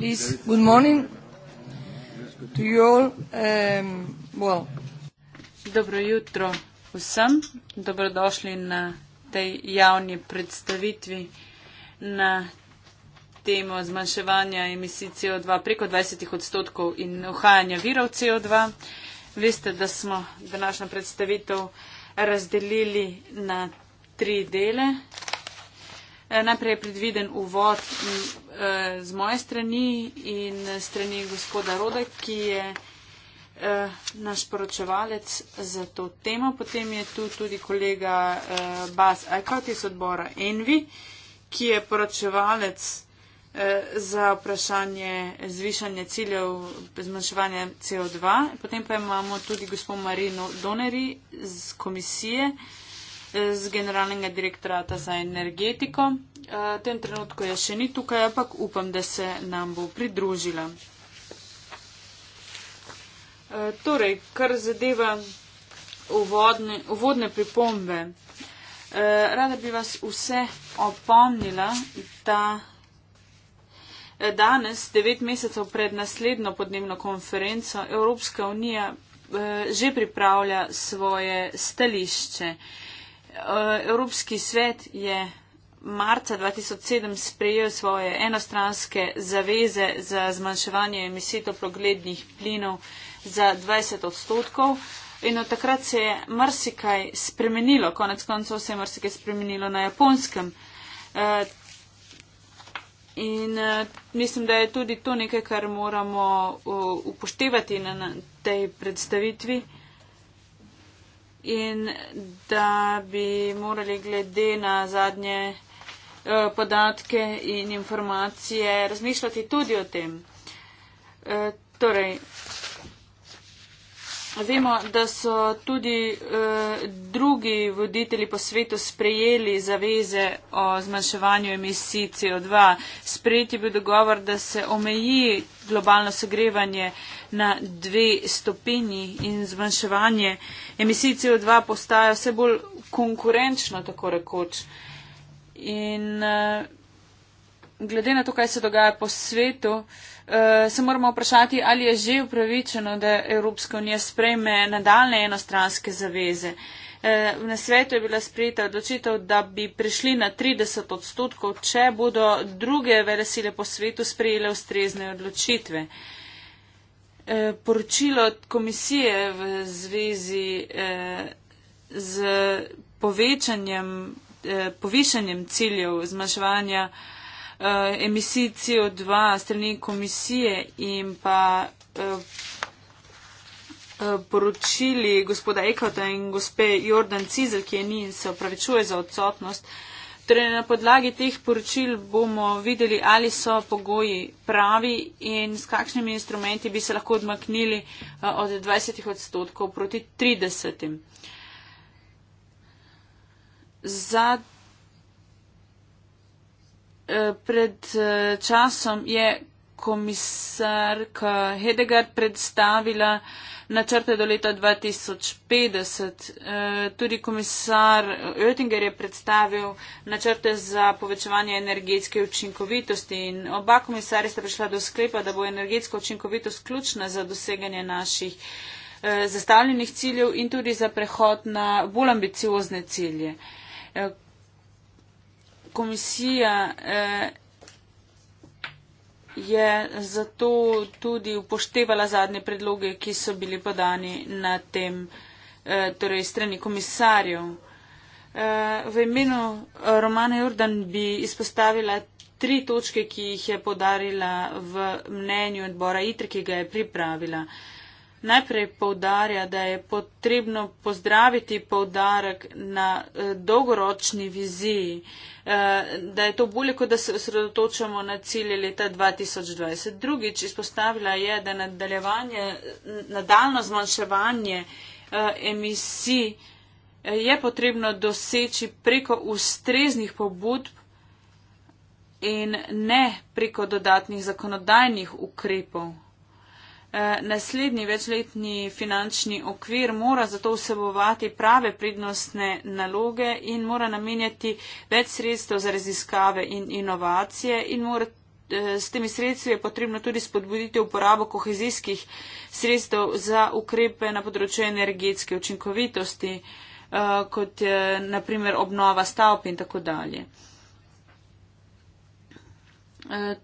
please. Good morning to you all. Um, well. Dobro jutro vsem, dobrodošli na tej javni predstavitvi na temo zmanjševanja emisij CO2 preko 20 odstotkov in ohajanja virov CO2. Veste, da smo današnjo predstavitev razdelili na tri dele. Eh, najprej je predviden uvod Eh, z moje strani in strani gospoda Roda, ki je eh, naš poročevalec za to temo. Potem je tu tudi kolega eh, Bas Aikot iz odbora Envi, ki je poročevalec za vprašanje zvišanja ciljev zmanjševanja CO2. Potem pa imamo tudi gospod Marino Doneri z komisije, z generalnega direktorata za energetiko. Eh, v tem trenutku je še ni tukaj, ampak upam, da se nam bo pridružila. Eh, torej, kar zadeva uvodne, uvodne pripombe. Eh, rada bi vas vse opomnila, da danes, devet mesecev pred naslednjo podnebno konferenco, Evropska unija že pripravlja svoje stališče. Eh, Evropski svet je marca 2007 sprejel svoje enostranske zaveze za zmanjševanje emisij toplogrednih plinov za 20 odstotkov in od takrat se je marsikaj spremenilo, konec koncev se je marsikaj spremenilo na japonskem. Eh, in eh, mislim, da je tudi to nekaj, kar moramo upoštevati na tej predstavitvi in da bi morali glede na zadnje eh, podatke in informacije razmišljati tudi o tem. Eh, torej, Vemo, da so tudi eh, drugi voditelji po svetu sprejeli zaveze o zmanjševanju emisij CO2. Sprejeti bi dogovor, da se omeji globalno segrevanje na dve stopinji in zmanjševanje emisij CO2 postaja vse bolj konkurenčno, tako rekoč. In eh, glede na to, kaj se dogaja po svetu, eh, uh, se moramo vprašati, ali je že upravičeno, da Evropska unija sprejme nadaljne enostranske zaveze. Uh, na svetu je bila sprejeta odločitev, da bi prišli na 30 odstotkov, če bodo druge velesile po svetu sprejele ustrezne odločitve. Eh, poročilo komisije v zvezi z povečanjem, povišanjem ciljev zmanjševanja uh, emisij CO2 strani komisije in pa uh, uh, poročili gospoda Ekota in gospe Jordan Cizel, ki je ni in se opravičuje za odsotnost. Torej, na podlagi teh poročil bomo videli, ali so pogoji pravi in s kakšnimi instrumenti bi se lahko odmaknili od 20 odstotkov proti 30. Za Eh, pred eh, časom je komisarka Hedegard predstavila načrte do leta 2050. Eh, tudi komisar Oettinger je predstavil načrte za povečevanje energetske učinkovitosti in oba komisarja sta prišla do sklepa, da bo energetska učinkovitost ključna za doseganje naših zastavljenih ciljev in tudi za prehod na bolj ambiciozne cilje komisija eh, je zato tudi upoštevala zadnje predloge, ki so bili podani na tem, eh, torej strani komisarjev. Eh, v imenu Romana Jordan bi izpostavila tri točke, ki jih je podarila v mnenju odbora ITRE, ki ga je pripravila. Eh, najprej povdarja, da je potrebno pozdraviti povdarek na eh, dolgoročni viziji, eh, da je to bolje, kot da se osredotočamo na cilje leta 2020. Drugič izpostavila je, da nadaljevanje, nadaljno zmanjševanje eh, emisij je potrebno doseči preko ustreznih pobud in ne preko dodatnih zakonodajnih ukrepov. Eh, naslednji večletni finančni okvir mora zato vsebovati prave prednostne naloge in mora namenjati več sredstev za raziskave in inovacije in mora eh, s temi sredstvi je potrebno tudi spodbuditi uporabo kohezijskih sredstev za ukrepe na področju energetske učinkovitosti, eh, kot je naprimer obnova stavb in tako dalje.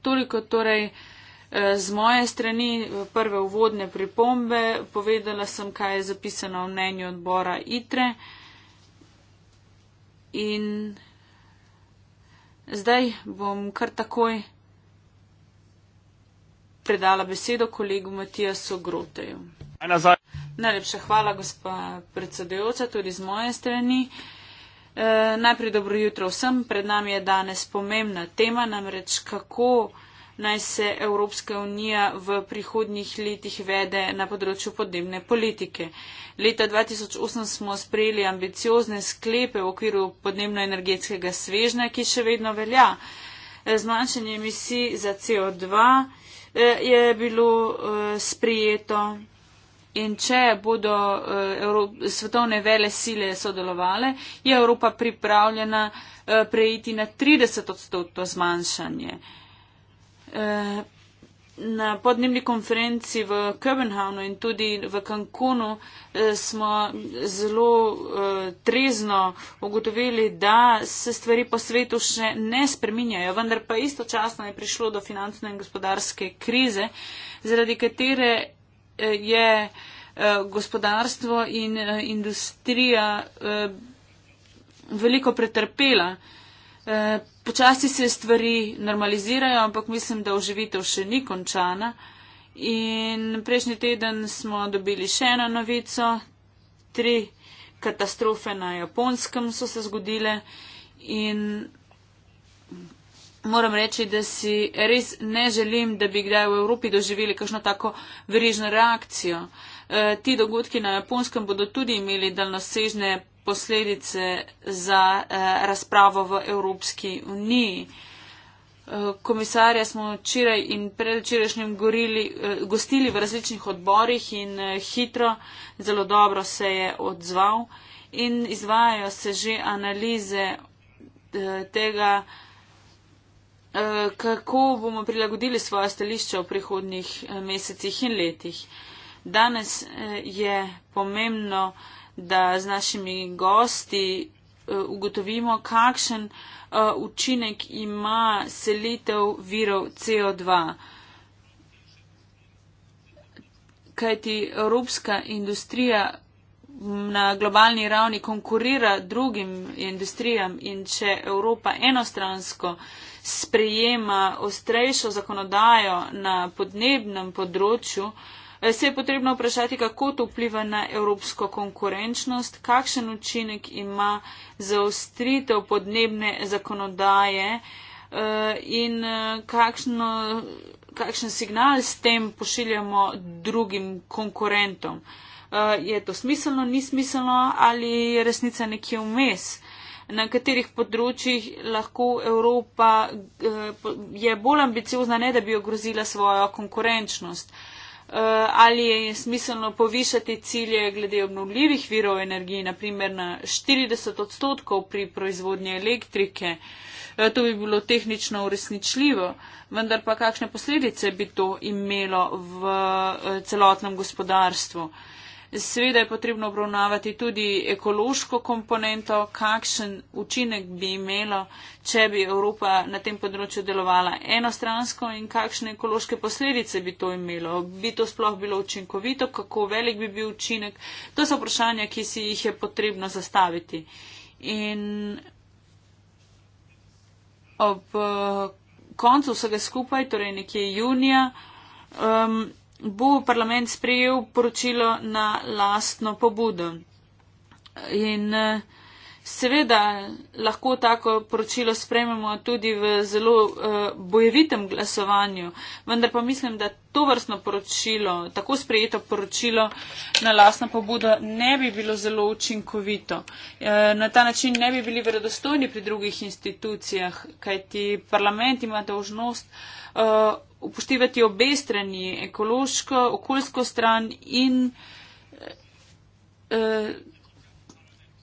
Toliko torej. Eh, z moje strani eh, prve uvodne pripombe povedala sem, kaj je zapisano v mnenju odbora ITRE. In zdaj bom kar takoj predala besedo kolegu Matijasu Groteju. Najlepša hvala, gospa predsedujoča, tudi z moje strani. E, najprej dobro jutro vsem. Pred nami je danes pomembna tema, namreč kako naj se Evropska unija v prihodnjih letih vede na področju podnebne politike. Leta 2008 smo sprejeli ambiciozne sklepe v okviru podnebno-energetskega svežnja, ki še vedno velja. Zmanjšanje emisij za CO2 eh, je bilo eh, sprijeto. In če bodo eh, Evrop, svetovne vele sile sodelovale, je Evropa pripravljena prejiti na 30 odstotno zmanjšanje. Eh, na podnebni konferenci v Kopenhavnu in tudi v Cancunu eh, smo zelo uh, trezno ugotovili, da se stvari po svetu še ne spreminjajo, vendar pa istočasno je prišlo do finančne in gospodarske krize, zaradi katere je uh, gospodarstvo in uh, industrija uh, veliko pretrpela. Uh, počasi se stvari normalizirajo, ampak mislim, da oživitev še ni končana. In prejšnji teden smo dobili še eno novico, tri katastrofe na japonskem so se zgodile in moram reči, da si res ne želim, da bi kdaj v Evropi doživeli kakšno tako verižno reakcijo. E, ti dogodki na japonskem bodo tudi imeli daljnosežne posledice za eh, razpravo v Evropski uniji. Eh, komisarja smo včeraj in predvčerajšnjem eh, gostili v različnih odborih in eh, hitro, zelo dobro se je odzval in izvajajo se že analize tega, kako bomo prilagodili svoje stališče v prihodnjih mesecih in letih. Danes je pomembno, da z našimi gosti eh, ugotovimo, kakšen eh, učinek ima selitev virov CO2. Kajti evropska industrija na globalni ravni konkurira drugim industrijam in če Evropa enostransko sprejema ostrejšo zakonodajo na podnebnem področju, uh, Eh, se je potrebno vprašati, kako to vpliva na evropsko konkurenčnost, kakšen učinek ima zaostritev podnebne zakonodaje eh, in eh, kakšno, kakšen signal s tem pošiljamo drugim konkurentom. Je to smiselno, ni smiselno ali je resnica nekje vmes? Na katerih področjih lahko Evropa je bolj ambiciozna, ne da bi ogrozila svojo konkurenčnost? Eh, ali je smiselno povišati cilje glede obnovljivih virov energije, naprimer na 40 odstotkov pri proizvodnji elektrike. Eh, to bi bilo tehnično uresničljivo, vendar pa kakšne posledice bi to imelo v eh, celotnem gospodarstvu. Seveda je potrebno obravnavati tudi ekološko komponento, kakšen učinek bi imelo, če bi Evropa na tem področju delovala enostransko in kakšne ekološke posledice bi to imelo. Bi to sploh bilo učinkovito, kako velik bi bil učinek. To so vprašanja, ki si jih je potrebno zastaviti. In ob eh, koncu vsega skupaj, torej nekje junija, um, bo parlament sprejel poročilo na lastno pobudo. In eh, seveda lahko tako poročilo sprejmemo tudi v zelo eh, bojevitem glasovanju, vendar pa mislim, da to vrstno poročilo, tako sprejeto poročilo na lastno pobudo ne bi bilo zelo učinkovito. Eh, na ta način ne bi bili verodostojni pri drugih institucijah, kajti parlament ima dožnost upoštevati obe strani, ekološko, okoljsko stran in eh,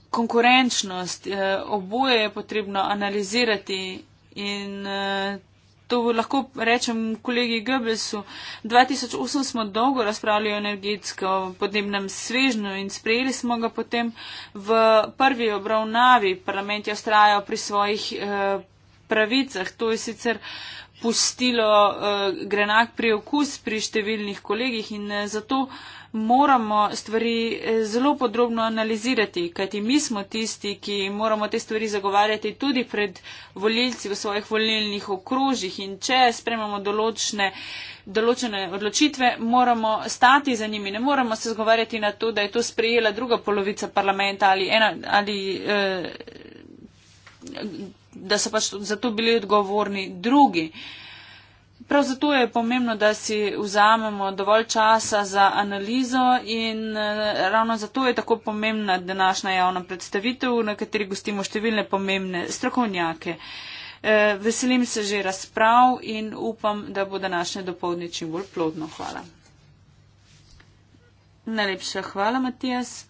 konkurenčnost. Eh, oboje je potrebno analizirati in eh, to lahko rečem kolegi Goebbelsu. 2008 smo dolgo razpravljali o energetsko podnebnem svežnju in sprejeli smo ga potem v prvi obravnavi. Parlament je ostrajal pri svojih eh, pravicah. To je sicer eh, pustilo uh, grenak preokus pri številnih kolegih in uh, zato moramo stvari eh, zelo podrobno analizirati, kajti mi smo tisti, ki moramo te stvari zagovarjati tudi pred voljivci v svojih volilnih okrožjih in če spremamo določene, določene odločitve, moramo stati za njimi. Ne moramo se zagovarjati na to, da je to sprejela druga polovica parlamenta ali ena ali. Uh, da so pač za to bili odgovorni drugi. Prav zato je pomembno, da si vzamemo dovolj časa za analizo in eh, ravno zato je tako pomembna današnja javna predstavitev, na kateri gostimo številne pomembne strokovnjake. Eh, veselim se že razprav in upam, da bo današnje dopolnje čim bolj plodno. Hvala. Najlepša hvala, Matijas.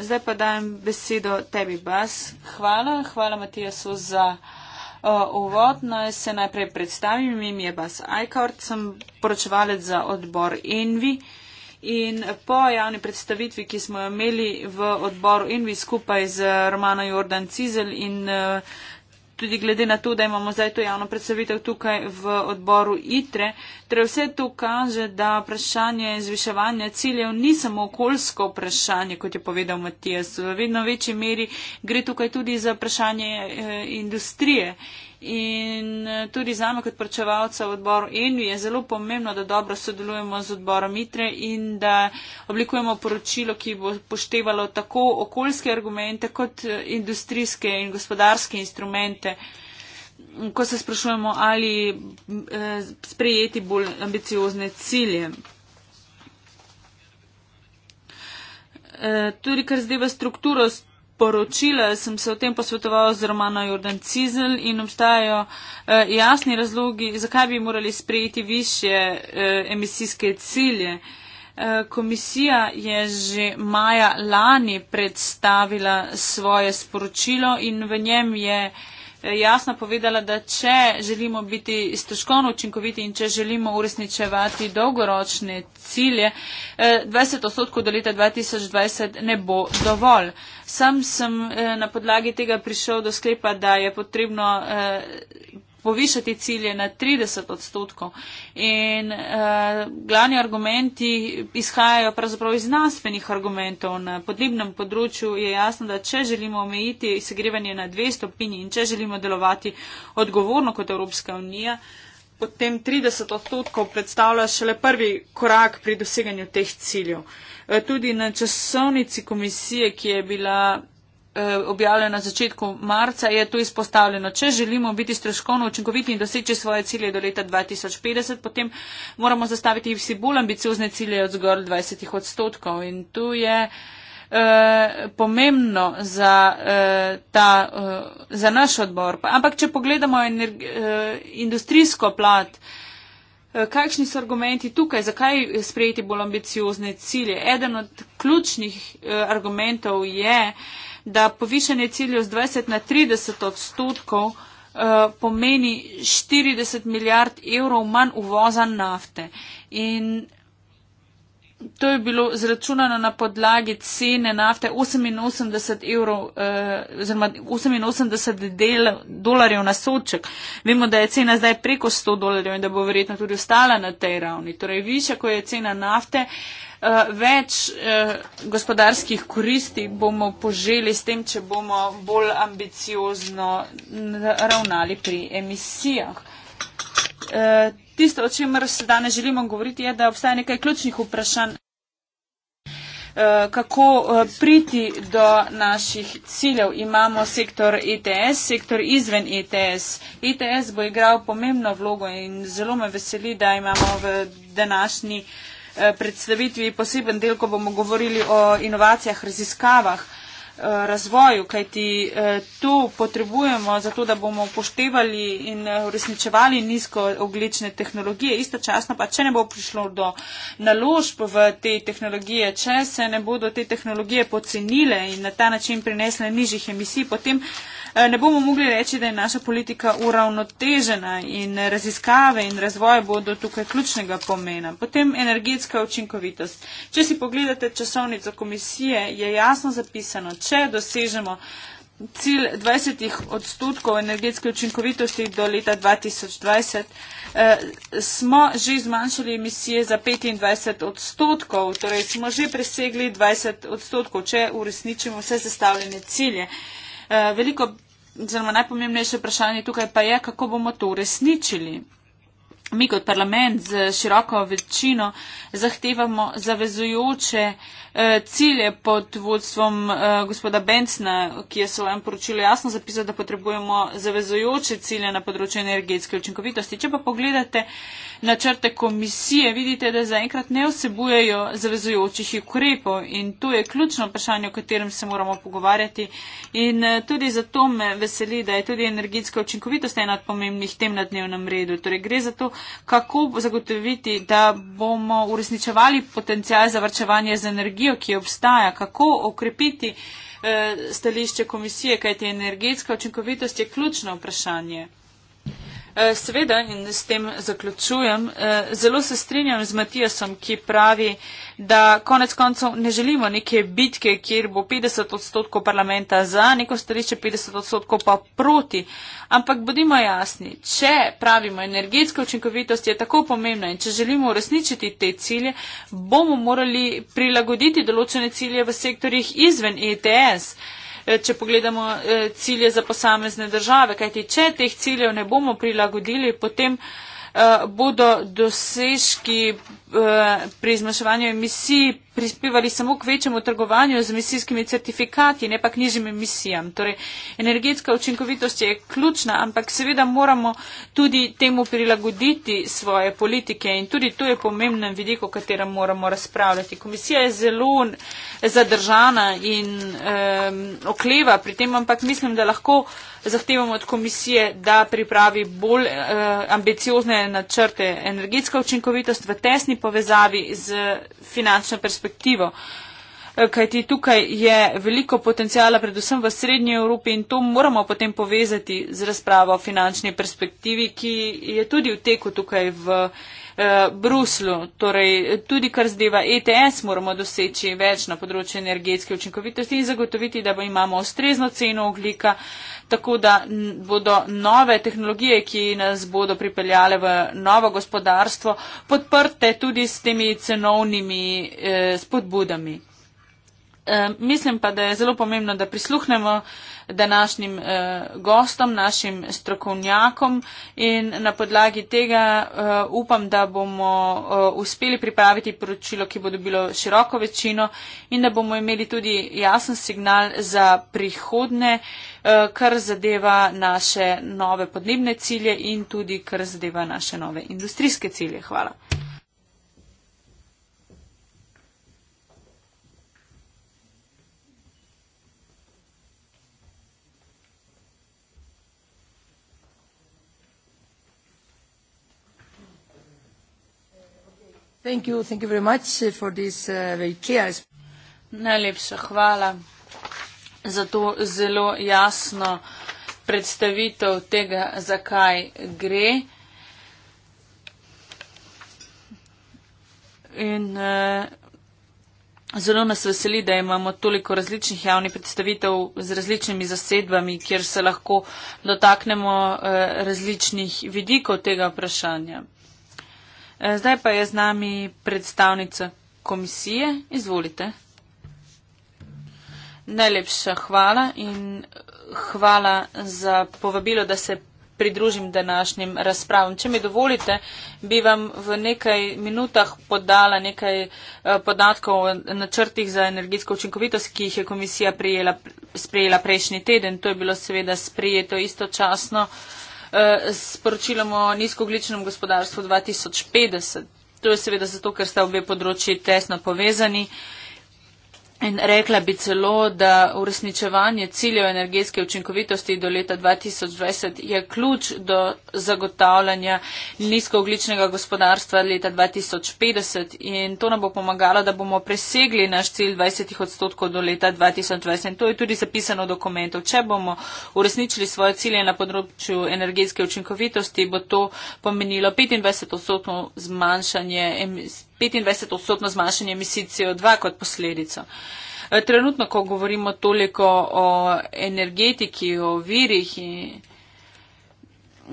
Zdaj pa dajem besedo tebi, Bas. Hvala, hvala Matijasu za uh, uvod. Uh, Naj se najprej predstavim. Imi je Bas Eichhardt, sem poročevalec za odbor Envi. In po javni predstavitvi, ki smo jo imeli v odboru Envi skupaj z Romano Jordan Cizel in uh, tudi glede na to, da imamo zdaj to javno predstavitev tukaj v odboru ITRE, uh, Torej vse to kaže, da vprašanje zviševanja ciljev ni samo okoljsko vprašanje, kot je povedal Matijas. V vedno večji meri gre tukaj tudi za vprašanje eh, industrije. In eh, tudi za me kot pročevalca v odboru ENU je zelo pomembno, da dobro sodelujemo z odborom ITRE in da oblikujemo poročilo, ki bo poštevalo tako okoljske argumente kot eh, industrijske in gospodarske instrumente. Eh, ko se sprašujemo, ali eh, sprejeti bolj ambiciozne cilje. Eh, tudi kar zdaj v strukturo sporočila, sem se o tem posvetovala z Romano Jordan Cizel in obstajajo eh, jasni razlogi, zakaj bi morali sprejeti više emisijske cilje. Komisija je že maja lani predstavila svoje sporočilo in v njem je eh, jasno povedala, da če želimo biti stroškovno učinkoviti in če želimo uresničevati dolgoročne cilje, 20 eh, odstotkov do leta 2020 ne bo dovolj. Sam sem eh, na podlagi tega prišel do sklepa, da je potrebno eh, povišati cilje na 30 odstotkov. In uh, glavni argumenti izhajajo pravzaprav iz znanstvenih argumentov. Na podnebnem področju je jasno, da če želimo omejiti segrevanje na dve stopinji in če želimo delovati odgovorno kot Evropska unija, potem 30 odstotkov predstavlja šele prvi korak pri doseganju teh ciljev. Eh, tudi na časovnici komisije, ki je bila Eh, objavljen na začetku marca, je to izpostavljeno. Če želimo biti stroškovno učinkoviti in doseči svoje cilje do leta 2050, potem moramo zastaviti vsi bolj ambiciozne cilje od zgolj 20 odstotkov. In tu je eh, pomembno za, eh, ta, za naš odbor. Ampak, če pogledamo industrijsko plat, kakšni so argumenti tukaj, zakaj sprejeti bolj ambiciozne cilje? Eden od ključnih argumentov je, da da povišanje ciljev z 20 na 30 odstotkov eh, pomeni 40 milijard evrov manj uvoza nafte. In to je bilo zračunano na podlagi cene nafte 88 evrov, eh, oziroma 88 del, dolarjev na soček. Vemo, da je cena zdaj preko 100 dolarjev in da bo verjetno tudi ostala na tej ravni. Torej, više, ko je cena nafte, Eh, več eh, gospodarskih koristi bomo poželi s tem, če bomo bolj ambiciozno ravnali pri emisijah. Eh, tisto, o čemer se danes želimo govoriti, je, da obstaja nekaj ključnih vprašanj, kako priti do naših ciljev. Imamo sektor ETS, sektor izven ETS. ETS bo igral pomembno vlogo in zelo me veseli, da imamo v današnji uh, Eh, predstavitvi poseben del, ko bomo govorili o inovacijah, raziskavah, eh, razvoju, kajti eh, to potrebujemo zato, da bomo upoštevali in uresničevali nizko oglične tehnologije. Istočasno pa, če ne bo prišlo do naložb v te tehnologije, če se ne bodo te tehnologije pocenile in na ta način prinesle nižjih emisij, potem Eh, ne bomo mogli reči, da je naša politika uravnotežena in raziskave in razvoj bodo tukaj ključnega pomena. Potem energetska učinkovitost. Če si pogledate časovnico komisije, je jasno zapisano, če dosežemo cilj 20 odstotkov energetske učinkovitosti do leta 2020, eh, smo že zmanjšali emisije za 25 odstotkov, torej smo že presegli 20 odstotkov, če uresničimo vse zastavljene cilje. Eh, Eh, veliko, zelo najpomembnejše vprašanje tukaj pa je, kako bomo to uresničili. Mi kot parlament z široko večino zahtevamo zavezujoče eh, cilje pod vodstvom eh, gospoda Bencna, ki je svojem poročilu jasno zapisal, da potrebujemo zavezujoče cilje na področju energetske učinkovitosti. Če pa pogledate načrte komisije vidite, da zaenkrat ne vsebujejo zavezujočih ukrepov in to je ključno vprašanje, o katerem se moramo pogovarjati. In eh, tudi zato me veseli, da je tudi energetska učinkovitost ena od pomembnih tem na dnevnem redu. Torej gre za to, kako zagotoviti, da bomo uresničevali potencijal zavrčevanja z energijo, ki obstaja, kako okrepiti eh, stališče komisije, kajte energetska učinkovitost je ključno vprašanje. Eh, seveda, in s tem zaključujem, eh, zelo se strinjam z Matijasom, ki pravi, da konec koncev ne želimo neke bitke, kjer bo 50 odstotkov parlamenta za neko stališče, 50 odstotkov pa proti. Ampak bodimo jasni, če pravimo, energetska učinkovitost je tako pomembna in če želimo uresničiti te cilje, bomo morali prilagoditi določene cilje v sektorjih izven ETS. Eh, če pogledamo eh, cilje za posamezne države. Kajti, če teh ciljev ne bomo prilagodili, potem eh, bodo dosežki pri zmanjševanju emisij prispevali samo k večjemu trgovanju z emisijskimi certifikati, ne pa k nižjim emisijam. Torej, energetska učinkovitost je ključna, ampak seveda moramo tudi temu prilagoditi svoje politike in tudi to je pomemben vidik, o katerem moramo razpravljati. Komisija je zelo zadržana in um, okleva pri tem, ampak mislim, da lahko zahtevamo od komisije, da pripravi bolj uh, ambiciozne načrte. Energetska učinkovitost v tesni povezavi z finančno perspektivo perspektivo. Eh, kajti tukaj je veliko potencijala, predvsem v Srednji Evropi in to moramo potem povezati z razpravo o finančni perspektivi, ki je tudi v teku tukaj v Eh, Bruslu. Torej, tudi kar zdeva ETS, moramo doseči več na področju energetske učinkovitosti in zagotoviti, da imamo ustrezno ceno oglika, tako da bodo nove tehnologije, ki nas bodo pripeljale v novo gospodarstvo, podprte tudi s temi cenovnimi eh, spodbudami. Eh, mislim pa, da je zelo pomembno, da prisluhnemo eh, današnjim uh, gostom, našim strokovnjakom in na podlagi tega uh, upam, da bomo uh, uspeli pripraviti poročilo, ki bo dobilo široko večino in da bomo imeli tudi jasen signal za prihodne, uh, kar zadeva naše nove podnebne cilje in tudi kar zadeva naše nove industrijske cilje. Hvala. Uh, uh, Najlepša hvala za to zelo jasno predstavitev tega, zakaj gre. In uh, zelo nas veseli, da imamo toliko različnih javnih predstavitev z različnimi zasedbami, kjer se lahko dotaknemo različnih vidikov tega vprašanja. Eh, zdaj pa je z nami predstavnica komisije. Izvolite. Najlepša hvala in hvala za povabilo, da se pridružim današnjim razpravom. Če mi dovolite, bi vam v nekaj minutah podala nekaj eh, podatkov o načrtih za energetsko učinkovitost, ki jih je komisija prijela, sprejela prejšnji teden. To je bilo seveda sprejeto istočasno. Eh, s poročilom o nizkogličnem gospodarstvu 2050. To je seveda zato, ker sta obe področji tesno povezani. Uh, In rekla bi celo, da uresničevanje ciljev energetske učinkovitosti do leta 2020 je ključ do zagotavljanja nizkoogličnega gospodarstva leta 2050 in to nam bo pomagalo, da bomo presegli naš cilj 20 odstotkov do leta 2020. In to je tudi zapisano v dokumentu. Če bomo uresničili svoje cilje na področju energetske učinkovitosti, bo to pomenilo 25 odstotkov zmanjšanje emisij 25 odstotno zmanjšanje emisij CO2 kot posledico. E, trenutno, ko govorimo toliko o energetiki, o virih in,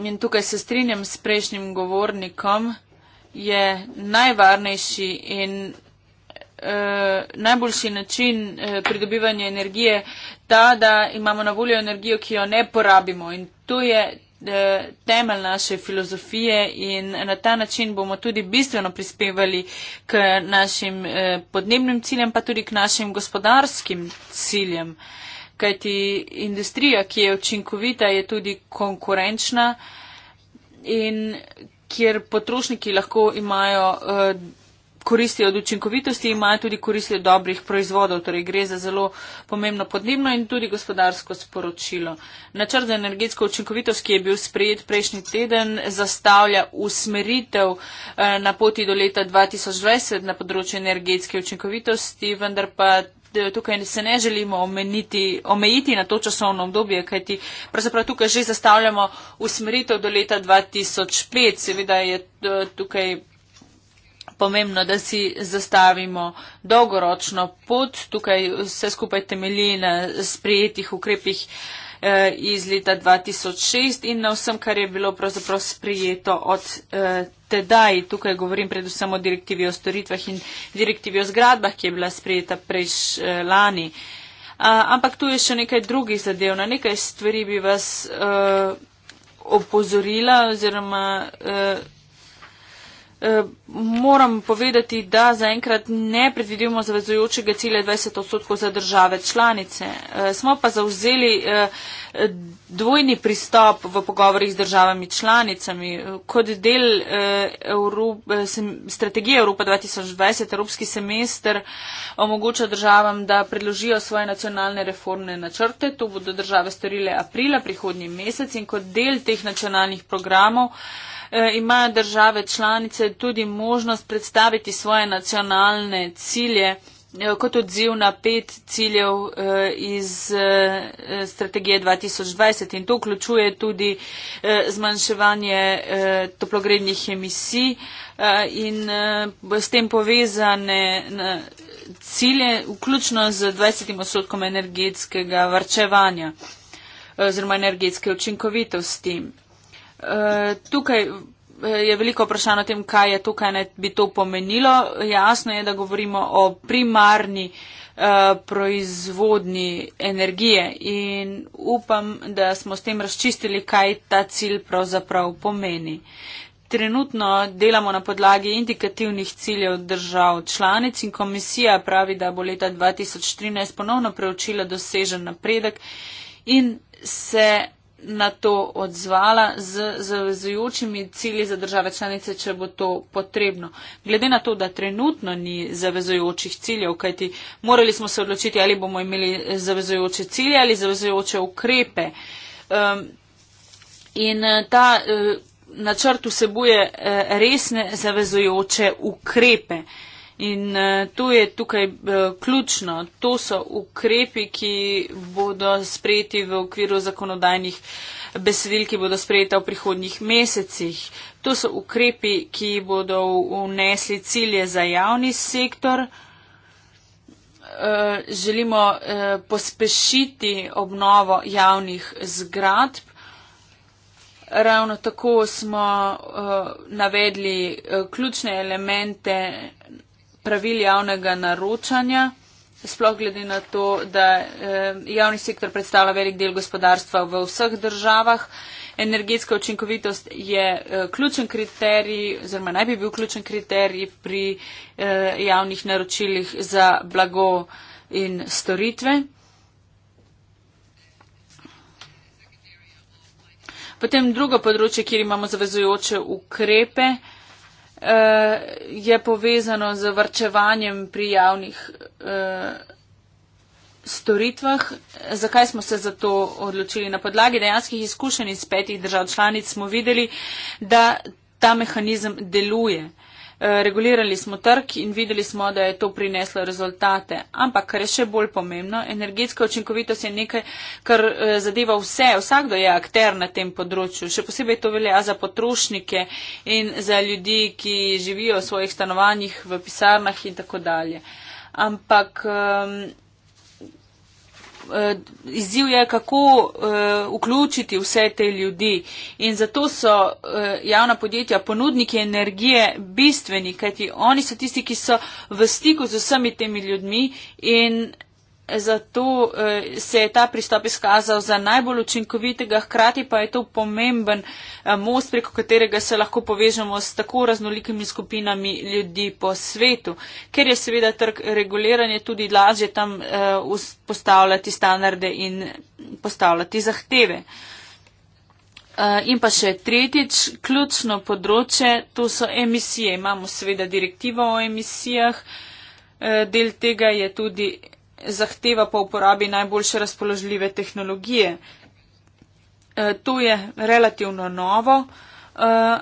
in tukaj se strinjam s prejšnjim govornikom, je najvarnejši in eh, najboljši način eh, pridobivanja energije ta, da imamo na voljo energijo, ki jo ne porabimo. In to je, Eh, temelj naše filozofije in na ta način bomo tudi bistveno prispevali k našim eh, podnebnim ciljem, pa tudi k našim gospodarskim ciljem. Kajti industrija, ki je učinkovita, je tudi konkurenčna in kjer potrošniki lahko imajo. Uh, koristi od učinkovitosti, imajo tudi koristi od dobrih proizvodov, torej gre za zelo pomembno podnebno in tudi gospodarsko sporočilo. Načrt za energetsko učinkovitost, ki je bil sprejet prejšnji teden, zastavlja usmeritev eh, na poti do leta 2020 na področju energetske učinkovitosti, vendar pa. Tukaj se ne želimo omeniti, omejiti na to časovno obdobje, kajti pravzaprav tukaj že zastavljamo usmeritev do leta 2005. Seveda je eh, tukaj pomembno, da si zastavimo dolgoročno pot. Tukaj vse skupaj temelji na sprejetih ukrepih eh, iz leta 2006 in na vsem, kar je bilo pravzaprav sprijeto od eh, tedaj. Tukaj govorim predvsem o direktivi o storitvah in direktivi o zgradbah, ki je bila sprijeta prejš eh, lani. A, ampak tu je še nekaj drugih zadev. Na nekaj stvari bi vas eh, opozorila oziroma. Eh, Eh, moram povedati, da zaenkrat ne predvidimo zavezujočega cilja 20 odstotkov za države članice. Eh, smo pa zauzeli eh, dvojni pristop v pogovorih z državami članicami. Kot del strategije Evropa 2020, Evropski semester omogoča državam, da predložijo svoje nacionalne reformne načrte. To bodo države storile aprila prihodnji mesec in kot del teh nacionalnih programov. E, imajo države članice tudi možnost predstaviti svoje nacionalne cilje e, kot odziv na pet ciljev e, iz strategije 2020 in to vključuje tudi zmanjševanje toplogrednih emisij in s tem povezane cilje, vključno z 20 odstotkom energetskega varčevanja oziroma energetske učinkovitosti. Eh, tukaj eh, je veliko vprašanj o tem, kaj je to, kaj ne bi to pomenilo. Jasno je, da govorimo o primarni eh, proizvodni energije in upam, da smo s tem razčistili, kaj ta cilj pravzaprav pomeni. Trenutno delamo na podlagi indikativnih ciljev držav članic in komisija pravi, da bo leta 2013 ponovno preučila dosežen napredek in se na to odzvala z zavezujočimi cilji za države članice, če bo to potrebno. Glede na to, da trenutno ni zavezujočih ciljev, kajti morali smo se odločiti, ali bomo imeli zavezujoče cilje ali zavezujoče ukrepe. Um, in eh, ta uh, načrt vsebuje uh, resne zavezujoče ukrepe. Uh, In eh, to je tukaj eh, ključno. To so ukrepi, ki bodo sprejeti v okviru zakonodajnih besedil, ki bodo sprejeta v prihodnjih mesecih. To so ukrepi, ki bodo unesli cilje za javni sektor. Eh, želimo pospešiti obnovo javnih zgradb. Ravno tako smo uh, navedli uh, ključne elemente pravil javnega naročanja, sploh glede na to, da eh, javni sektor predstavlja velik del gospodarstva v vseh državah. Energetska učinkovitost je eh, ključen kriterij, oziroma naj bi bil ključen kriterij pri eh, javnih naročilih za blago in storitve. Potem drugo področje, kjer imamo zavezujoče ukrepe je povezano z vrčevanjem pri javnih eh, storitvah. Zakaj smo se za to odločili? Na podlagi dejanskih izkušenj iz petih držav članic smo videli, da ta mehanizem deluje. Eh, regulirali smo trg in videli smo, da je to prineslo rezultate. Ampak, kar je še bolj pomembno, energetska učinkovitost je nekaj, kar eh, zadeva vse. Vsakdo je akter na tem področju. Še posebej to velja za potrošnike in za ljudi, ki živijo v svojih stanovanjih, v pisarnah in tako dalje. Ampak. Um, uh, izziv je, kako uh, vključiti vse te ljudi. In zato so uh, javna podjetja ponudniki energije bistveni, kajti oni so tisti, ki so v stiku z vsemi temi ljudmi in zato eh, se je ta pristop izkazal za najbolj učinkovitega, hkrati pa je to pomemben eh, most, preko katerega se lahko povežemo s tako raznolikimi skupinami ljudi po svetu, ker je seveda trg reguliranje tudi lažje tam eh, postavljati standarde in postavljati zahteve. In pa še tretjič, ključno področje, to so emisije. Imamo seveda direktivo o emisijah, del tega je tudi zahteva po uporabi najboljše razpoložljive tehnologije. E, to je relativno novo, e,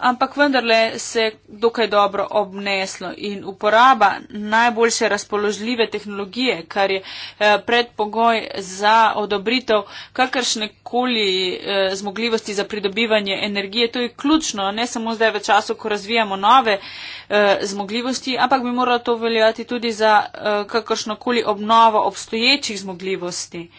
ampak vendarle se je dokaj dobro obneslo in uporaba najboljše razpoložljive tehnologije, kar je eh, predpogoj za odobritev kakršne koli eh, zmogljivosti za pridobivanje energije. To je ključno, ne samo zdaj v času, ko razvijamo nove eh, zmogljivosti, ampak bi moralo to veljati tudi za kakršno koli obnovo obstoječih zmogljivosti.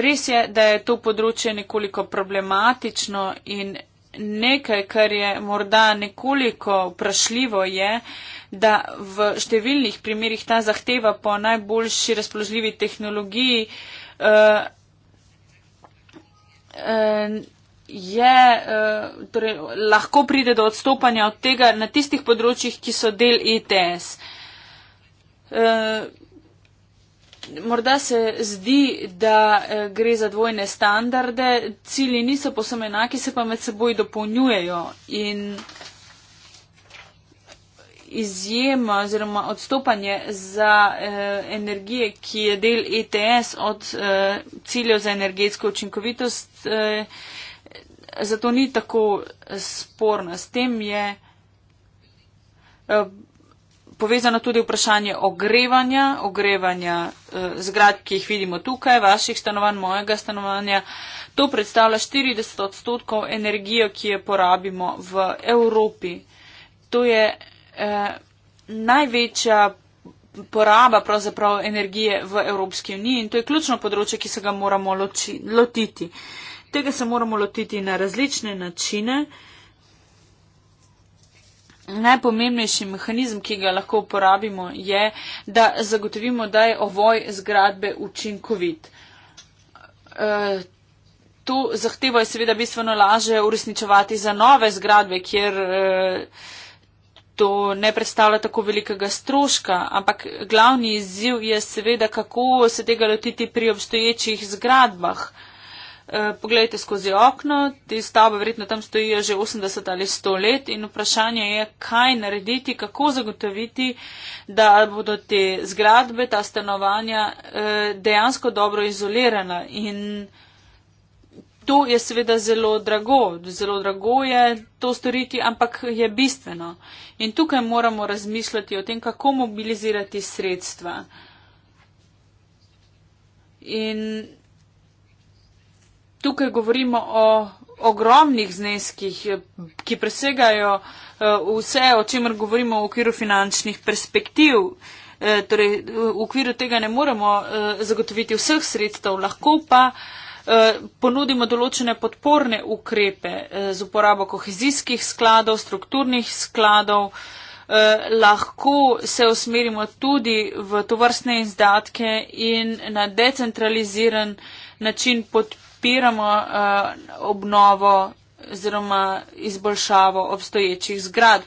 Res je, da je to področje nekoliko problematično in nekaj, kar je morda nekoliko vprašljivo, je, da v številnih primerjih ta zahteva po najboljši razpoložljivi tehnologiji uh, uh, je, uh, torej, lahko pride do odstopanja od tega na tistih področjih, ki so del ETS. Uh, morda se zdi, da eh, gre za dvojne standarde, cilji niso posebno enaki, se pa med seboj dopolnjujejo in izjema oziroma odstopanje za eh, energije, ki je del ETS od eh, ciljev za energetsko učinkovitost, eh, zato ni tako eh, sporna. S tem je. Eh, povezano tudi vprašanje ogrevanja, ogrevanja eh, zgrad, ki jih vidimo tukaj, vaših stanovanj, mojega stanovanja. To predstavlja 40 odstotkov energije, ki jo porabimo v Evropi. To je eh, največja poraba pravzaprav energije v Evropski uniji in to je ključno področje, ki se ga moramo loči, lotiti. Tega se moramo lotiti na različne načine. Eh, najpomembnejši mehanizem, ki ga lahko uporabimo, je, da zagotovimo, da je ovoj zgradbe učinkovit. E, to zahtevo je seveda bistveno laže uresničevati za nove zgradbe, kjer e, to ne predstavlja tako velikega stroška, ampak glavni izziv je seveda, kako se tega lotiti pri obstoječih zgradbah. E, Eh, poglejte skozi okno, te stavbe verjetno tam stojijo že 80 ali 100 let in vprašanje je, kaj narediti, kako zagotoviti, da bodo te zgradbe, ta stanovanja eh, dejansko dobro izolirana. In to je seveda zelo drago, zelo drago je to storiti, ampak je bistveno. In tukaj moramo razmišljati o tem, kako mobilizirati sredstva. In tukaj govorimo o ogromnih zneskih, ki presegajo eh, vse, o čemer govorimo v okviru finančnih perspektiv. Eh, torej, v okviru tega ne moremo eh, zagotoviti vseh sredstev, lahko pa ponudimo določene podporne ukrepe z uporabo kohezijskih skladov, strukturnih skladov, Eh, lahko se usmerimo tudi v to vrstne izdatke in na decentraliziran način podpiramo uh, obnovo oziroma izboljšavo obstoječih zgradb.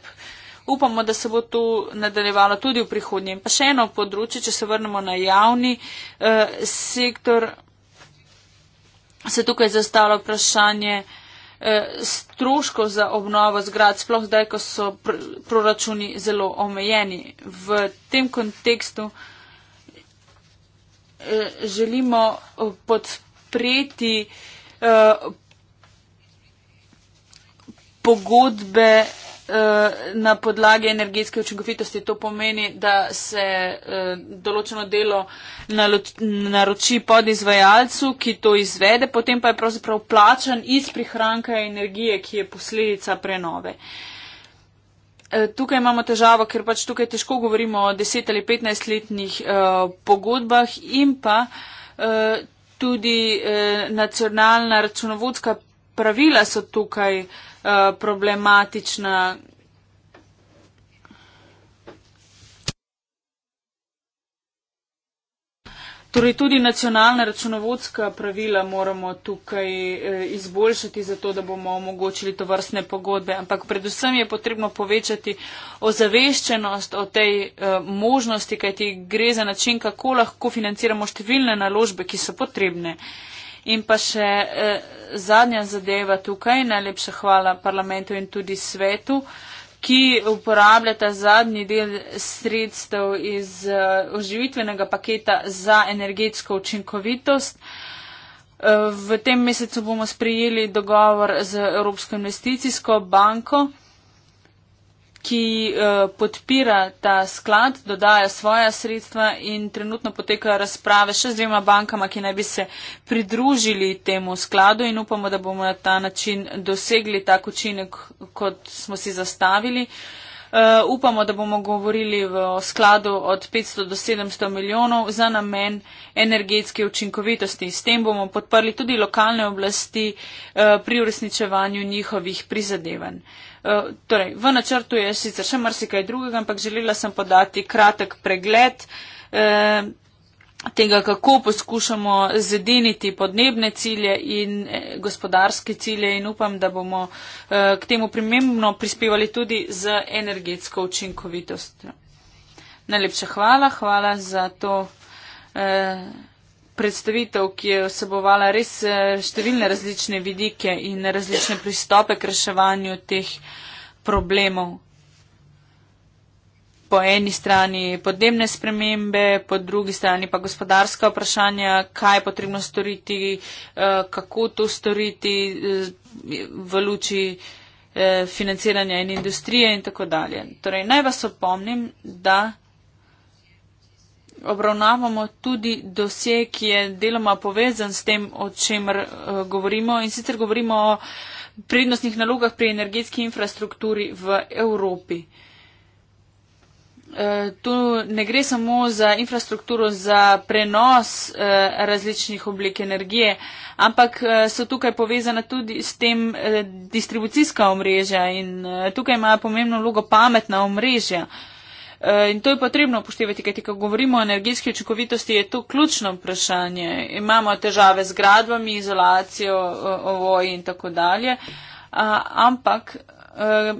Upamo, da se bo to nadaljevalo tudi v prihodnje. Pa še eno področje, če se vrnemo na javni uh, sektor, se tukaj zastavlja vprašanje, uh, Eh, stroškov za obnovo zgrad, sploh zdaj, ko so pr proračuni zelo omejeni. V tem kontekstu eh, želimo eh, podpreti pogodbe Eh, na podlagi energetske učinkovitosti to pomeni, da se eh, določeno delo naroči pod izvajalcu, ki to izvede, potem pa je pravzaprav plačan iz prihranka energije, ki je posledica prenove. Eh, tukaj imamo težavo, ker pač tukaj težko govorimo o 10 ali 15 letnih pogodbah in pa tudi nacionalna računovodska pravila so tukaj uh, problematična. Torej tudi nacionalna računovodska pravila moramo tukaj eh, izboljšati, zato da bomo omogočili to vrstne pogodbe. Ampak predvsem je potrebno povečati ozaveščenost o tej eh, možnosti, kajti gre za način, kako lahko financiramo številne naložbe, ki so potrebne. Uh, In pa še eh, zadnja zadeva tukaj, najlepša hvala parlamentu in tudi svetu, ki uporabljata zadnji del sredstev iz eh, oživitvenega paketa za energetsko učinkovitost. Eh, v tem mesecu bomo sprejeli dogovor z Evropsko investicijsko banko, ki eh, podpira ta sklad, dodaja svoja sredstva in trenutno potekajo razprave še z dvema bankama, ki naj bi se pridružili temu skladu in upamo, da bomo na ta način dosegli tak učinek, kot smo si zastavili. Uh, upamo, da bomo govorili v skladu od 500 do 700 milijonov za namen energetske učinkovitosti. S tem bomo podprli tudi lokalne oblasti uh, pri uresničevanju njihovih prizadevanj. Uh, Eh, torej, v načrtu je sicer še marsikaj drugega, ampak želela sem podati kratek pregled eh, tega, kako poskušamo zediniti podnebne cilje in eh, gospodarske cilje in upam, da bomo k temu primemno prispevali tudi z energetsko učinkovitostjo. Najlepša hvala, hvala za to. Eh, predstavitev, ki je vsebovala res eh, številne različne vidike in različne pristope k reševanju teh problemov. Po eni strani podnebne spremembe, po drugi strani pa gospodarska vprašanja, kaj je potrebno storiti, eh, kako to storiti eh, v luči financiranja in industrije in tako dalje. Torej, naj vas opomnim, da obravnavamo tudi dosje, ki je deloma povezan s tem, o čemer eh, govorimo. In sicer govorimo o prednostnih nalogah pri energetski infrastrukturi v Evropi. Eh, tu ne gre samo za infrastrukturo za prenos eh, različnih oblik energije, ampak so tukaj povezana tudi s tem distribucijska omrežja in tukaj ima pomembno vlogo pametna omrežja. Eh, in to je potrebno upoštevati, kajti, ko govorimo o energetski učinkovitosti, je to ključno vprašanje. Imamo težave z gradbami, izolacijo, eh, ovoji in tako dalje, eh, ampak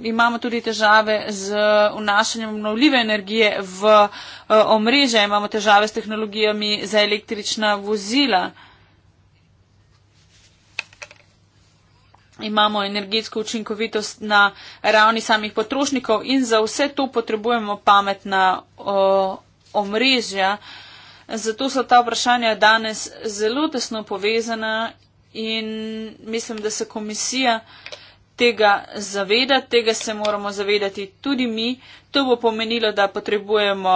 imamo tudi težave z vnašanjem obnovljive energije v omrežje, imamo težave s tehnologijami za električna vozila. imamo energetsko učinkovitost na ravni samih potrošnikov in za vse to potrebujemo pametna o, omrežja. Zato so ta vprašanja danes zelo tesno povezana in mislim, da se komisija tega zavedati, tega se moramo zavedati tudi mi. To bo pomenilo, da potrebujemo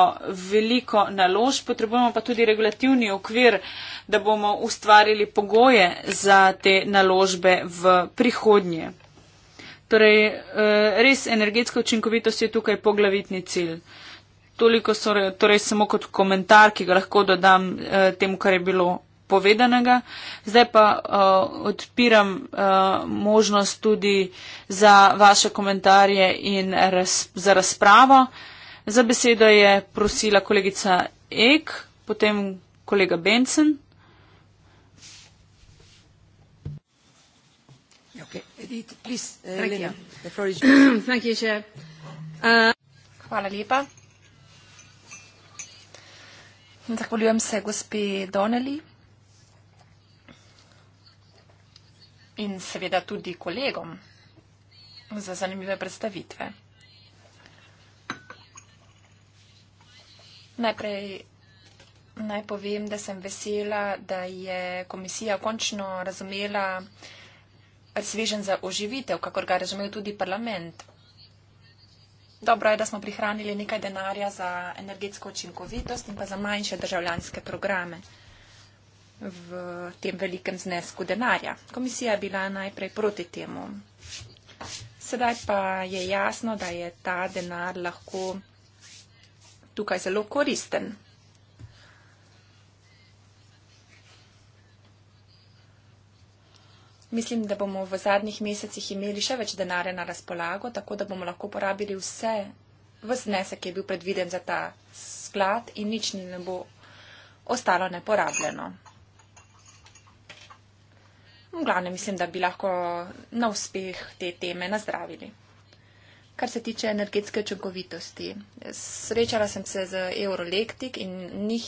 veliko nalož, potrebujemo pa tudi regulativni okvir, da bomo ustvarili pogoje za te naložbe v prihodnje. Torej, eh, res energetska učinkovitost je tukaj poglavitni cilj. Toliko so, torej samo kot komentar, ki ga lahko dodam eh, temu, kar je bilo povedanega. Zdaj pa uh, odpiram uh, možnost tudi za vaše komentarje in raz, za razpravo. Za besedo je prosila kolegica Ek, potem kolega Benson. Okay. Uh, uh, Hvala lepa. Zahvaljujem se gospi Doneli. Uh, in seveda tudi kolegom za zanimive predstavitve. Najprej naj povem, da sem vesela, da je komisija končno razumela svežen za oživitev, kakor ga je razumel tudi parlament. Dobro je, da smo prihranili nekaj denarja za energetsko učinkovitost in pa za manjše državljanske programe v tem velikem znesku denarja. Komisija je bila najprej proti temu. Sedaj pa je jasno, da je ta denar lahko tukaj zelo koristen. Mislim, da bomo v zadnjih mesecih imeli še več denarja na razpolago, tako da bomo lahko porabili vse, vse znesek, ki je bil predviden za ta sklad in nič ni ne bo ostalo neporabljeno. V glavnem mislim, da bi lahko na uspeh te teme nazdravili. Kar se tiče energetske učinkovitosti, srečala sem se z Eurolektik in njih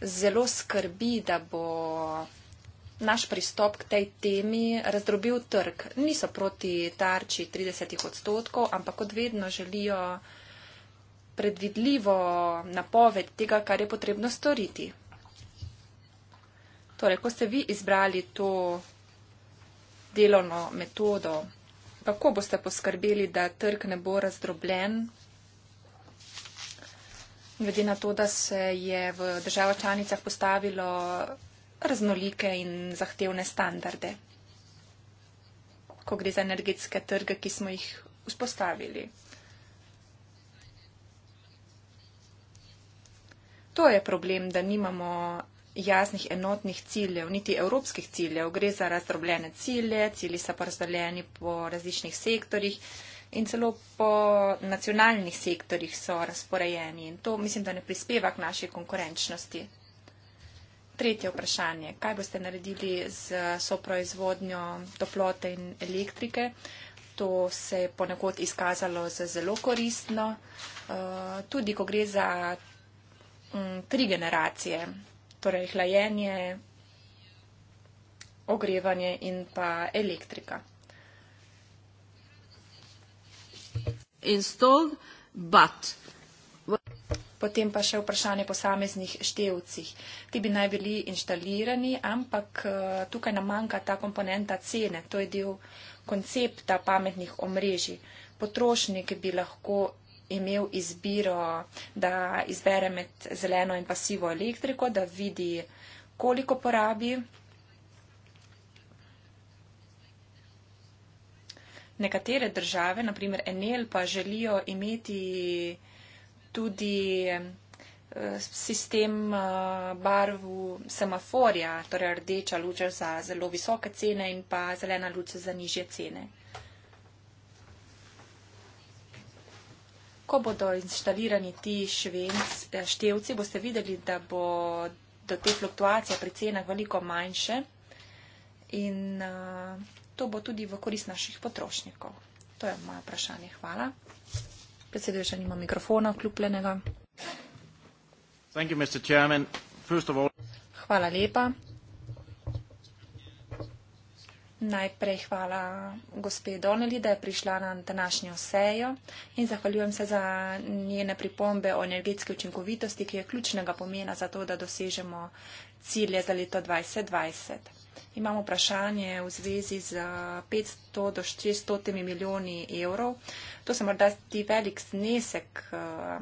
zelo skrbi, da bo naš pristop k tej temi razdrobil trg. Niso proti tarči 30 odstotkov, ampak kot vedno želijo predvidljivo napoved tega, kar je potrebno storiti. Torej, ko ste vi izbrali to delovno metodo, kako boste poskrbeli, da trg ne bo razdrobljen, glede na to, da se je v državah članicah postavilo raznolike in zahtevne standarde, ko gre za energetske trge, ki smo jih vzpostavili. To je problem, da nimamo jasnih enotnih ciljev, niti evropskih ciljev. Gre za razdrobljene cilje, cilji so pa razdeljeni po različnih sektorjih in celo po nacionalnih sektorjih so razporejeni. In to mislim, da ne prispeva k naši konkurenčnosti. Tretje vprašanje. Kaj boste naredili z soproizvodnjo toplote in elektrike? To se je ponekod izkazalo za zelo koristno. Eh, tudi ko gre za mm, tri generacije, torej hlajenje, ogrevanje in pa elektrika. Installed, but... Potem pa še vprašanje posameznih števcih. Ti bi naj bili inštalirani, ampak eh, tukaj nam manjka ta komponenta cene. To je del koncepta pametnih omrežij. Potrošnik bi lahko imel izbiro, da izbere med zeleno in pasivo elektriko, da vidi, koliko porabi. Nekatere države, naprimer Enel, pa želijo imeti tudi eh, sistem eh, barv semaforja, torej rdeča luč za zelo visoke cene in pa zelena luč za nižje cene. ko bodo instalirani ti švenc, eh, števci, boste videli, da bo do te fluktuacije pri cenah veliko manjše in uh, to bo tudi v korist naših potrošnikov. To je moje vprašanje. Hvala. Predsedujoč, še nima mikrofona vklopljenega. Hvala lepa. Najprej hvala gospe Donali, da je prišla na današnjo sejo in zahvaljujem se za njene pripombe o energetski učinkovitosti, ki je ključnega pomena za to, da dosežemo cilje za leto 2020. Imamo vprašanje v zvezi z 500 do 600 milijoni evrov. To se morda ti velik znesek, eh,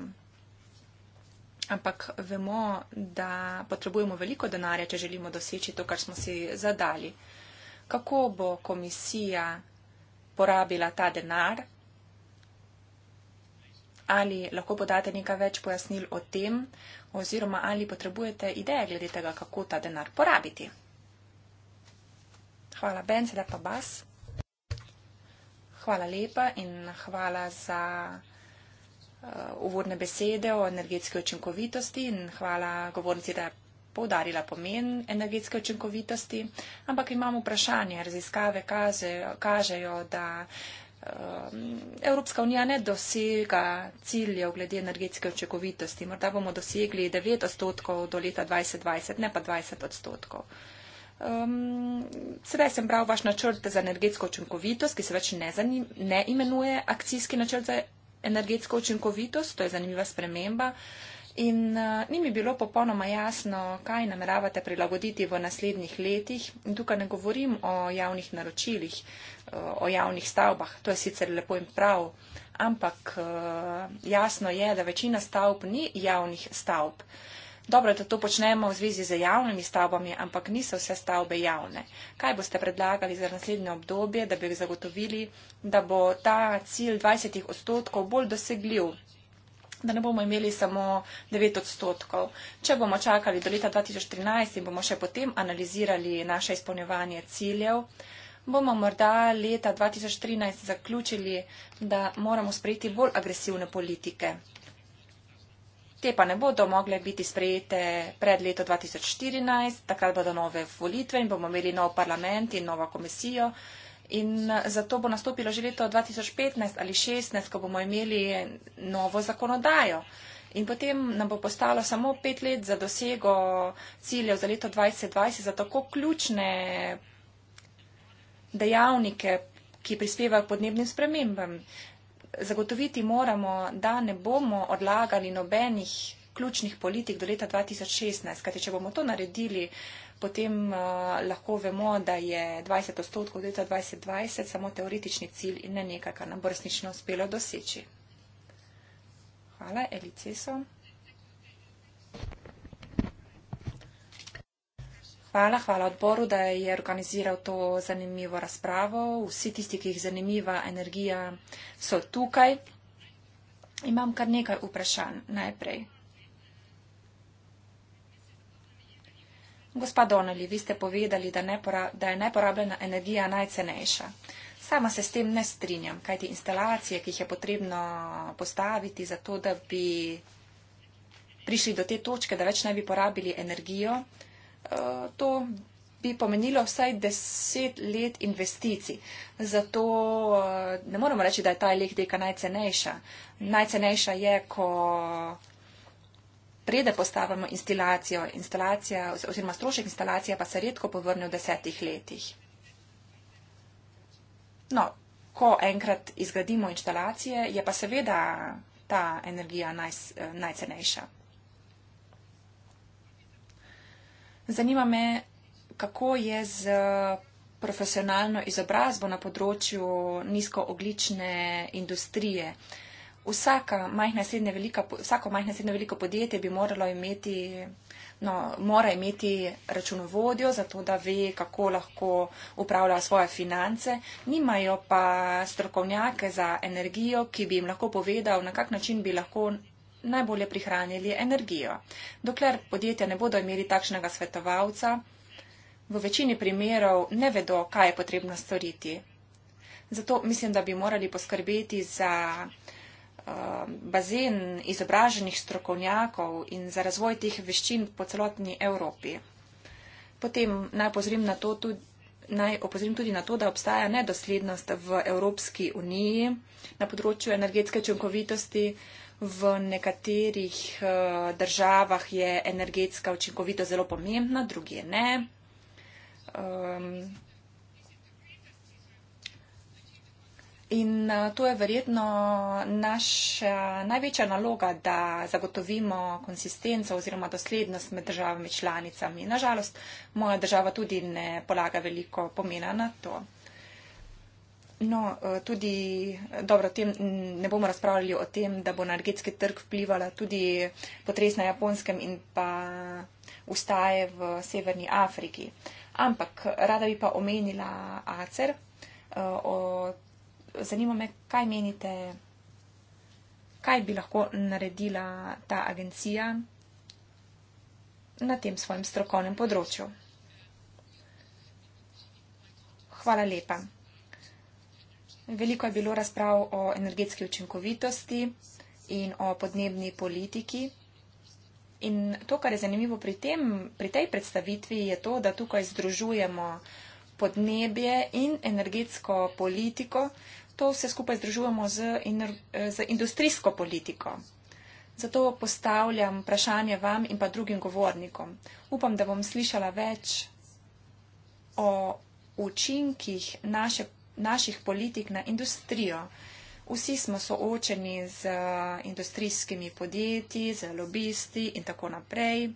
ampak vemo, da potrebujemo veliko denarja, če želimo doseči to, kar smo si zadali kako bo komisija porabila ta denar. Ali lahko podate nekaj več pojasnil o tem, oziroma ali potrebujete ideje glede tega, kako ta denar porabiti? Hvala, Ben, sedaj pa Bas. Hvala lepa in hvala za uh, uvodne besede o energetski očinkovitosti in hvala govornici, da je poudarila pomen energetske učinkovitosti, ampak imam vprašanje. Raziskave kažejo, da um, Evropska unija ne dosega ciljev glede energetske očekovitosti. Morda bomo dosegli 9 odstotkov do leta 2020, ne pa 20 odstotkov. Um, sedaj sem bral vaš načrt za energetsko očekovitost, ki se več ne, zanim, ne imenuje akcijski načrt za energetsko očekovitost. To je zanimiva sprememba. Uh, In uh, ni mi bilo popolnoma jasno, kaj nameravate prilagoditi v naslednjih letih. In tukaj ne govorim o javnih naročilih, uh, o javnih stavbah, to je sicer lepo in prav, ampak uh, jasno je, da večina stavb ni javnih stavb. Dobro, da to počnemo v zvezi z javnimi stavbami, ampak niso vse stavbe javne. Kaj boste predlagali za naslednje obdobje, da bi zagotovili, da bo ta cilj 20 odstotkov bolj dosegljiv? da ne bomo imeli samo 9 odstotkov. Če bomo čakali do leta 2013 in bomo še potem analizirali naše izpolnjevanje ciljev, bomo morda leta 2013 zaključili, da moramo sprejeti bolj agresivne politike. Te pa ne bodo mogle biti sprejete pred leto 2014, takrat bodo nove volitve in bomo imeli nov parlament in novo komisijo, In eh, zato bo nastopilo že leto 2015 ali 2016, ko bomo imeli novo zakonodajo. In potem nam bo postalo samo pet let za dosego ciljev za leto 2020 za tako ključne dejavnike, ki prispevajo podnebnim spremembam. Zagotoviti moramo, da ne bomo odlagali nobenih ključnih politik do leta 2016. Kajti, če bomo to naredili, potem eh, lahko vemo, da je 20 odstotkov leta 2020 samo teoretični cilj in ne nekaj, kar nam bo resnično uspelo doseči. Hvala, Eliceso. Hvala, hvala odboru, da je organiziral to zanimivo razpravo. Vsi tisti, ki jih zanimiva energija, so tukaj. Imam kar nekaj vprašanj najprej. Gospa Donali, vi ste povedali, da, da je neporabljena energija najcenejša. Sama se s tem ne strinjam, kajti instalacije, ki jih je potrebno postaviti za to, da bi prišli do te točke, da več ne bi porabili energijo, eh, to bi pomenilo vsaj deset let investicij. Zato eh, ne moremo reči, da je ta elektrika najcenejša. Najcenejša je, ko preden postavimo instalacijo. Instalacija oziroma strošek instalacije pa se redko povrne v desetih letih. No, ko enkrat izgradimo instalacije, je pa seveda ta energija naj, najcenejša. Zanima me, kako je z profesionalno izobrazbo na področju nizkooglične industrije. Uh, vsaka majhna srednja velika, vsako majhna srednja velika podjetje bi moralo imeti, no, mora imeti računovodjo, zato da ve, kako lahko upravlja svoje finance. Nimajo pa strokovnjake za energijo, ki bi jim lahko povedal, na kak način bi lahko najbolje prihranili energijo. Dokler podjetja ne bodo imeli takšnega svetovalca, v večini primerov ne vedo, kaj je potrebno storiti. Zato mislim, da bi morali poskrbeti za Um, bazen izobraženih strokovnjakov in za razvoj teh veščin po celotni Evropi. Potem naj opozorim, na to, tudi, naj opozorim tudi na to, da obstaja nedoslednost v Evropski uniji na področju energetske učinkovitosti. V nekaterih uh, državah je energetska učinkovitost zelo pomembna, druge ne. Um, In eh, to je verjetno naša največja naloga, da zagotovimo konsistenco oziroma doslednost med državami članicami. Nažalost, moja država tudi ne polaga veliko pomena na to. No, eh, tudi eh, dobro, tem, ne bomo razpravljali o tem, da bo na energetski trg vplivala tudi potres na japonskem in pa ustaje v Severni Afriki. Ampak rada bi pa omenila ACER. O zanima me, kaj menite, kaj bi lahko naredila ta agencija na tem svojem strokovnem področju. Hvala lepa. Veliko je bilo razprav o energetski učinkovitosti in o podnebni politiki. In to, kar je zanimivo pri, tem, pri tej predstavitvi, je to, da tukaj združujemo podnebje in energetsko politiko, to vse skupaj združujemo z, in, eh, z industrijsko politiko. Zato postavljam vprašanje vam in pa drugim govornikom. Upam, da bom slišala več o učinkih naše, naših politik na industrijo. Vsi smo soočeni z eh, industrijskimi podjetji, z lobisti in tako naprej.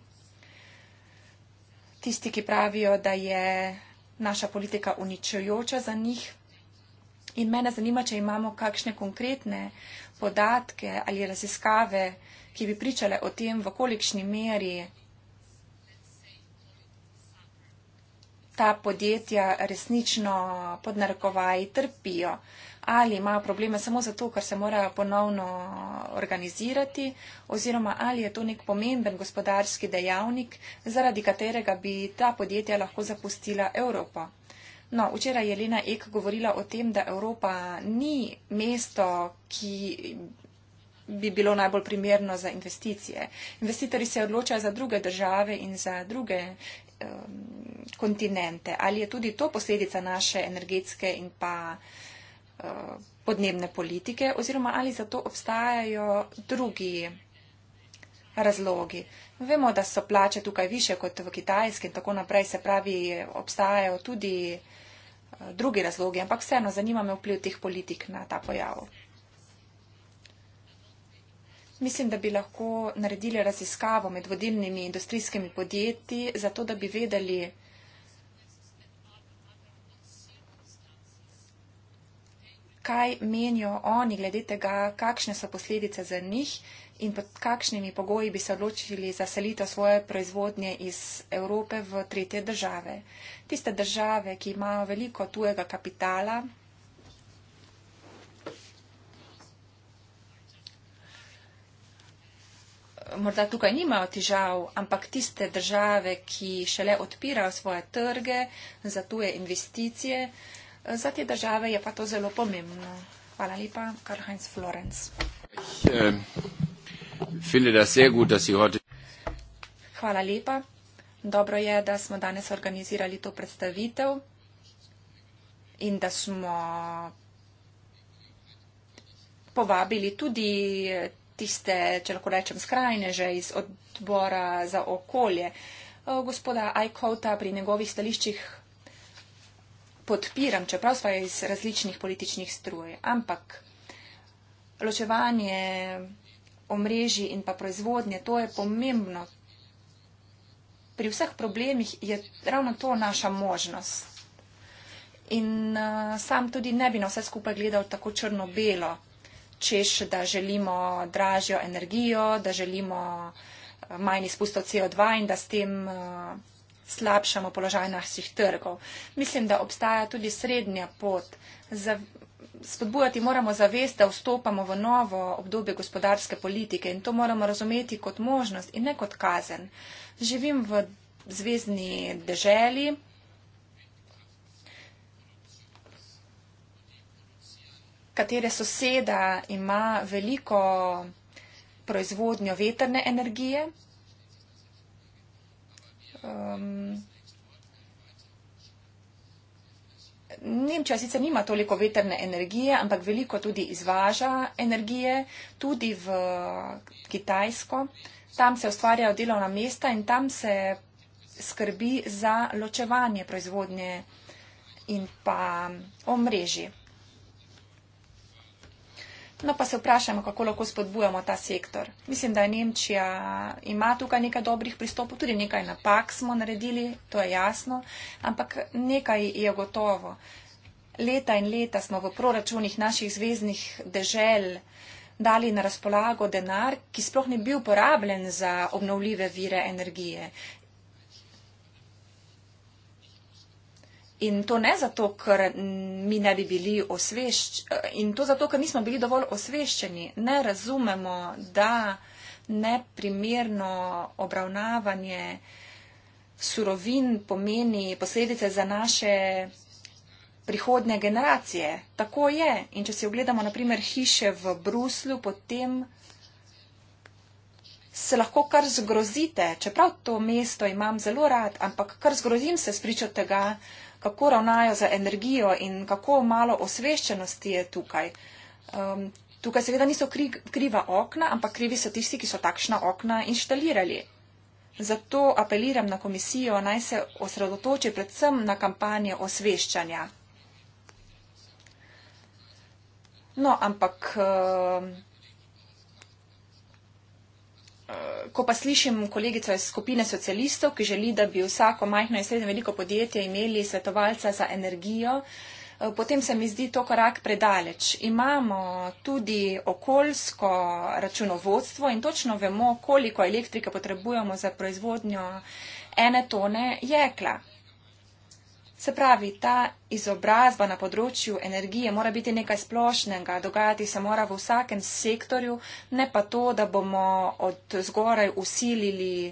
Tisti, ki pravijo, da je naša politika uničujoča za njih, In mene zanima, če imamo kakšne konkretne podatke ali raziskave, ki bi pričale o tem, v kolikšni meri ta podjetja resnično pod narekovaji trpijo ali imajo probleme samo zato, ker se morajo ponovno organizirati oziroma ali je to nek pomemben gospodarski dejavnik, zaradi katerega bi ta podjetja lahko zapustila Evropo. No, včeraj je Lena Ek govorila o tem, da Evropa ni mesto, ki bi bilo najbolj primerno za investicije. Investitori se odločajo za druge države in za druge um, kontinente. Ali je tudi to posledica naše energetske in pa uh, podnebne politike oziroma ali za to obstajajo drugi razlogi? Vemo, da so plače tukaj više kot v Kitajski in tako naprej. Se pravi, obstajajo tudi uh, Eh, drugi razlogi, ampak vseeno zanima me vpliv teh politik na ta pojav. Mislim, da bi lahko naredili raziskavo med vodilnimi industrijskimi podjetji, zato da bi vedeli, kaj menijo oni glede tega, kakšne so posledice za njih in pod kakšnimi pogoji bi se odločili za selitev svoje proizvodnje iz Evrope v tretje države. Tiste države, ki imajo veliko tujega kapitala. Morda tukaj nimajo težav, ampak tiste države, ki šele odpirajo svoje trge za tuje investicije, uh, Za te države je pa to zelo pomembno. Hvala lepa, Karl-Heinz Florenc. Eh, Hvala lepa. Dobro je, da smo danes organizirali to predstavitev in da smo povabili tudi tiste, če lahko rečem, skrajneže iz odbora za okolje. Eh, gospoda Ajkota pri njegovih stališčih podpiram, čeprav smo iz različnih političnih struj, ampak ločevanje omrežji in pa proizvodnje, to je pomembno. Pri vseh problemih je ravno to naša možnost. In uh, sam tudi ne bi na vse skupaj gledal tako črno-belo, češ, da želimo dražjo energijo, da želimo eh, manj izpustov CO2 in da s tem. Uh, slabšamo položaj naših trgov. Mislim, da obstaja tudi srednja pot. Zav spodbujati moramo zavest, da vstopamo v novo obdobje gospodarske politike in to moramo razumeti kot možnost in ne kot kazen. Živim v zvezdni deželi. katere soseda ima veliko proizvodnjo veterne energije, Um, Nemčija sicer nima toliko veterne energije, ampak veliko tudi izvaža energije, tudi v Kitajsko. Tam se ustvarjajo delovna mesta in tam se skrbi za ločevanje proizvodnje in pa omrežje. No, pa se vprašamo, kako lahko spodbujamo ta sektor. Mislim, da Nemčija ima tukaj nekaj dobrih pristopov, tudi nekaj napak smo naredili, to je jasno, ampak nekaj je gotovo. Leta in leta smo v proračunih naših zvezdnih dežel dali na razpolago denar, ki sploh ni bil porabljen za obnovljive vire energije. In to ne zato, ker mi ne bi bili osveščeni, in to zato, ker nismo bili dovolj osveščeni, ne razumemo, da neprimerno obravnavanje surovin pomeni posledice za naše prihodnje generacije. Tako je. In če si ogledamo naprimer hiše v Bruslu, potem se lahko kar zgrozite, čeprav to mesto imam zelo rad, ampak kar zgrozim se spričo tega, kako ravnajo za energijo in kako malo osveščenosti je tukaj. Um, tukaj seveda niso kri, kriva okna, ampak krivi so tisti, ki so takšna okna inštalirali. Zato apeliram na komisijo, naj se osredotoči predvsem na kampanje osveščanja. No, ampak. Um, ko pa slišim kolegico iz skupine socialistov, ki želi, da bi vsako majhno in srednje veliko podjetje imeli svetovalca za energijo, eh, potem se mi zdi to korak predaleč. Imamo tudi okoljsko računovodstvo in točno vemo, koliko elektrike potrebujemo za proizvodnjo ene tone jekla. Se pravi, ta izobrazba na področju energije mora biti nekaj splošnega, dogajati se mora v vsakem sektorju, ne pa to, da bomo od zgoraj usilili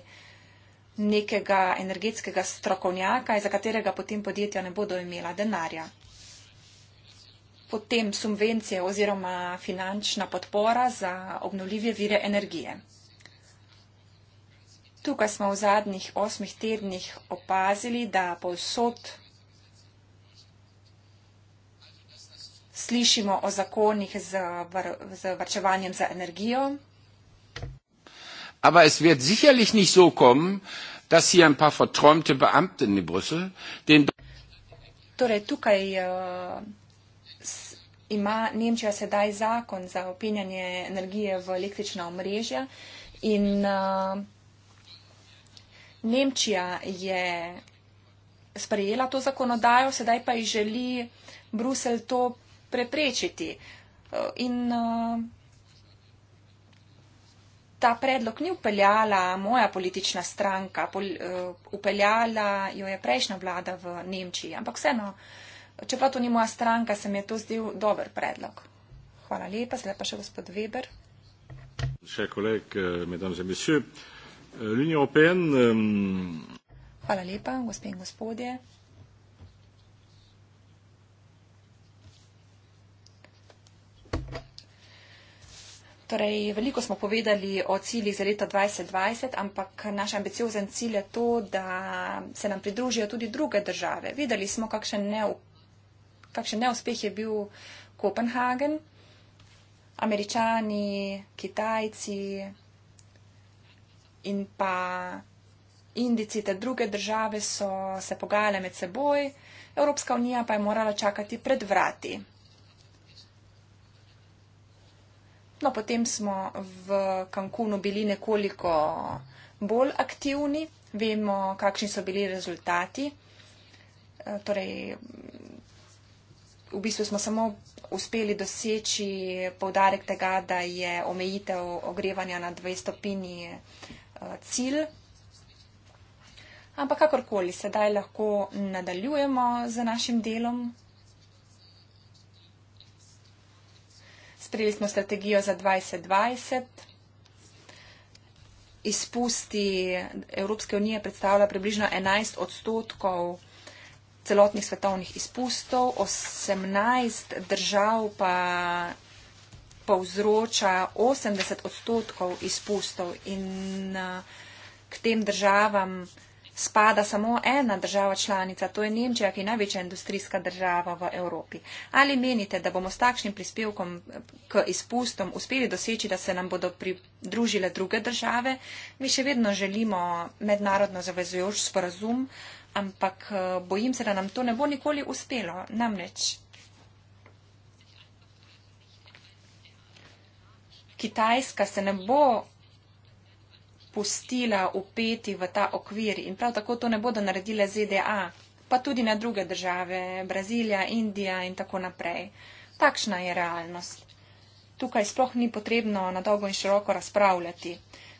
nekega energetskega strokovnjaka, za katerega potem podjetja ne bodo imela denarja. Potem subvencije oziroma finančna podpora za obnovljive vire energije. Tukaj smo v zadnjih osmih tednih opazili, da posod slišimo o zakonih z, var, z varčevanjem za energijo. Aber es wird sicherlich nicht so kommen, dass hier ein paar verträumte Beamte in Brüssel den. Torej, tukaj, uh, ima Nemčija sedaj zakon za opinjanje energije v električna omrežja in uh, Nemčija je sprejela to zakonodajo, sedaj pa ji želi Brusel to preprečiti. In uh, ta predlog ni upeljala moja politična stranka, upeljala uh, jo je prejšnja vlada v Nemčiji, ampak vseeno, čeprav to ni moja stranka, se mi je to zdel dober predlog. Hvala lepa, zdaj pa še gospod Weber. Še koleg, medam za besed. Linijo OPN. Hvala lepa, gospod in gospodje. Torej, veliko smo povedali o ciljih za leto 2020, ampak naš ambiciozen cilj je to, da se nam pridružijo tudi druge države. Videli smo, kakšen, ne, kakšen neuspeh je bil Kopenhagen, američani, kitajci in pa indici te druge države so se pogajale med seboj, Evropska unija pa je morala čakati pred vrati. No, potem smo v Cancunu bili nekoliko bolj aktivni, vemo, kakšni so bili rezultati. E, torej, v bistvu smo samo uspeli doseči povdarek tega, da je omejitev ogrevanja na dve stopini e, cilj. Ampak kakorkoli, sedaj lahko nadaljujemo z našim delom. Sprejeli smo strategijo za 2020. Izpusti Evropske unije predstavlja približno 11 odstotkov celotnih svetovnih izpustov, 18 držav pa povzroča 80 odstotkov izpustov in eh, k tem državam spada samo ena država članica, to je Nemčija, ki je največja industrijska država v Evropi. Ali menite, da bomo s takšnim prispevkom k izpustom uspeli doseči, da se nam bodo pridružile druge države? Mi še vedno želimo mednarodno zavezujoč sporazum, ampak bojim se, da nam to ne bo nikoli uspelo. Namreč Kitajska se ne bo pustila upeti v ta okvir in prav tako to ne bodo naredile ZDA, pa tudi na druge države, Brazilija, Indija in tako naprej. Takšna je realnost. Tukaj sploh ni potrebno na dolgo in široko razpravljati.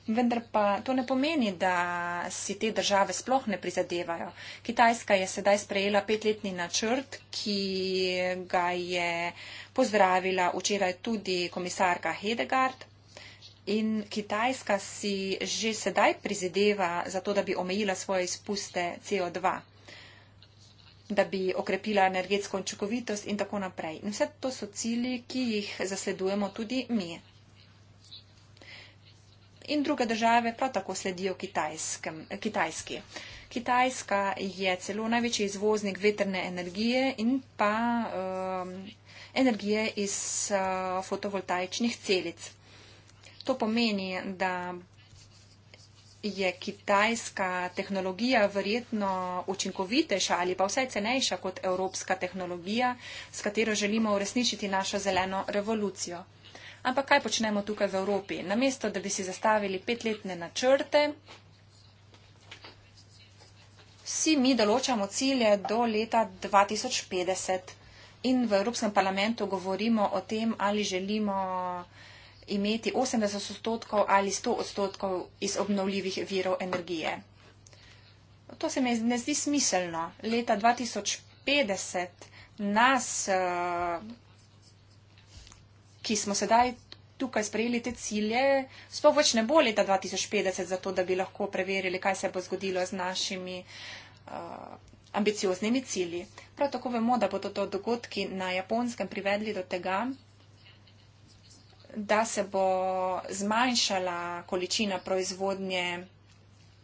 Vendar pa to ne pomeni, da si te države sploh ne prizadevajo. Kitajska je sedaj sprejela petletni načrt, ki ga je pozdravila včeraj tudi komisarka Hedegard. In Kitajska si že sedaj prizadeva za to, da bi omejila svoje izpuste CO2, da bi okrepila energetsko učinkovitost in tako naprej. In vse to so cilji, ki jih zasledujemo tudi mi. In druge države prav tako sledijo Kitajski. Kitajska je celo največji izvoznik veterne energije in pa um, energije iz uh, fotovoltaičnih celic. To pomeni, da je kitajska tehnologija verjetno učinkovitejša ali pa vsaj cenejša kot evropska tehnologija, s katero želimo uresničiti našo zeleno revolucijo. Ampak kaj počnemo tukaj v Evropi? Namesto, da bi si zastavili petletne načrte, vsi mi določamo cilje do leta 2050 in v Evropskem parlamentu govorimo o tem, ali želimo imeti 80 odstotkov ali 100 odstotkov iz obnovljivih virov energije. To se mi ne zdi smiselno. Leta 2050 nas, eh, ki smo sedaj tukaj sprejeli te cilje, sploh več ne bo leta 2050 za to, da bi lahko preverili, kaj se bo zgodilo z našimi eh, ambicioznimi cilji. Prav tako vemo, da bodo to dogodki na japonskem privedli do tega, da se bo zmanjšala količina proizvodnje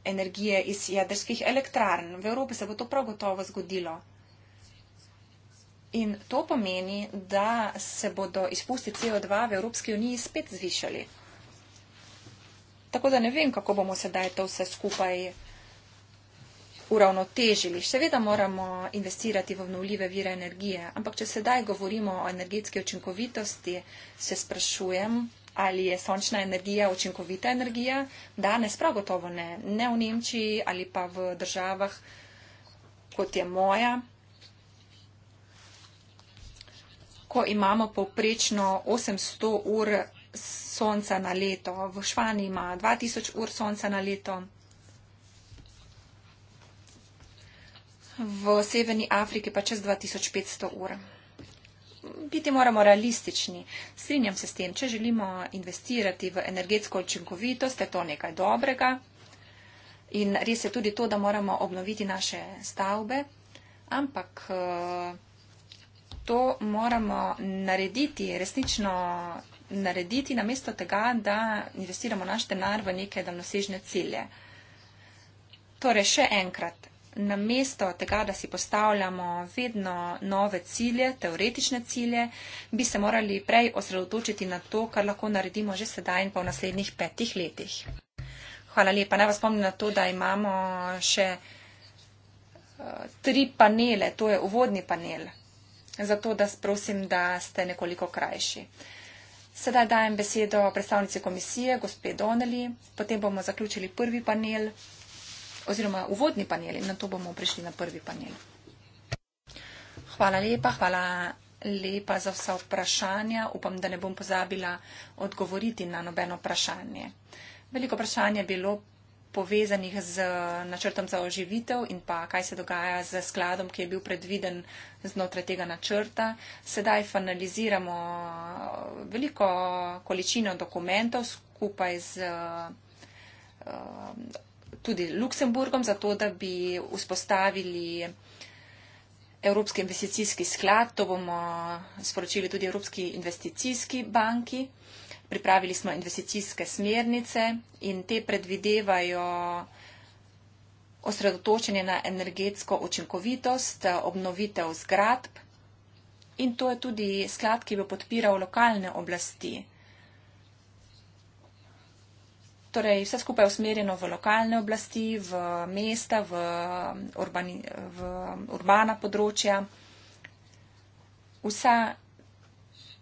energije iz jedrskih elektrarn. V Evropi se bo to prav gotovo zgodilo. In to pomeni, da se bodo izpusti CO2 v Evropski uniji spet zvišali. Tako da ne vem, kako bomo sedaj to vse skupaj uravnotežili. Seveda moramo investirati v obnovljive vire energije, ampak če sedaj govorimo o energetski učinkovitosti, se sprašujem, ali je sončna energija učinkovita energija. Danes prav gotovo ne. Ne v Nemčiji ali pa v državah, kot je moja. Ko imamo povprečno 800 ur sonca na leto, v Španiji ima 2000 ur sonca na leto, v Severni Afriki pa čez 2500 ur. Biti moramo realistični. Strinjam se s tem, če želimo investirati v energetsko učinkovitost, je to nekaj dobrega. In res je tudi to, da moramo obnoviti naše stavbe, ampak eh, to moramo narediti, resnično narediti, namesto tega, da investiramo naš denar v neke danosežne cilje. Torej, še enkrat, namesto tega, da si postavljamo vedno nove cilje, teoretične cilje, bi se morali prej osredotočiti na to, kar lahko naredimo že sedaj in pa v naslednjih petih letih. Hvala lepa. Naj vas spomnim na to, da imamo še eh, tri panele, to je uvodni panel, zato da prosim, da ste nekoliko krajši. Sedaj dajem besedo predstavnici komisije, gospe Doneli, potem bomo zaključili prvi panel oziroma uvodni panel in na to bomo prišli na prvi panel. Hvala lepa, hvala lepa za vsa vprašanja. Upam, da ne bom pozabila odgovoriti na nobeno vprašanje. Veliko vprašanje je bilo povezanih z načrtom za oživitev in pa kaj se dogaja z skladom, ki je bil predviden znotraj tega načrta. Sedaj finaliziramo veliko količino dokumentov skupaj z eh, tudi Luksemburgom, zato da bi vzpostavili Evropski investicijski sklad. To bomo sporočili tudi Evropski investicijski banki. Pripravili smo investicijske smernice in te predvidevajo osredotočenje na energetsko učinkovitost, obnovitev zgradb. In to je tudi sklad, ki bo podpiral lokalne oblasti torej vse skupaj usmerjeno v lokalne oblasti, v mesta, v, urbani, v urbana področja. Vsa,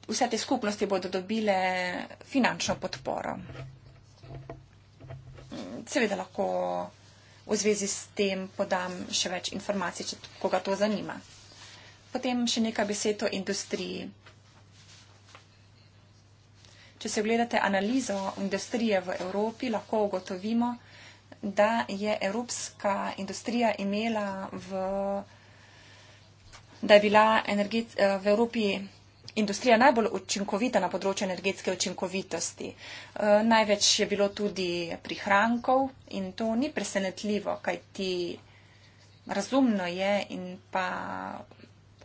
vse te skupnosti bodo dobile finančno podporo. Seveda lahko v zvezi s tem podam še več informacij, če koga to zanima. Potem še nekaj besed o industriji. Če se gledate analizo industrije v Evropi, lahko ugotovimo, da je evropska industrija imela v, da je bila energet, eh, v Evropi industrija najbolj učinkovita na področju energetske učinkovitosti. Eh, največ je bilo tudi prihrankov in to ni presenetljivo, kaj ti razumno je in pa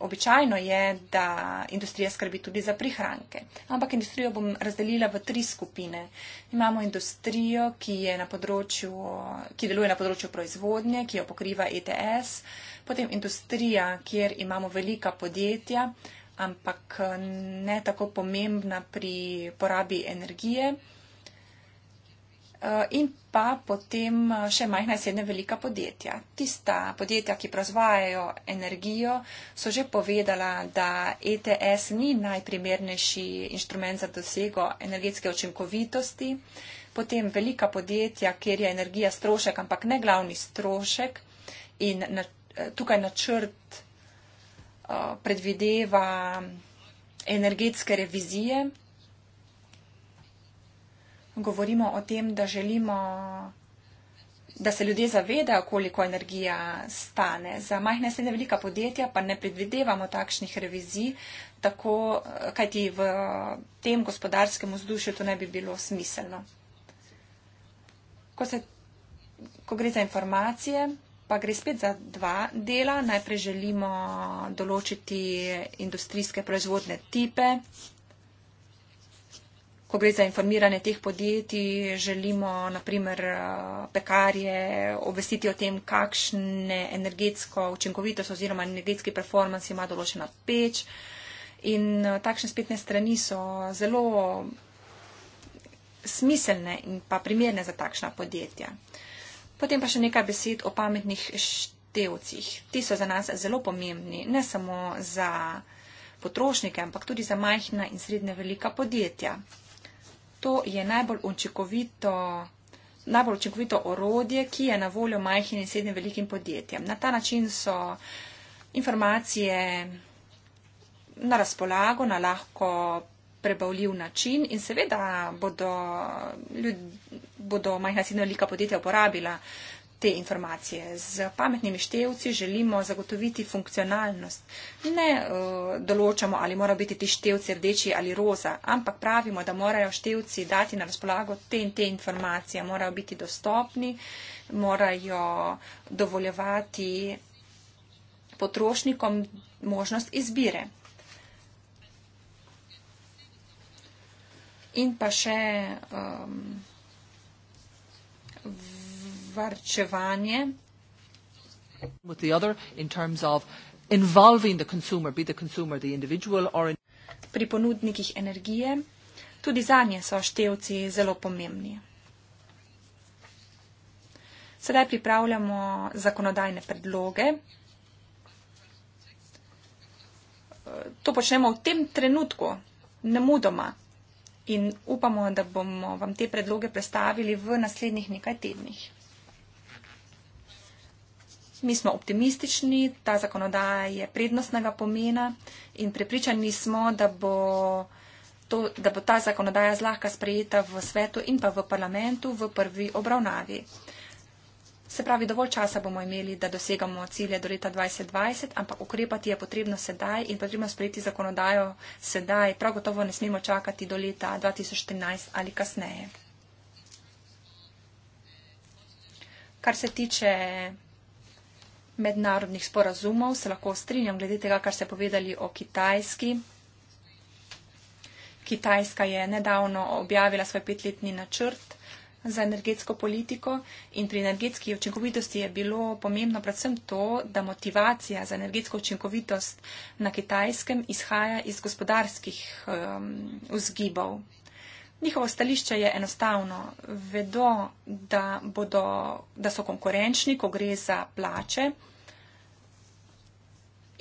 Običajno je, da industrija skrbi tudi za prihranke, ampak industrijo bom razdelila v tri skupine. Imamo industrijo, ki, področju, ki deluje na področju proizvodnje, ki jo pokriva ETS, potem industrija, kjer imamo velika podjetja, ampak ne tako pomembna pri porabi energije. Eh, in pa potem eh, še majhna in srednja velika podjetja. Tista podjetja, ki proizvajajo energijo, so že povedala, da ETS ni najprimernejši inštrument za dosego energetske očinkovitosti. Potem velika podjetja, kjer je energija strošek, ampak ne glavni strošek. In na, eh, tukaj načrt uh, predvideva energetske revizije govorimo o tem, da želimo, da se ljudje zavedajo, koliko energija stane. Za majhne srednje velika podjetja pa ne predvidevamo takšnih revizij, tako, kajti v tem gospodarskem vzdušju to ne bi bilo smiselno. Ko, se, ko gre za informacije, pa gre spet za dva dela. Najprej želimo določiti industrijske proizvodne tipe ko gre za informiranje teh podjetij, želimo naprimer eh, pekarje obvestiti o tem, kakšne energetsko učinkovitost oziroma energetski performance ima določena peč. In eh, takšne spletne strani so zelo smiselne in pa primerne za takšna podjetja. Potem pa še nekaj besed o pametnih števcih. Ti so za nas zelo pomembni, ne samo za potrošnike, ampak tudi za majhna in srednje velika podjetja to je najbolj učinkovito. Najbolj učinkovito orodje, ki je na voljo majhnim in srednjim velikim podjetjem. Na ta način so informacije na razpolago na lahko prebavljiv način in seveda bodo, ljud, bodo majhna in srednja velika podjetja uporabila te informacije. Z pametnimi števci želimo zagotoviti funkcionalnost. Ne uh, določamo, ali morajo biti ti števci rdeči ali roza, ampak pravimo, da morajo števci dati na razpolago te in te informacije, morajo biti dostopni, morajo dovoljevati potrošnikom možnost izbire. In pa še um, varčevanje. Consumer, the consumer, the in... Pri ponudnikih energije tudi zanje so števci zelo pomembni. Sedaj pripravljamo zakonodajne predloge. To počnemo v tem trenutku, nemudoma. In upamo, da bomo vam te predloge predstavili v naslednjih nekaj tednih. Mi smo optimistični, ta zakonodaja je prednostnega pomena in prepričani smo, da bo, to, da bo ta zakonodaja zlahka sprejeta v svetu in pa v parlamentu v prvi obravnavi. Se pravi, dovolj časa bomo imeli, da dosegamo cilje do leta 2020, ampak ukrepati je potrebno sedaj in potrebno sprejeti zakonodajo sedaj. Prav gotovo ne smemo čakati do leta 2013 ali kasneje. Kar se tiče mednarodnih sporazumov, se lahko strinjam glede tega, kar ste povedali o Kitajski. Kitajska je nedavno objavila svoj petletni načrt za energetsko politiko in pri energetski učinkovitosti je bilo pomembno predvsem to, da motivacija za energetsko učinkovitost na kitajskem izhaja iz gospodarskih um, vzgibov. Njihovo stališče je enostavno. Vedo, da, bodo, da so konkurenčni, ko gre za plače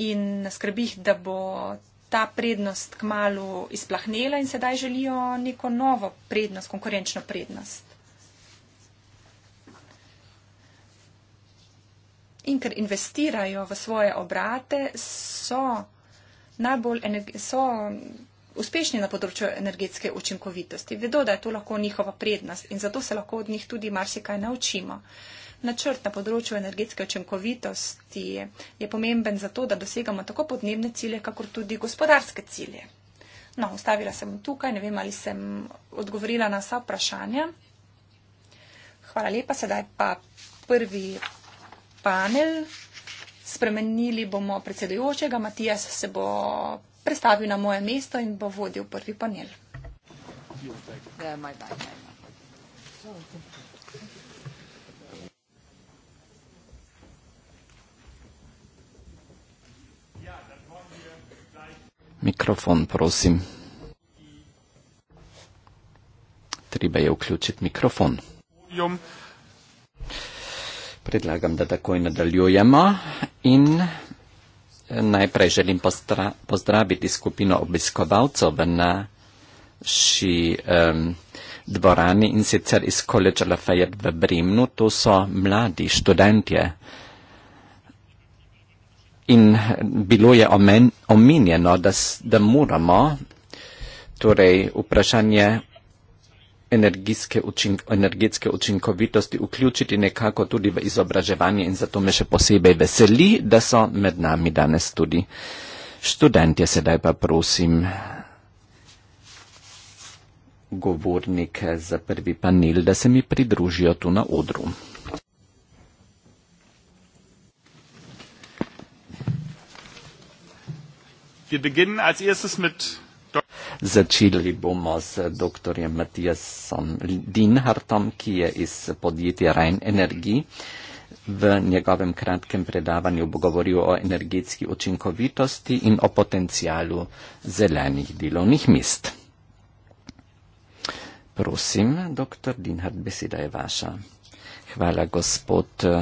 in na skrbih, da bo ta prednost kmalo izplahnela in sedaj želijo neko novo prednost, konkurenčno prednost. In ker investirajo v svoje obrate, so najbolj so uspešni na področju energetske učinkovitosti. Vedo, da je to lahko njihova prednost in zato se lahko od njih tudi marsikaj naučimo. Uh, Načrt na področju energetske učinkovitosti je pomemben zato, da dosegamo tako podnebne cilje, kakor tudi gospodarske cilje. No, ustavila sem tukaj, ne vem, ali sem odgovorila na vsa vprašanja. Hvala lepa, sedaj pa prvi panel. Spremenili bomo predsedujočega, Matijas se bo predstavil na moje mesto in bo vodil prvi panel. Yeah, my bad, my bad. Mikrofon, prosim. Treba je vključiti mikrofon. Predlagam, da takoj nadaljujemo in najprej želim pozdraviti skupino obiskovalcev na ši um, dvorani in sicer iz Koleđa Lafayette v Brimnu. To so mladi študentje in bilo je omen, omenjeno, da, da moramo torej, vprašanje energijske učink, energetske učinkovitosti vključiti nekako tudi v izobraževanje in zato me še posebej veseli, da so med nami danes tudi študentje. Sedaj pa prosim govornike za prvi panel, da se mi pridružijo tu na odru. Wir beginnen als erstes mit Do Začeli bomo s dr. Matijasom Dinhartom, ki je iz podjetja Rajn Energi. V njegovem kratkem predavanju bo govoril o energetski učinkovitosti in o potencijalu zelenih delovnih mest. Prosim, dr. Dinhart, beseda je vaša. Hvala, gospod eh,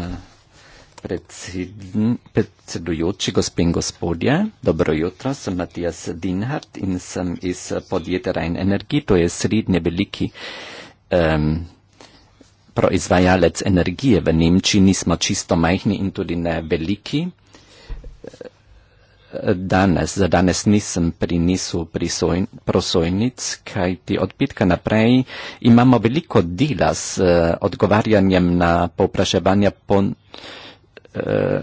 predsedn, predsedujoči, gospe in gospodje. Dobro jutro, sem Matijas Dinhardt in sem iz podjetja Rajn Energy, to je srednje veliki um, proizvajalec energije v Nemčiji, nismo čisto majhni in tudi ne veliki. Danes, za danes nisem prinesel prosojnic, kaj ti od petka naprej imamo veliko dela s uh, odgovarjanjem na povpraševanja po uh, Eh,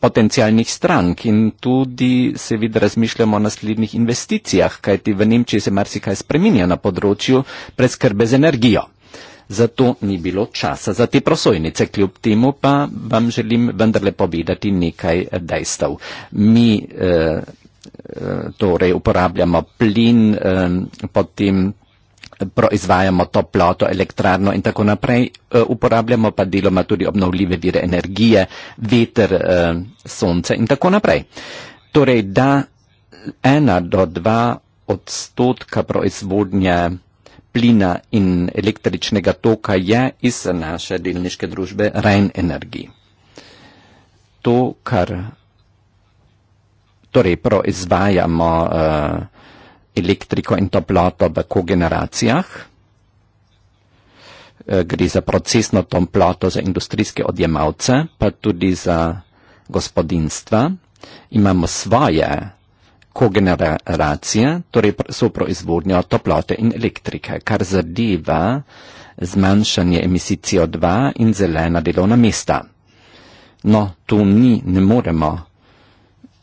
potencijalnih strank in tudi seveda razmišljamo o naslednjih investicijah, kajti v Nemčiji se marsikaj spreminja na področju preskrbe z energijo. Zato ni bilo časa za te prosojnice, kljub temu pa vam želim vendarle povedati nekaj dejstev. Mi eh, eh torej uporabljamo plin, eh, potem proizvajamo toploto, elektrarno in tako naprej, e, uporabljamo pa deloma tudi obnovljive vire energije, veter, e, sonce in tako naprej. Torej, da ena do dva odstotka proizvodnje plina in električnega toka je iz naše delniške družbe Rajn energiji. To, kar torej proizvajamo, uh, elektriko in toploto v kogeneracijah. E, gre za procesno toploto za industrijske odjemalce, pa tudi za gospodinstva. Imamo svoje kogeneracije, torej so proizvodnjo toplote in elektrike, kar zadeva zmanjšanje emisij CO2 in zelena delovna mesta. No, tu ni, ne moremo,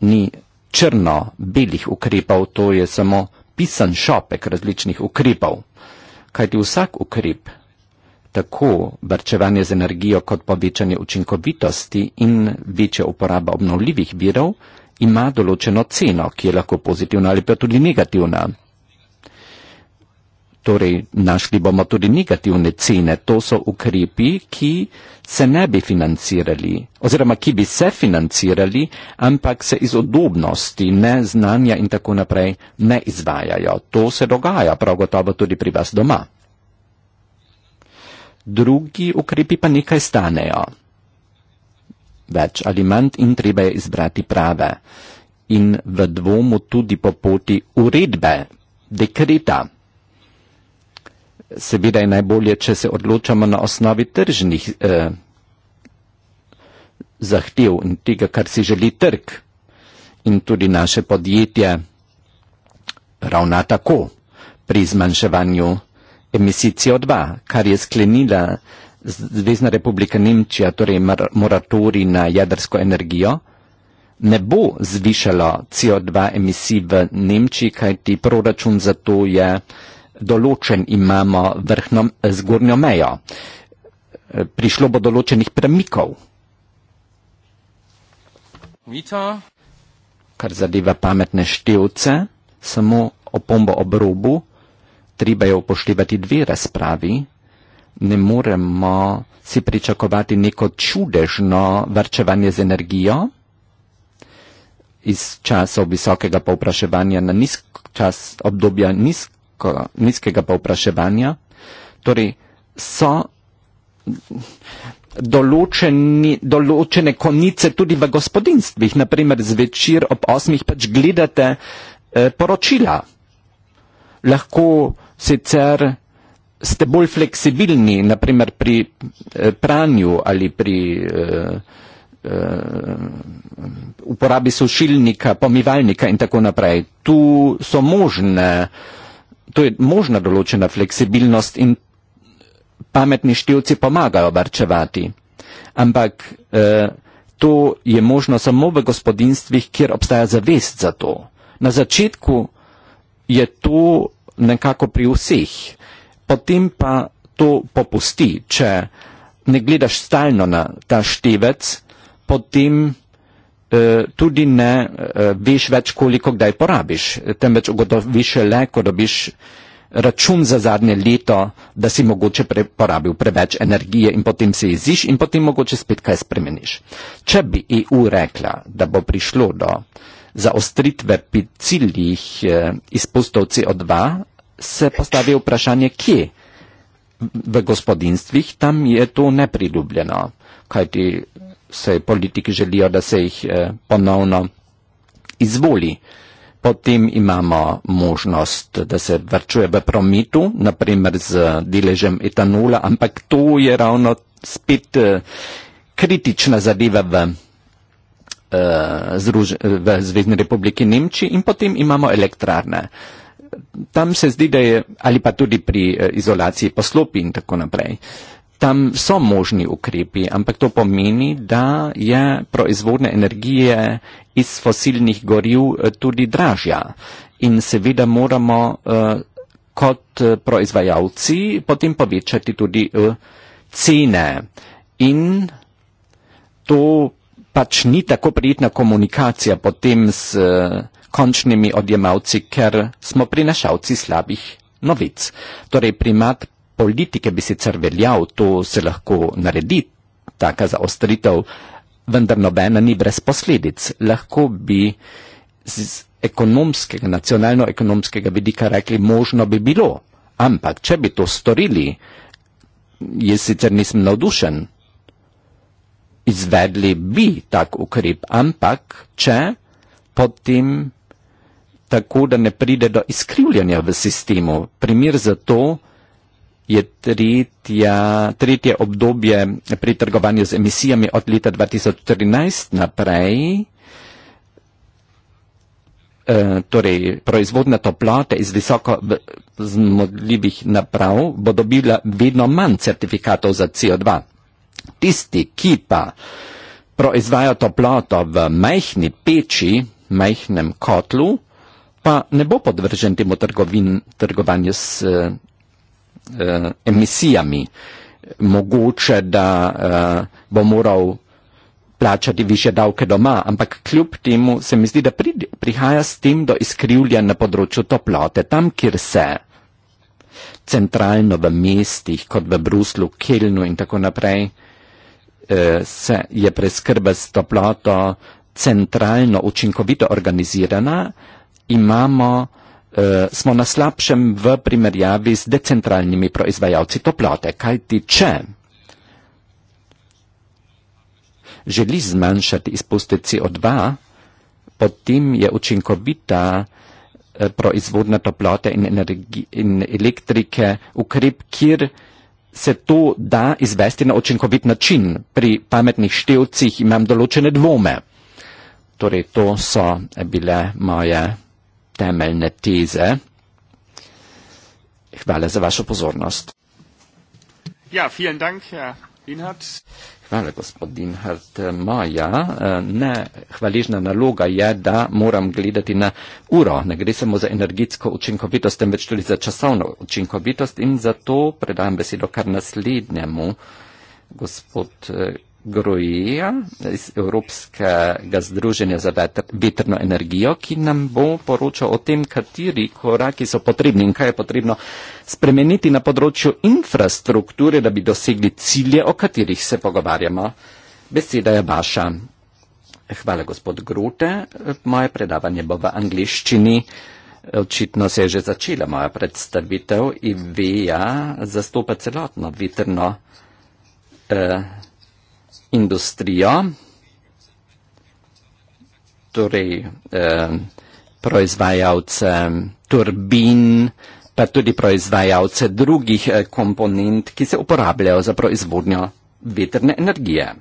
ni črno-belih ukrepov, to je samo napisan šopek različnih ukrepov. Kajti vsak ukrep, tako vrčevanje z energijo kot povečanje učinkovitosti in večja uporaba obnovljivih virov, ima določeno ceno, ki je lahko pozitivna ali pa tudi negativna torej našli bomo tudi negativne cene, to so ukrepi, ki se ne bi financirali, oziroma ki bi se financirali, ampak se iz odobnosti, ne znanja in tako naprej ne izvajajo. To se dogaja prav gotovo tudi pri vas doma. Drugi ukrepi pa nekaj stanejo. Več ali manj in treba je izbrati prave. In v dvomu tudi po poti uredbe, dekreta seveda je najbolje, če se odločamo na osnovi tržnih eh, zahtev in tega, kar si želi trg. In tudi naše podjetje ravna tako pri zmanjševanju emisij CO2, kar je sklenila Zvezdna republika Nemčija, torej moratori na jedrsko energijo, ne bo zvišalo CO2 emisij v Nemčiji, kajti proračun za to je določen imamo vrhno, eh, zgornjo mejo. Eh, prišlo bo določenih premikov. Kar zadeva pametne števce, samo opombo ob robu, treba je upoštevati dve razpravi. Ne moremo si pričakovati neko čudežno vrčevanje z energijo iz časov visokega povpraševanja na nizk čas, obdobja nizk, tako nizkega povpraševanja. Torej, so določeni, določene konice tudi v gospodinstvih, naprimer zvečer ob osmih pač gledate eh, poročila. Lahko sicer ste bolj fleksibilni, naprimer pri eh, pranju ali pri eh, eh, uporabi sušilnika, pomivalnika in tako naprej. Tu so možne eh, tu je možna določena fleksibilnost in pametni števci pomagajo varčevati. Ampak eh, to je možno samo v gospodinstvih, kjer obstaja zavest za to. Na začetku je to nekako pri vseh, potem pa to popusti, če ne gledaš stalno na ta števec, potem E, tudi ne veš več, koliko kdaj porabiš, temveč ugotoviš le, ko dobiš račun za zadnje leto, da si mogoče pre, porabil preveč energije in potem se iziš in potem mogoče spet kaj spremeniš. Če bi EU rekla, da bo prišlo do zaostritve pri ciljih e, izpustov CO2, se postavi vprašanje, kje? V gospodinstvih tam je to nepridobljeno, kajti se politiki želijo, da se jih eh, ponovno izvoli. Potem imamo možnost, da se vrčuje v prometu, naprimer z deležem etanola, ampak to je ravno spet eh, kritična zadeva v, eh, v Zvezdni republiki Nemčiji in potem imamo elektrarne. Tam se zdi, da je, ali pa tudi pri izolaciji poslopi in tako naprej tam so možni ukrepi, ampak to pomeni, da je proizvodnja energije iz fosilnih goriv eh, tudi dražja. In seveda moramo eh, kot eh, proizvajalci potem povečati tudi cene. In to pač ni tako prijetna komunikacija potem s končnimi odjemalci, ker smo prinašalci slabih novic. Torej primat politike bi sicer veljal, to se lahko naredi, taka zaostritev, vendar nobena ni brez posledic. Lahko bi z ekonomskega, nacionalno-ekonomskega vidika rekli, možno bi bilo, ampak če bi to storili, jaz sicer nisem navdušen, izvedli bi tak ukrep, ampak če potem tako, da ne pride do izkrivljanja v sistemu. Primer za to, je tretja, tretje obdobje pri trgovanju z emisijami od leta 2013 naprej. E, torej, proizvodna toplota iz visoko zmogljivih naprav bo dobila vedno manj certifikatov za CO2. Tisti, ki pa proizvaja toploto v majhni peči, majhnem kotlu, pa ne bo podvržen temu trgovanju s eh, emisijami. Mogoče, da eh, bo moral plačati više davke doma, ampak kljub temu se mi zdi, da pri, prihaja s tem do izkrivljanja na področju toplote. Tam, kjer se centralno v mestih, kot v Bruslu, Kelnu in tako naprej, eh, se je preskrba s toploto centralno učinkovito organizirana, imamo uh, smo na slabšem v primerjavi z decentralnimi proizvajalci toplote. Kaj ti če? Želi zmanjšati izpuste CO2, potem je učinkovita eh, proizvodna toplote in, in elektrike ukrep, kjer se to da izvesti na učinkovit način. Pri pametnih števcih imam določene dvome. Torej, to so bile moje temeljne teze. Hvala za vašo pozornost. Ja, vielen Dank, Herr Inhardt. Hvala, gospod Inhardt. Moja eh, nehvaližna naloga je, da moram gledati na uro. Ne gre samo za energetsko učinkovitost, temveč tudi za časovno učinkovitost in zato predajam besedo kar naslednjemu, gospod eh, Groja iz Evropskega združenja za vetr, vetrno energijo, ki nam bo poročal o tem, kateri koraki so potrebni in kaj je potrebno spremeniti na področju infrastrukture, da bi dosegli cilje, o katerih se pogovarjamo. Beseda je vaša. Hvala, gospod Grote. Moje predavanje bo v angliščini. Očitno se je že začela moja predstavitev. IVEA zastopa celotno vetrno. Eh, industrijo, torej eh, proizvajalce turbin, pa tudi proizvajalce drugih eh, komponent, ki se uporabljajo za proizvodnjo vetrne energije.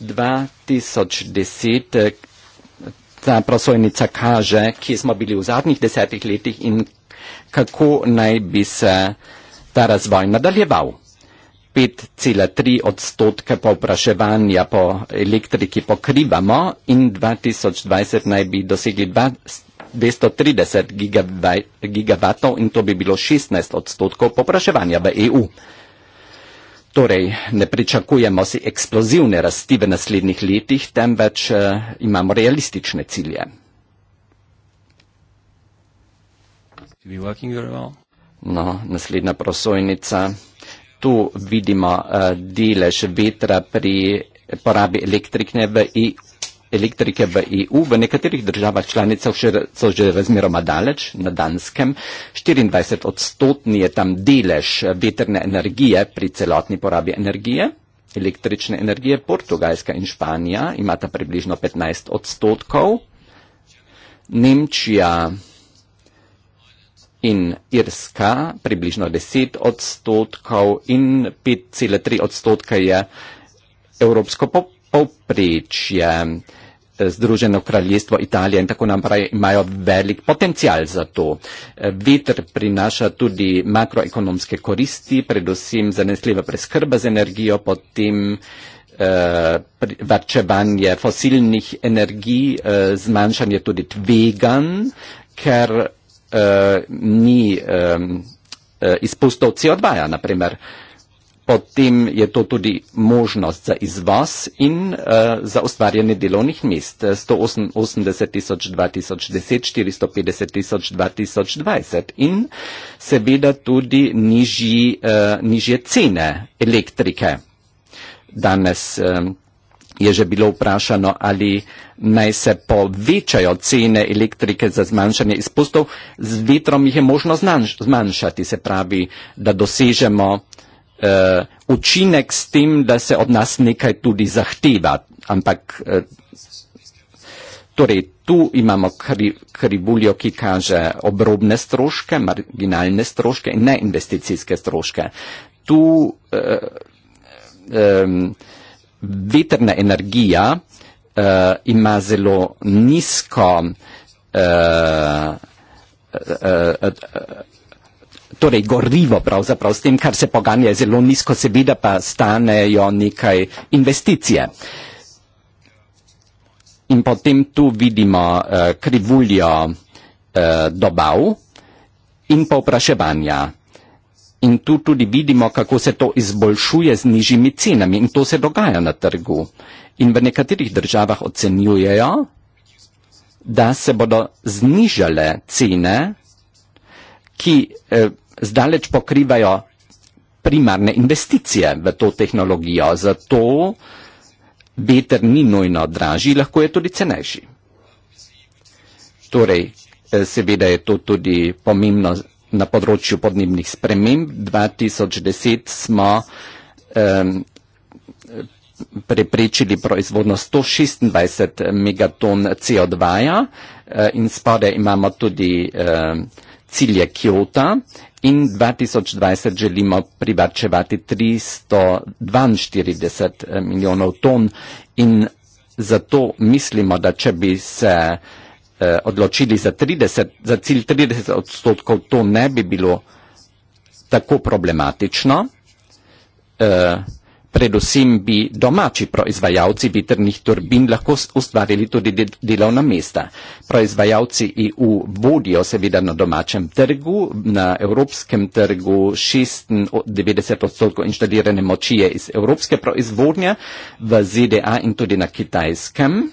Eh, ta prosojnica kaže, kje smo bili v zadnjih desetih letih in kako naj bi se uh, Ta razvoj nadaljeval. 5,3 odstotke povpraševanja po elektriki pokrivamo in 2020 naj bi dosegli 230 gigavatov in to bi bilo 16 odstotkov povpraševanja v EU. Torej, ne pričakujemo si eksplozivne rasti v naslednjih letih, temveč uh, imamo realistične cilje. To be working very well. No, naslednja prosojnica. Tu vidimo uh, delež vetra pri porabi elektrike v, I, elektrike v EU. V nekaterih državah članicah so že razmeroma daleč, na Danskem. 24 odstotni je tam delež vetrne energije pri celotni porabi energije. Električne energije Portugalska in Španija imata približno 15 odstotkov. Nemčija in Irska približno 10 odstotkov in 5,3 odstotka je evropsko povprečje. Združeno kraljestvo Italija in tako naprej imajo velik potencial za to. Vetr prinaša tudi makroekonomske koristi, predvsem zanesljiva preskrba z energijo, potem eh, varčevanje fosilnih energij, eh, zmanjšanje tudi tvegan, ker Eh, ni um, izpustov CO2, -ja, naprimer. Potem je to tudi možnost za izvoz in uh, za ustvarjanje delovnih mest. 180 tisoč 2010, 450 tisoč 2020 in seveda tudi nižji, uh, nižje cene elektrike. Danes uh, je že bilo vprašano, ali naj se povečajo cene elektrike za zmanjšanje izpustov, z vetrom jih je možno zmanjšati, se pravi, da dosežemo uh, učinek s tem, da se od nas nekaj tudi zahteva. Ampak uh, torej, tu imamo kri, krivuljo, ki kaže obrobne stroške, marginalne stroške in neinvesticijske stroške. Tu uh, um, vetrna energija uh, ima zelo nizko uh, torej gorivo pravzaprav s tem, kar se poganja zelo nizko, seveda pa stanejo nekaj investicije. In potem tu vidimo uh, krivuljo uh, dobav in povpraševanja. In tu tudi vidimo, kako se to izboljšuje z nižjimi cenami in to se dogaja na trgu. In v nekaterih državah ocenjujejo, da se bodo znižale cene, ki eh, zdaleč pokrivajo primarne investicije v to tehnologijo. Zato veter ni nujno dražji, lahko je tudi cenejši. Torej, eh, seveda je to tudi pomembno na področju podnebnih sprememb. 2010 smo um, preprečili proizvodno 126 megaton CO2 -ja, eh, in spore imamo tudi uh, cilje Kyoto in 2020 želimo privačevati 342 eh, milijonov ton in zato mislimo, da če bi se uh, eh, odločili za, 30, za cilj 30 odstotkov, to ne bi bilo tako problematično. Eh, predvsem bi domači proizvajalci vitrnih turbin lahko ustvarili tudi delovna mesta. Proizvajalci EU vodijo seveda na domačem trgu, na evropskem trgu 96 odstotkov inštalirane moči je iz evropske proizvodnje, v ZDA in tudi na kitajskem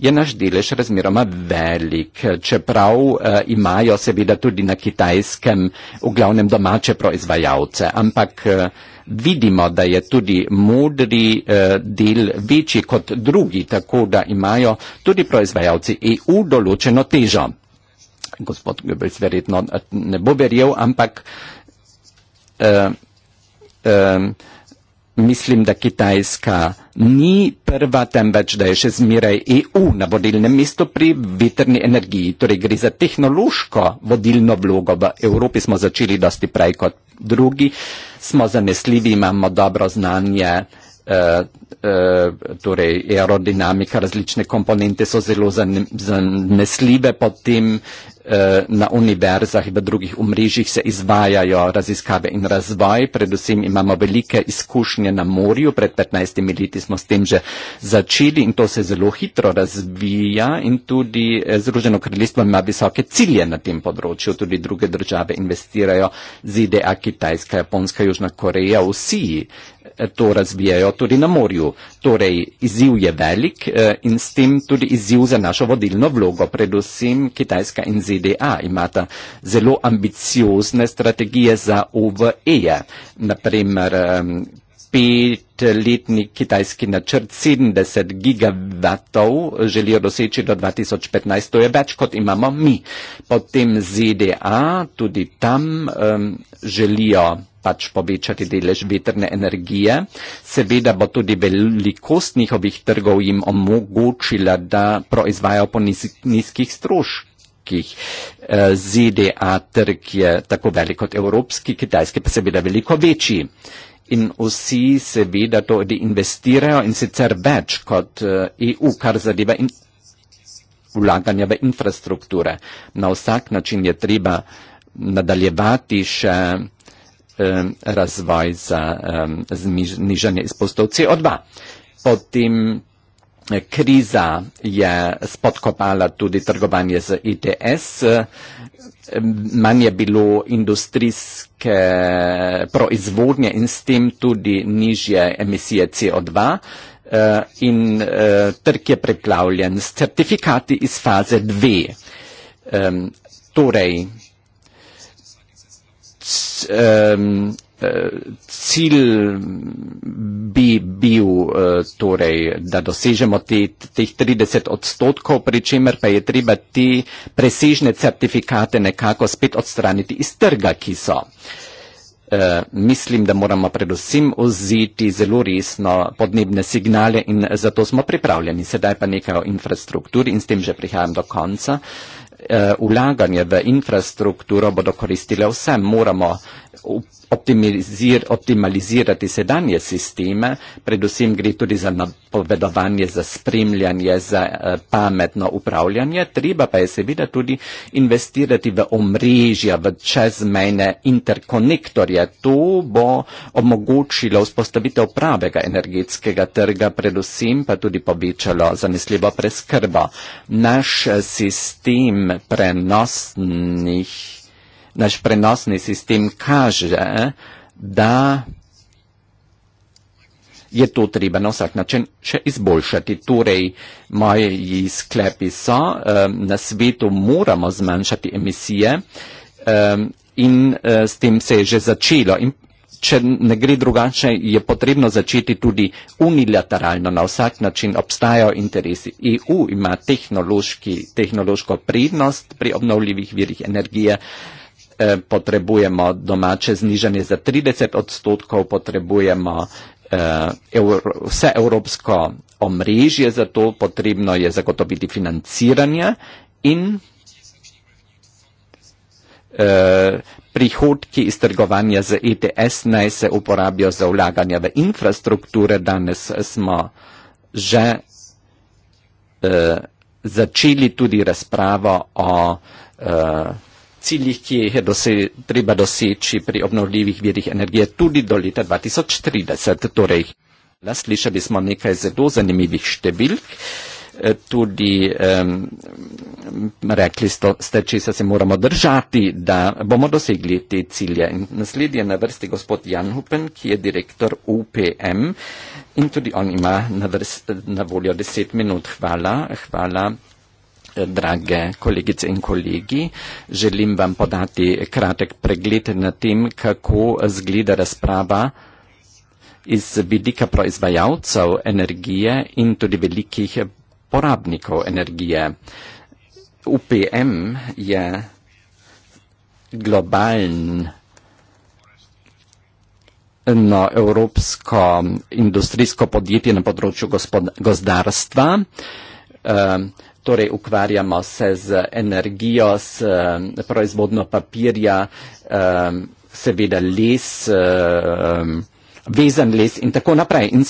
je naš delež razmeroma velik, čeprav eh, imajo seveda tudi na kitajskem v glavnem domače proizvajalce, ampak eh, vidimo, da je tudi modri eh, del večji kot drugi, tako da imajo tudi proizvajalci EU določeno težo. Gospod Goebbels verjetno eh, ne bo verjel, ampak eh, eh, mislim, da Kitajska ni prva, temveč da je še zmeraj EU na vodilnem mestu pri vetrni energiji. Torej gre za tehnološko vodilno vlogo. V Evropi smo začeli dosti prej kot drugi. Smo zanesljivi, imamo dobro znanje Eh, eh, torej aerodinamika, različne komponente so zelo zanesljive, potem eh, na univerzah in v drugih umrežjih se izvajajo raziskave in razvoj, predvsem imamo velike izkušnje na morju, pred 15 leti smo s tem že začeli in to se zelo hitro razvija in tudi Združeno kraljestvo ima visoke cilje na tem področju, tudi druge države investirajo, ZDA, Kitajska, Japonska, Južna Koreja, vsi to razvijajo tudi na morju. Torej, izziv je velik eh, in s tem tudi izziv za našo vodilno vlogo. Predvsem Kitajska in ZDA imata zelo ambiciozne strategije za OVE. Naprimer, eh, petletni kitajski načrt 70 gigavatov želijo doseči do 2015, to je več kot imamo mi. Potem ZDA tudi tam um, želijo pač povečati delež vetrne energije. Seveda bo tudi velikost njihovih trgov jim omogočila, da proizvajajo po nizkih stroških. Eh, ZDA trg je tako velik kot evropski, kitajski pa seveda veliko večji. In vsi seveda to tudi investirajo in sicer več kot EU, eh, e kar zadeva in vlaganja v infrastrukture. Na vsak način je treba nadaljevati še razvoj za znižanje izpustov CO2. Potem e, kriza je spodkopala tudi trgovanje z ITS, manj je bilo industrijske proizvodnje in s tem tudi nižje emisije CO2. E, in e, trg je preplavljen s certifikati iz faze 2. Torej, um, cilj bi bil eh, torej, da dosežemo te, teh 30 odstotkov, pri čemer pa je treba te presežne certifikate nekako spet odstraniti iz trga, ki so. Uh, mislim, da moramo predvsem vzeti zelo resno podnebne signale in zato smo pripravljeni. Sedaj pa nekaj o infrastrukturi in s tem že prihajam do konca. Uh, vlaganje eh, v infrastrukturo bodo koristile vsem. Moramo optimalizirati sedanje sisteme, predvsem gre tudi za napovedovanje, za spremljanje, za eh, pametno upravljanje, treba pa je seveda tudi investirati v omrežja, v čezmejne interkonektorje. To bo omogočilo vzpostavitev pravega energetskega trga, predvsem pa tudi povečalo zanesljivo preskrbo. Naš eh, sistem prenosnih, naš prenosni sistem kaže, da je to treba na vsak način še izboljšati. Torej, moji sklepi so, na svetu moramo zmanjšati emisije in eh, s tem se je že začelo. In če ne gre drugače, je potrebno začeti tudi unilateralno. Na vsak način obstajajo interesi. EU ima tehnološko prednost pri obnovljivih virih energije. E, potrebujemo domače znižanje za 30 odstotkov, potrebujemo e, evro, vse evropsko omrežje za to, potrebno je zagotoviti financiranje in Eh, prihodki iz trgovanja z ETS naj se uporabijo za vlaganje v infrastrukture. Danes smo že eh, začeli tudi razpravo o eh, ciljih, ki jih je dose treba doseči pri obnovljivih virih energije tudi do leta 2030. Torej, slišali smo nekaj zelo zanimivih številk. Eh, Eh, tudi um, rekli ste, če se moramo držati, da bomo dosegli te cilje. Naslednji je na vrsti gospod Jan Hupen, ki je direktor UPM in tudi on ima na, vrst, na voljo deset minut. Hvala. Hvala. Eh, drage kolegice in kolegi, želim vam podati kratek pregled na tem, kako zgleda razprava iz vidika proizvajalcev energije in tudi velikih porabnikov energije. UPM je globalen no, evropsko industrijsko podjetje na področju gozdarstva. E, torej ukvarjamo se z energijo, s proizvodno papirja, e, seveda les, e, vezan les in tako naprej. In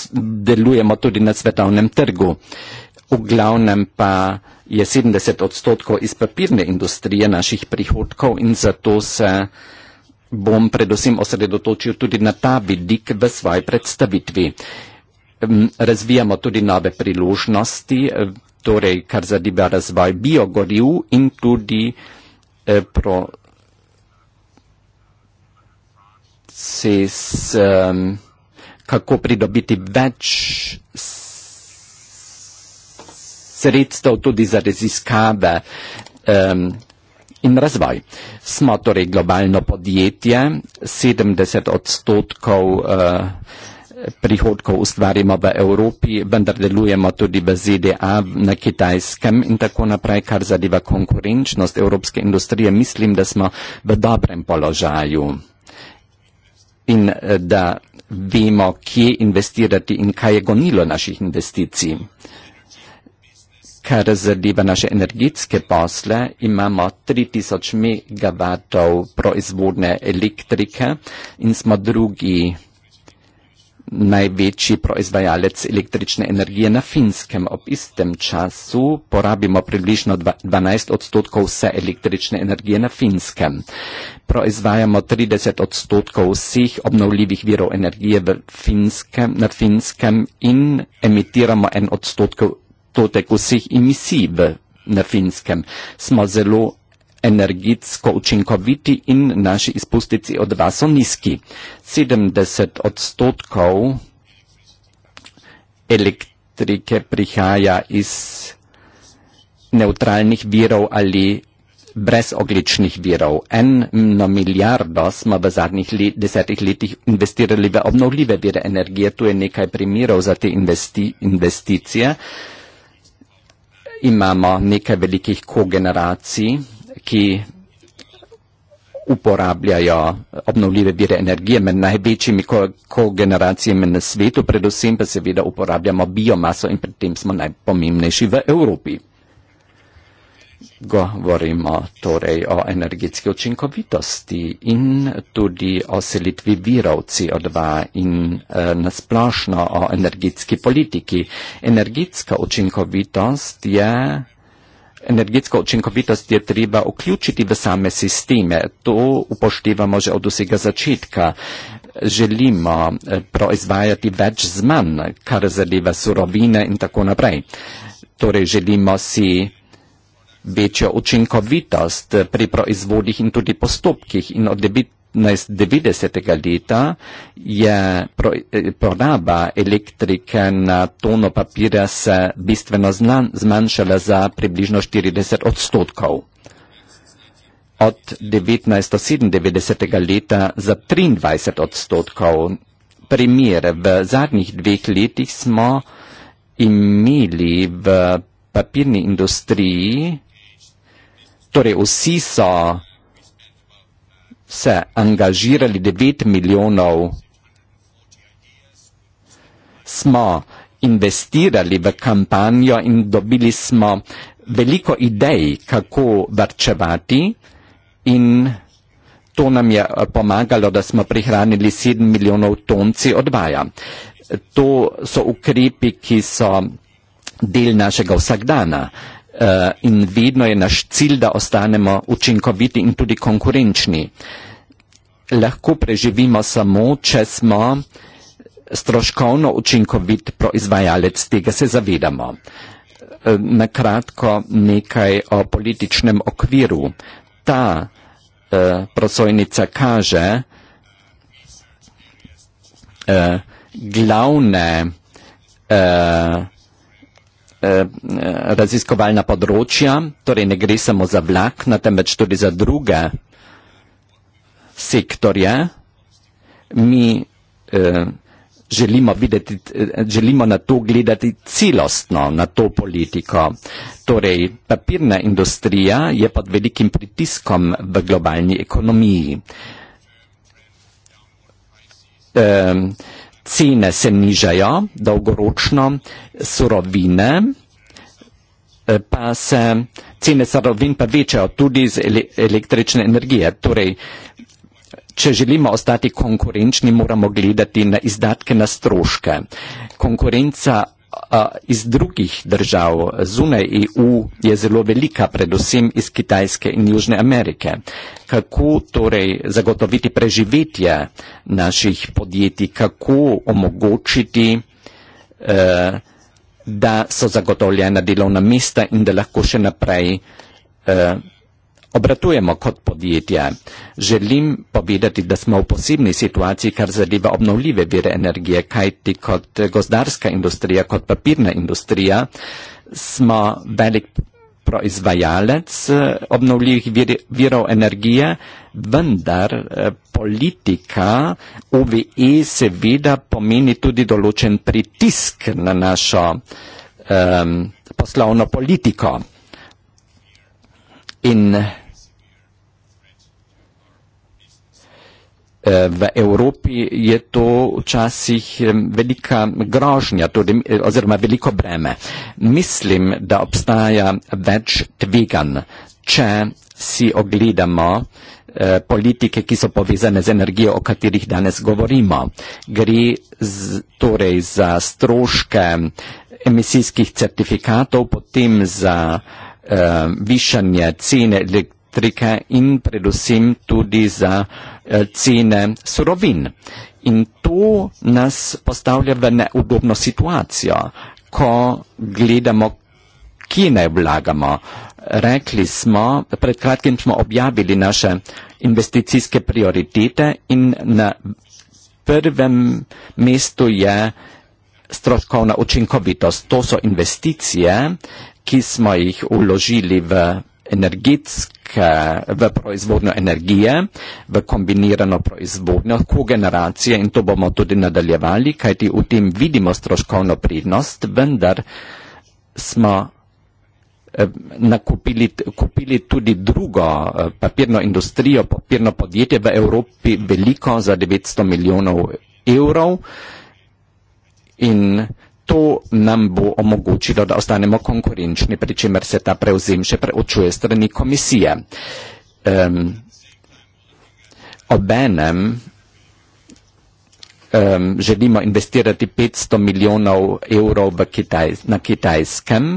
delujemo tudi na svetovnem trgu. E, v glavnem pa je 70 odstotkov iz papirne industrije naših prihodkov in zato se bom predvsem osredotočil tudi na ta vidik v svoji predstavitvi. Razvijamo tudi nove priložnosti, torej kar zadeva razvoj biogoriv in tudi eh, pro ses, kako pridobiti več sredstev tudi za raziskave um, in razvoj. Smo torej globalno podjetje, 70 odstotkov uh, prihodkov ustvarimo v Evropi, vendar delujemo tudi v ZDA, na Kitajskem in tako naprej, kar zadeva konkurenčnost evropske industrije. Mislim, da smo v dobrem položaju in eh, da vemo, kje investirati in kaj je gonilo naših investicij ker zaliva naše energetske posle, imamo 3000 MW proizvodne elektrike in smo drugi največji proizvajalec električne energije na finskem. Ob istem času porabimo približno 12 odstotkov vse električne energije na finskem. Proizvajamo 30 odstotkov vseh obnovljivih virov energije finskem, na finskem in emitiramo en odstotkov odstotek vseh emisij v, na finskem. Smo zelo energetsko učinkoviti in naši izpusti CO2 so nizki. 70 odstotkov elektrike prihaja iz neutralnih virov ali brezogličnih virov. Eno milijardo smo v zadnjih le desetih letih investirali v obnovljive vire energije. Tu je nekaj primerov za te investi investicije imamo nekaj velikih kogeneracij, ki uporabljajo obnovljive vire energije med največjimi kogeneracijami na svetu, predvsem pa seveda uporabljamo biomaso in pri tem smo najpomembnejši v Evropi govorimo torej o energetski učinkovitosti in tudi o selitvi virov CO2 in e, eh, nasplošno o energetski politiki. Energetska učinkovitost je Energetsko učinkovitost je treba vključiti v same sisteme. To upoštevamo že od vsega začetka. Želimo eh, proizvajati več z manj, kar zadeva surovine in tako naprej. Torej želimo si večjo učinkovitost pri proizvodih in tudi postopkih. In od 1990. leta je eh, poraba elektrike na tono papirja se bistveno zmanjšala za približno 40 odstotkov. Od 1997. leta za 23 odstotkov. Primer, v zadnjih dveh letih smo imeli v papirni industriji torej vsi so se angažirali, 9 milijonov smo investirali v kampanjo in dobili smo veliko idej, kako varčevati in to nam je eh, pomagalo, da smo prihranili 7 milijonov tonci odvaja. To so ukrepi, ki so del našega vsakdana. Eh, in vedno je naš cilj, da ostanemo učinkoviti in tudi konkurenčni. Lahko preživimo samo, če smo stroškovno učinkovit proizvajalec, tega se zavedamo. Eh, Nakratko nekaj o političnem okviru. Ta eh, prosojnica kaže eh, glavne eh, Eh, raziskovalna področja, torej ne gre samo za vlak, na no, temveč tudi za druge sektorje. Mi eh, želimo, videti, eh, želimo na to gledati celostno, na to politiko. Torej, papirna industrija je pod velikim pritiskom v globalni ekonomiji. Eh, cene se nižajo, dolgoročno surovine eh, pa se cene sorovin pa večajo tudi iz električne energije. Torej, če želimo ostati konkurenčni, moramo gledati na izdatke, na stroške. Konkurenca iz drugih držav zunaj EU je zelo velika, predvsem iz Kitajske in Južne Amerike. Kako torej zagotoviti preživetje naših podjetij, kako omogočiti, eh, da so zagotovljena delovna mesta in da lahko še naprej eh, Obratujemo kot podjetje. Želim povedati, da smo v posebni situaciji, kar zadeva obnovljive vire energije, kajti kot gozdarska industrija, kot papirna industrija smo velik proizvajalec eh, obnovljivih vir, virov energije, vendar eh, politika UVE seveda pomeni tudi določen pritisk na našo um, poslovno politiko. In eh, v Evropi je to včasih eh, velika grožnja, tudi, eh, oziroma veliko breme. Mislim, da obstaja več tvegan, če si ogledamo politike, ki so povezane z energijo, o katerih danes govorimo. Gre z, torej za stroške emisijskih certifikatov, potem za uh, eh, višanje cene elektrike in predvsem tudi za eh, cene surovin. In to nas postavlja v neudobno situacijo, ko gledamo, kje naj vlagamo. Rekli smo, pred kratkim smo objavili naše investicijske prioritete in na prvem mestu je stroškovna učinkovitost. To so investicije, ki smo jih uložili v energetske, v proizvodnjo energije, v kombinirano proizvodnjo, kogeneracije in to bomo tudi nadaljevali, kajti v tem vidimo stroškovno prednost, vendar smo eh, nakupili, kupili tudi drugo eh, papirno industrijo, papirno podjetje v Evropi, veliko za 900 milijonov evrov in to nam bo omogočilo, da ostanemo konkurenčni, pri čemer se ta prevzem še preučuje strani komisije. Um, obenem um, želimo investirati 500 milijonov evrov Kitaj, na kitajskem,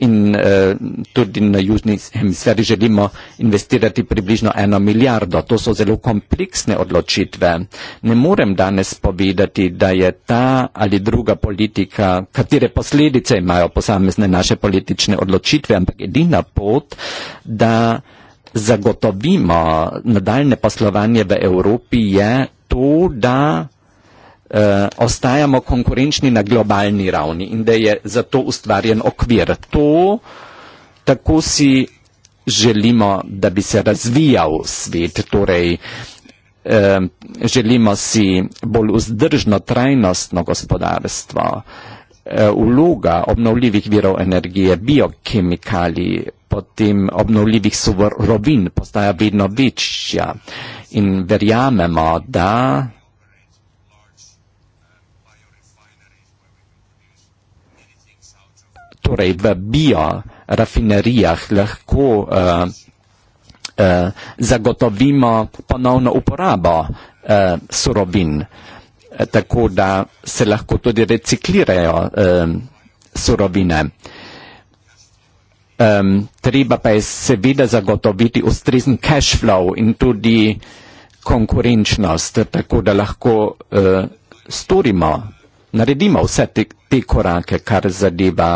in uh, tudi na južni hemisferi želimo investirati približno eno milijardo. To so zelo kompleksne odločitve. Ne morem danes povedati, da je ta ali druga politika, katere posledice imajo posamezne naše politične odločitve, ampak edina pot, da zagotovimo nadaljne poslovanje v Evropi je to, da eh, ostajamo konkurenčni na globalni ravni in da je za to ustvarjen okvir. To tako si želimo, da bi se razvijal svet, torej eh, želimo si bolj vzdržno trajnostno gospodarstvo. Uloga eh, obnovljivih virov energije, biokemikali, potem obnovljivih surovin postaja vedno večja in verjamemo, da torej v bio rafinerijah lahko uh, uh, zagotovimo ponovno uporabo uh, surovin, tako da se lahko tudi reciklirajo uh, surovine. Um, treba pa je seveda zagotoviti ustrezen cash flow in tudi konkurenčnost, tako da lahko uh, storimo, naredimo vse te, te korake, kar zadeva.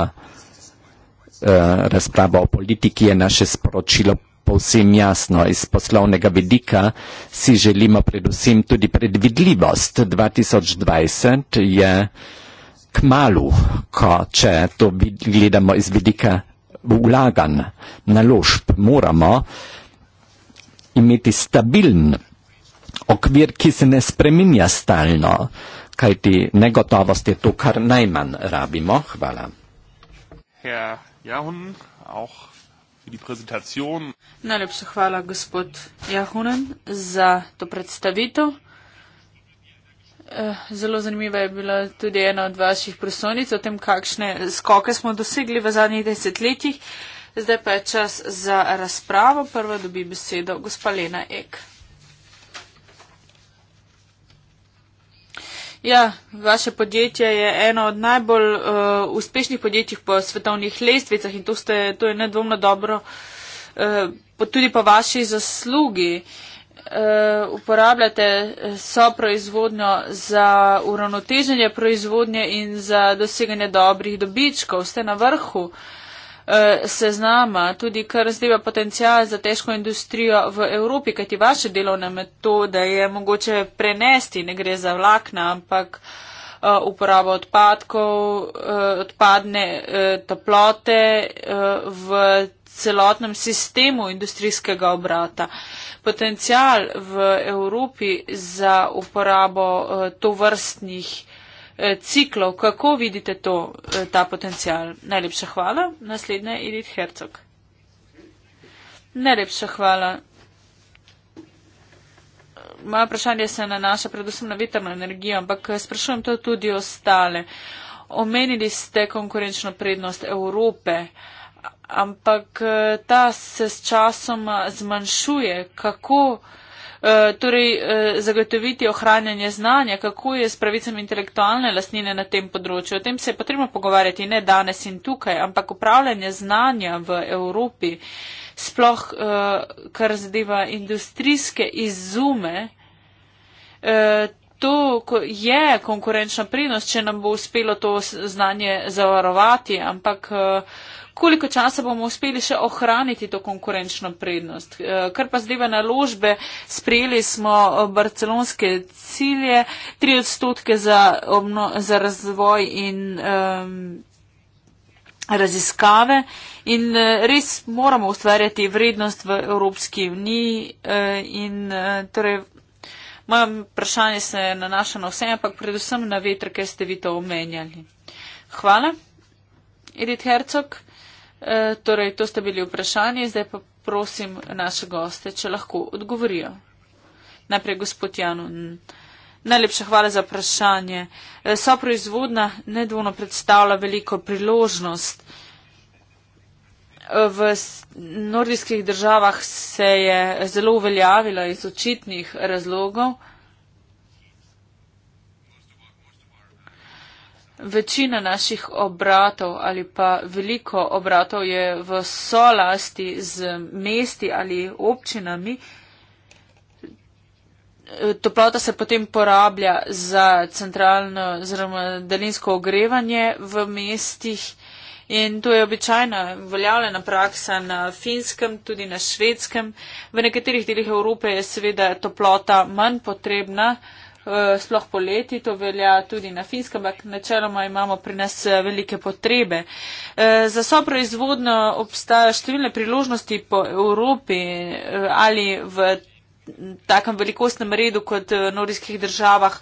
Eh, razprava o politiki je naše sporočilo povsem jasno. Iz poslovnega vidika si želimo predvsem tudi predvidljivost. 2020 je k malu, ko če to gledamo iz vidika vlagan naložb, moramo imeti stabilen okvir, ki se ne spreminja stalno, kajti negotovost je to, kar najmanj rabimo. Hvala. Yeah. Ja, Jahunen, auch für die Präsentation. Najlepša hvala, gospod Jahunen, za to predstavitev. Eh, zelo zanimiva je bila tudi ena od vaših prosonic o tem, kakšne skoke smo dosegli v zadnjih desetletjih. Zdaj pa je čas za razpravo. Prva dobi besedo gospa Lena Ek. Ja, vaše podjetje je eno od najbolj uh, uspešnih podjetij po svetovnih lestvicah in to, ste, to je nedvomno dobro, uh, po, tudi po vaši zaslugi. Uh, uporabljate uh, so proizvodnjo za uravnoteženje proizvodnje in za doseganje dobrih dobičkov, ste na vrhu. Uh, Eh, seznama, tudi kar zdaj potencijal za težko industrijo v Evropi, kajti vaše delovne metode je mogoče prenesti, ne gre za vlakna, ampak eh, uporabo odpadkov, eh, odpadne toplote v celotnem sistemu industrijskega obrata. Potencijal v Evropi za uporabo tovrstnih Eh, ciklov. Kako vidite to, eh, ta potencial? Najlepša hvala. Naslednja je Irit Hercog. Najlepša hvala. Moja vprašanja se nanaša predvsem na vetrno energijo, ampak eh, sprašujem to tudi ostale. Omenili ste konkurenčno prednost Evrope, ampak ta se s časom zmanjšuje. Kako? Eh, torej eh, zagotoviti ohranjanje znanja, kako je s pravicami intelektualne lastnine na tem področju. O tem se je potrebno pogovarjati ne danes in tukaj, ampak upravljanje znanja v Evropi, sploh eh, kar zadeva industrijske izume, to je konkurenčna prednost, če nam bo uspelo to znanje zavarovati, ampak koliko časa bomo uspeli še ohraniti to konkurenčno prednost. Eh, kar pa zdaj v naložbe, sprejeli smo eh, barcelonske cilje, tri odstotke za, obno, za razvoj in. Um, raziskave in eh, res moramo ustvarjati vrednost v Evropski uniji in torej moje vprašanje se nanaša na vse, ampak predvsem na vetr, ker ste vi to omenjali. Hvala, Edith Hercog. E, torej, to ste bili vprašanje, zdaj pa prosim naše goste, če lahko odgovorijo. Najprej gospod Janu. Najlepša hvala za vprašanje. E, so proizvodna nedvono predstavlja veliko priložnost. E, v nordijskih državah se je zelo uveljavila iz očitnih razlogov. večina naših obratov ali pa veliko obratov je v solasti z mesti ali občinami. Toplota se potem porablja za centralno oziroma daljinsko ogrevanje v mestih in to je običajna veljavljena praksa na finskem, tudi na švedskem. V nekaterih delih Evrope je seveda toplota manj potrebna, Eh, sploh poleti, to velja tudi na finskem, ampak načeloma imamo pri nas eh, velike potrebe. Eh, za soproizvodno obstaja številne priložnosti po Evropi ali v takem velikostnem redu kot v nordijskih državah,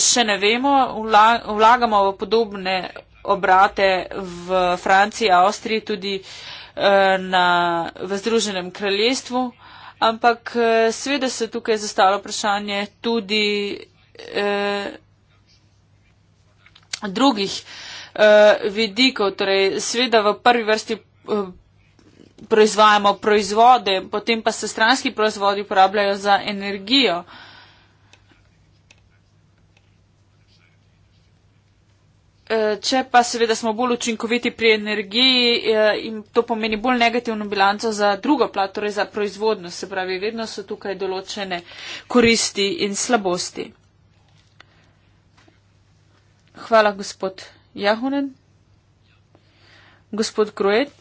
še ne vemo. Vlagamo v podobne obrate v Franciji, Avstriji, tudi na, v Združenem kraljestvu. Ampak eh, sveda se tukaj zastavlja vprašanje tudi eh, drugih eh, vidikov. Torej, sveda v prvi vrsti eh, proizvajamo proizvode, potem pa se stranski proizvodi uporabljajo za energijo. Eh, Eh, če pa seveda smo bolj učinkoviti pri energiji eh, in to pomeni bolj negativno bilanco za drugo plat, torej za proizvodno, se pravi, vedno so tukaj določene koristi in slabosti. Hvala, gospod Jahunen. Gospod Grujet.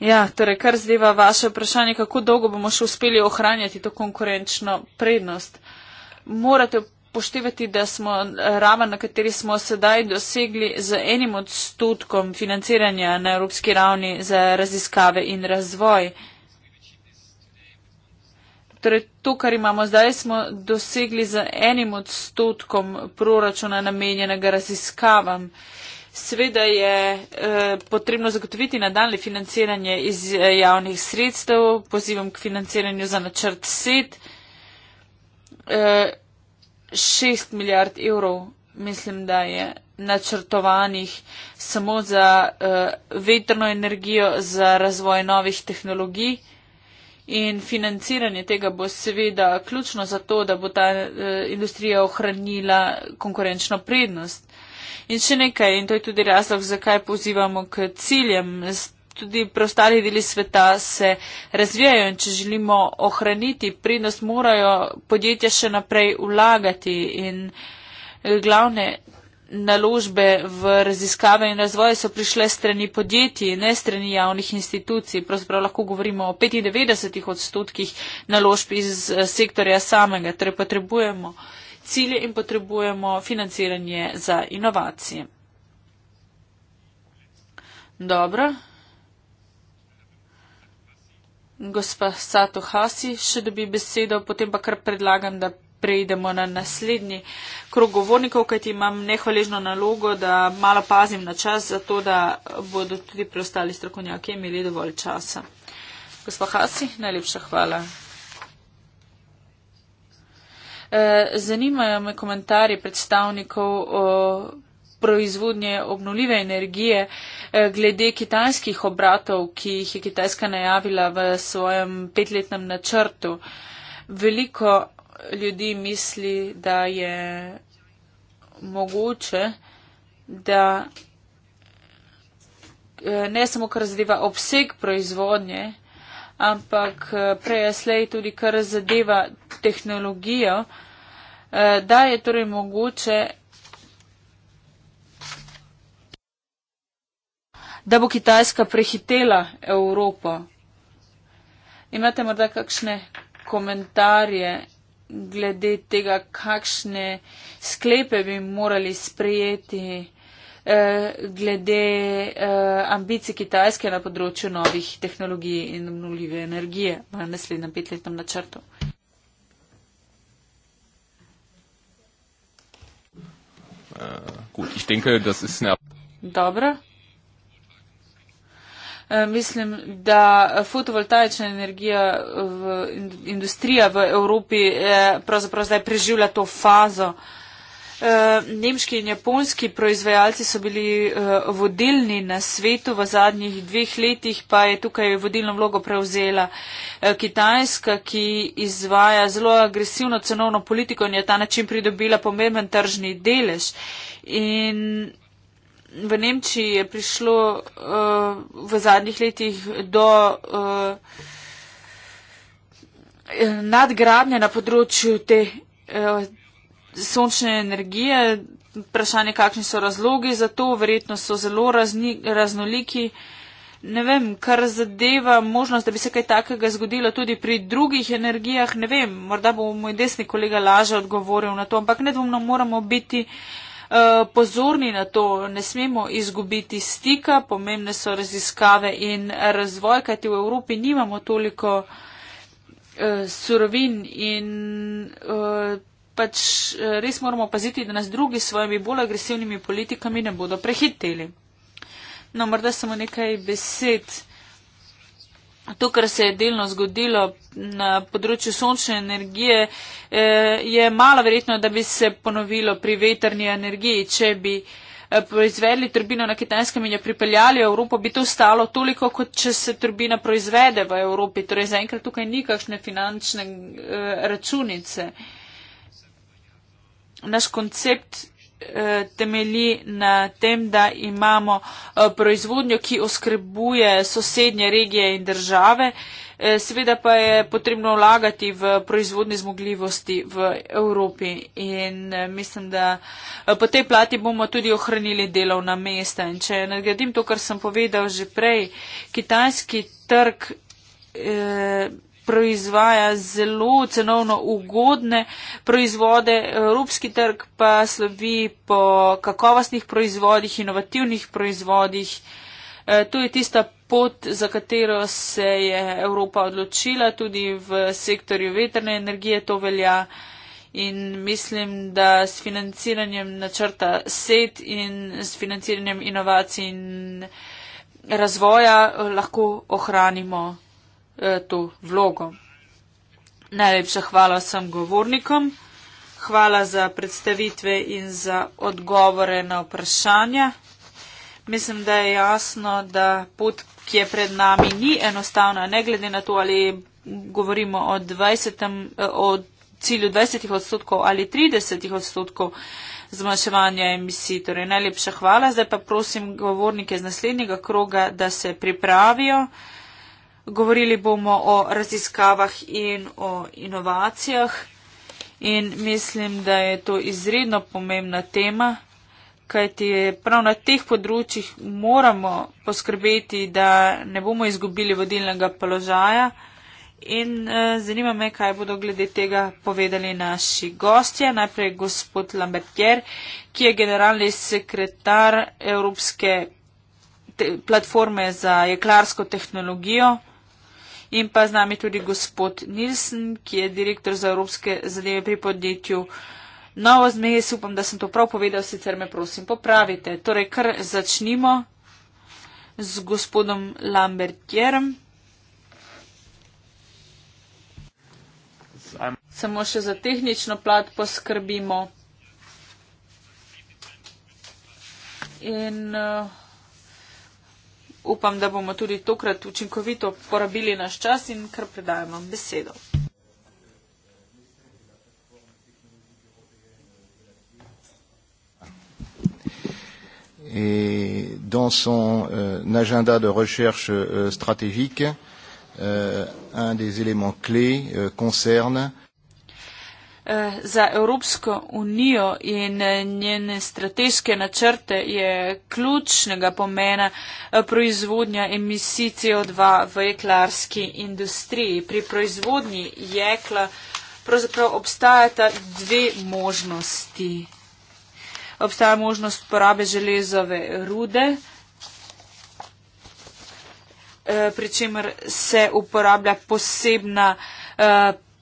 Ja, torej, kar zdeva vaše vprašanje, kako dolgo bomo še uspeli ohranjati to konkurenčno prednost. Morate poštevati, da smo raven, na kateri smo sedaj dosegli z enim odstotkom financiranja na evropski ravni za raziskave in razvoj. Torej, to, kar imamo zdaj, smo dosegli z enim odstotkom proračuna namenjenega raziskavam. Sveda je eh, potrebno zagotoviti nadaljne financiranje iz eh, javnih sredstev, pozivam k financiranju za načrt SET. Eh, 6 milijard evrov mislim, da je načrtovanih samo za eh, vetrno energijo, za razvoj novih tehnologij. In financiranje tega bo seveda ključno za to, da bo ta eh, industrija ohranila konkurenčno prednost. In še nekaj, in to je tudi razlog, zakaj pozivamo k ciljem. Tudi preostali deli sveta se razvijajo in če želimo ohraniti prednost, morajo podjetja še naprej vlagati in eh, glavne naložbe v raziskave in razvoje so prišle strani podjetij, ne strani javnih institucij. Pravzaprav lahko govorimo o 95 odstotkih naložb iz eh, sektorja samega, torej potrebujemo cilje in potrebujemo financiranje za inovacije. Dobro. Gospa Sato Hasi še dobi besedo, potem pa kar predlagam, da preidemo na naslednji krog govornikov, kajti imam nehvaležno nalogo, da malo pazim na čas, zato da bodo tudi preostali strokovnjaki imeli dovolj časa. Gospa Hasi, najlepša hvala Eh, zanimajo me komentarji predstavnikov proizvodnje obnuljive energije eh, glede kitajskih obratov, ki jih je Kitajska najavila v svojem petletnem načrtu. Veliko ljudi misli, da je mogoče, da eh, ne samo kar zadeva obseg proizvodnje, ampak eh, prej slej tudi kar zadeva tehnologijo, eh, da je torej mogoče, da bo Kitajska prehitela Evropo. Imate morda kakšne komentarje glede tega, kakšne sklepe bi morali sprejeti? Eh, glede eh, ambicij Kitajske na področju novih tehnologij in obnuljive energije v naslednjem petletnem načrtu. Eh, gut, ich denke, das ist eine. Dobro. Mislim, da fotovoltaična energija v industrija v Evropi pravzaprav zdaj preživlja to fazo. Eh, nemški in japonski proizvajalci so bili eh, vodilni na svetu v zadnjih dveh letih, pa je tukaj vodilno vlogo prevzela eh, Kitajska, ki izvaja zelo agresivno cenovno politiko in je ta način pridobila pomemben tržni delež. In v Nemčiji je prišlo v zadnjih letih do nadgradnje na področju te sončne energije. Vprašanje, kakšni so razlogi za to, verjetno so zelo razni, raznoliki. Ne vem, kar zadeva možnost, da bi se kaj takega zgodilo tudi pri drugih energijah. Ne vem, morda bo moj desni kolega laže odgovoril na to, ampak nedvomno moramo biti uh, pozorni na to. Ne smemo izgubiti stika, pomembne so raziskave in razvoj, kajti v Evropi nimamo toliko uh, surovin in. Uh, pač eh, res moramo paziti, da nas drugi s svojimi bolj agresivnimi politikami ne bodo prehiteli. No, morda samo nekaj besed. To, kar se je delno zgodilo na področju sončne energije, eh, je malo verjetno, da bi se ponovilo pri veterni energiji. Če bi eh, proizvedli turbino na kitajskem in jo pripeljali v Evropo, bi to stalo toliko, kot če se turbina proizvede v Evropi. Torej, zaenkrat tukaj ni kakšne finančne računice naš koncept eh, temelji na tem, da imamo eh, proizvodnjo, ki oskrbuje sosednje regije in države. Eh, seveda pa je potrebno vlagati v proizvodne zmogljivosti v Evropi in mislim, da po tej plati bomo tudi ohranili delovna mesta. In če nadgradim to, kar sem povedal že prej, kitajski trg. Eh, proizvaja zelo cenovno ugodne proizvode, evropski trg pa slovi po kakovostnih proizvodih, inovativnih proizvodih. E, to je tista pot, za katero se je Evropa odločila, tudi v sektorju veterne energije to velja. In mislim, da s financiranjem načrta SET in s financiranjem inovacij in razvoja eh, lahko ohranimo Eh, to vlogo. Najlepša hvala vsem govornikom, hvala za predstavitve in za odgovore na vprašanja. Mislim, da je jasno, da pot, ki je pred nami, ni enostavna, ne glede na to, ali govorimo o, 20, eh, o cilju 20 odstotkov ali 30 odstotkov zmanjševanja emisij. Torej, najlepša hvala. Zdaj pa prosim govornike z naslednjega kroga, da se pripravijo. Govorili bomo o raziskavah in o inovacijah in mislim, da je to izredno pomembna tema, kajti prav na teh področjih moramo poskrbeti, da ne bomo izgubili vodilnega položaja in eh, zanima me, kaj bodo glede tega povedali naši gostje. Najprej gospod Lambertier, ki je generalni sekretar Evropske te, platforme za jeklarsko tehnologijo in pa z nami tudi gospod Nilsen, ki je direktor za evropske zadeve pri podjetju Novo Zmes. Upam, da sem to prav povedal, sicer me prosim popravite. Torej, kar začnimo z gospodom Lambertjerem. Samo še za tehnično plat poskrbimo. In uh, upam, da bomo tudi tokrat učinkovito porabili naš čas in kar predajam vam besedo. Et dans son euh, agenda de recherche euh, stratégique, euh, un des éléments clés euh, concerne euh, Eh, za Evropsko unijo in eh, njene strateške načrte je ključnega pomena eh, proizvodnja emisij CO2 v jeklarski industriji. Pri proizvodnji jekla pravzaprav obstajata dve možnosti. Obstaja možnost porabe železove rude, pri čemer se uporablja posebna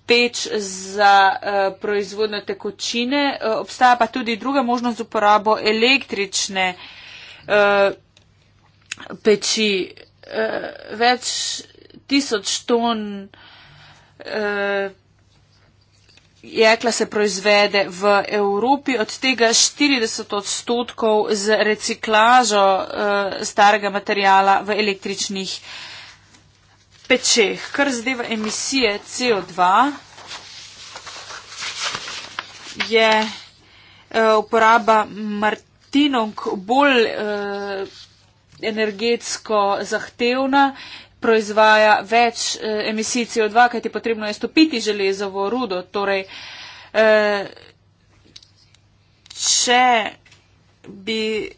peč za uh, eh, proizvodno tekočine. Uh, obstaja pa tudi druga možnost uporabo električne uh, peči. Uh, več tisoč ton uh, jekla se proizvede v Evropi, od tega 40 odstotkov z reciklažo uh, starega materijala v električnih uh, pečeh, kar zadeva emisije CO2, je uh, uporaba Martinovk bolj uh, energetsko zahtevna, proizvaja več uh, emisij CO2, kajti potrebno je stopiti železovo rudo. Torej, uh, če bi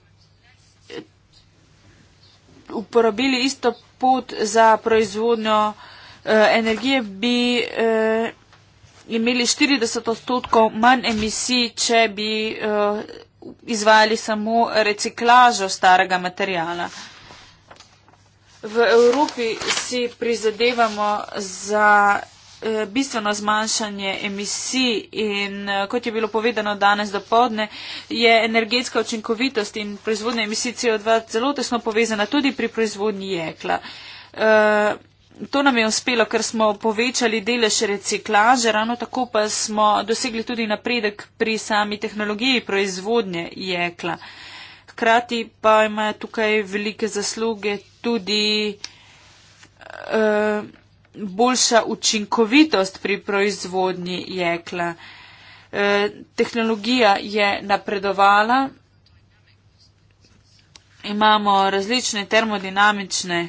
uporabili isto pot za proizvodnjo eh, energije, bi eh, imeli 40 odstotkov manj emisij, če bi eh, izvajali samo reciklažo starega materijala. V Evropi si prizadevamo za Eh, bistveno zmanjšanje emisij in eh, kot je bilo povedano danes do podne, je energetska učinkovitost in proizvodnja emisij CO2 zelo tesno povezana tudi pri proizvodnji jekla. Eh, to nam je uspelo, ker smo povečali delež reciklaže, ravno tako pa smo dosegli tudi napredek pri sami tehnologiji proizvodnje jekla. Hkrati pa imajo tukaj velike zasluge tudi uh, boljša učinkovitost pri proizvodnji jekla. E, tehnologija je napredovala, imamo različne termodinamične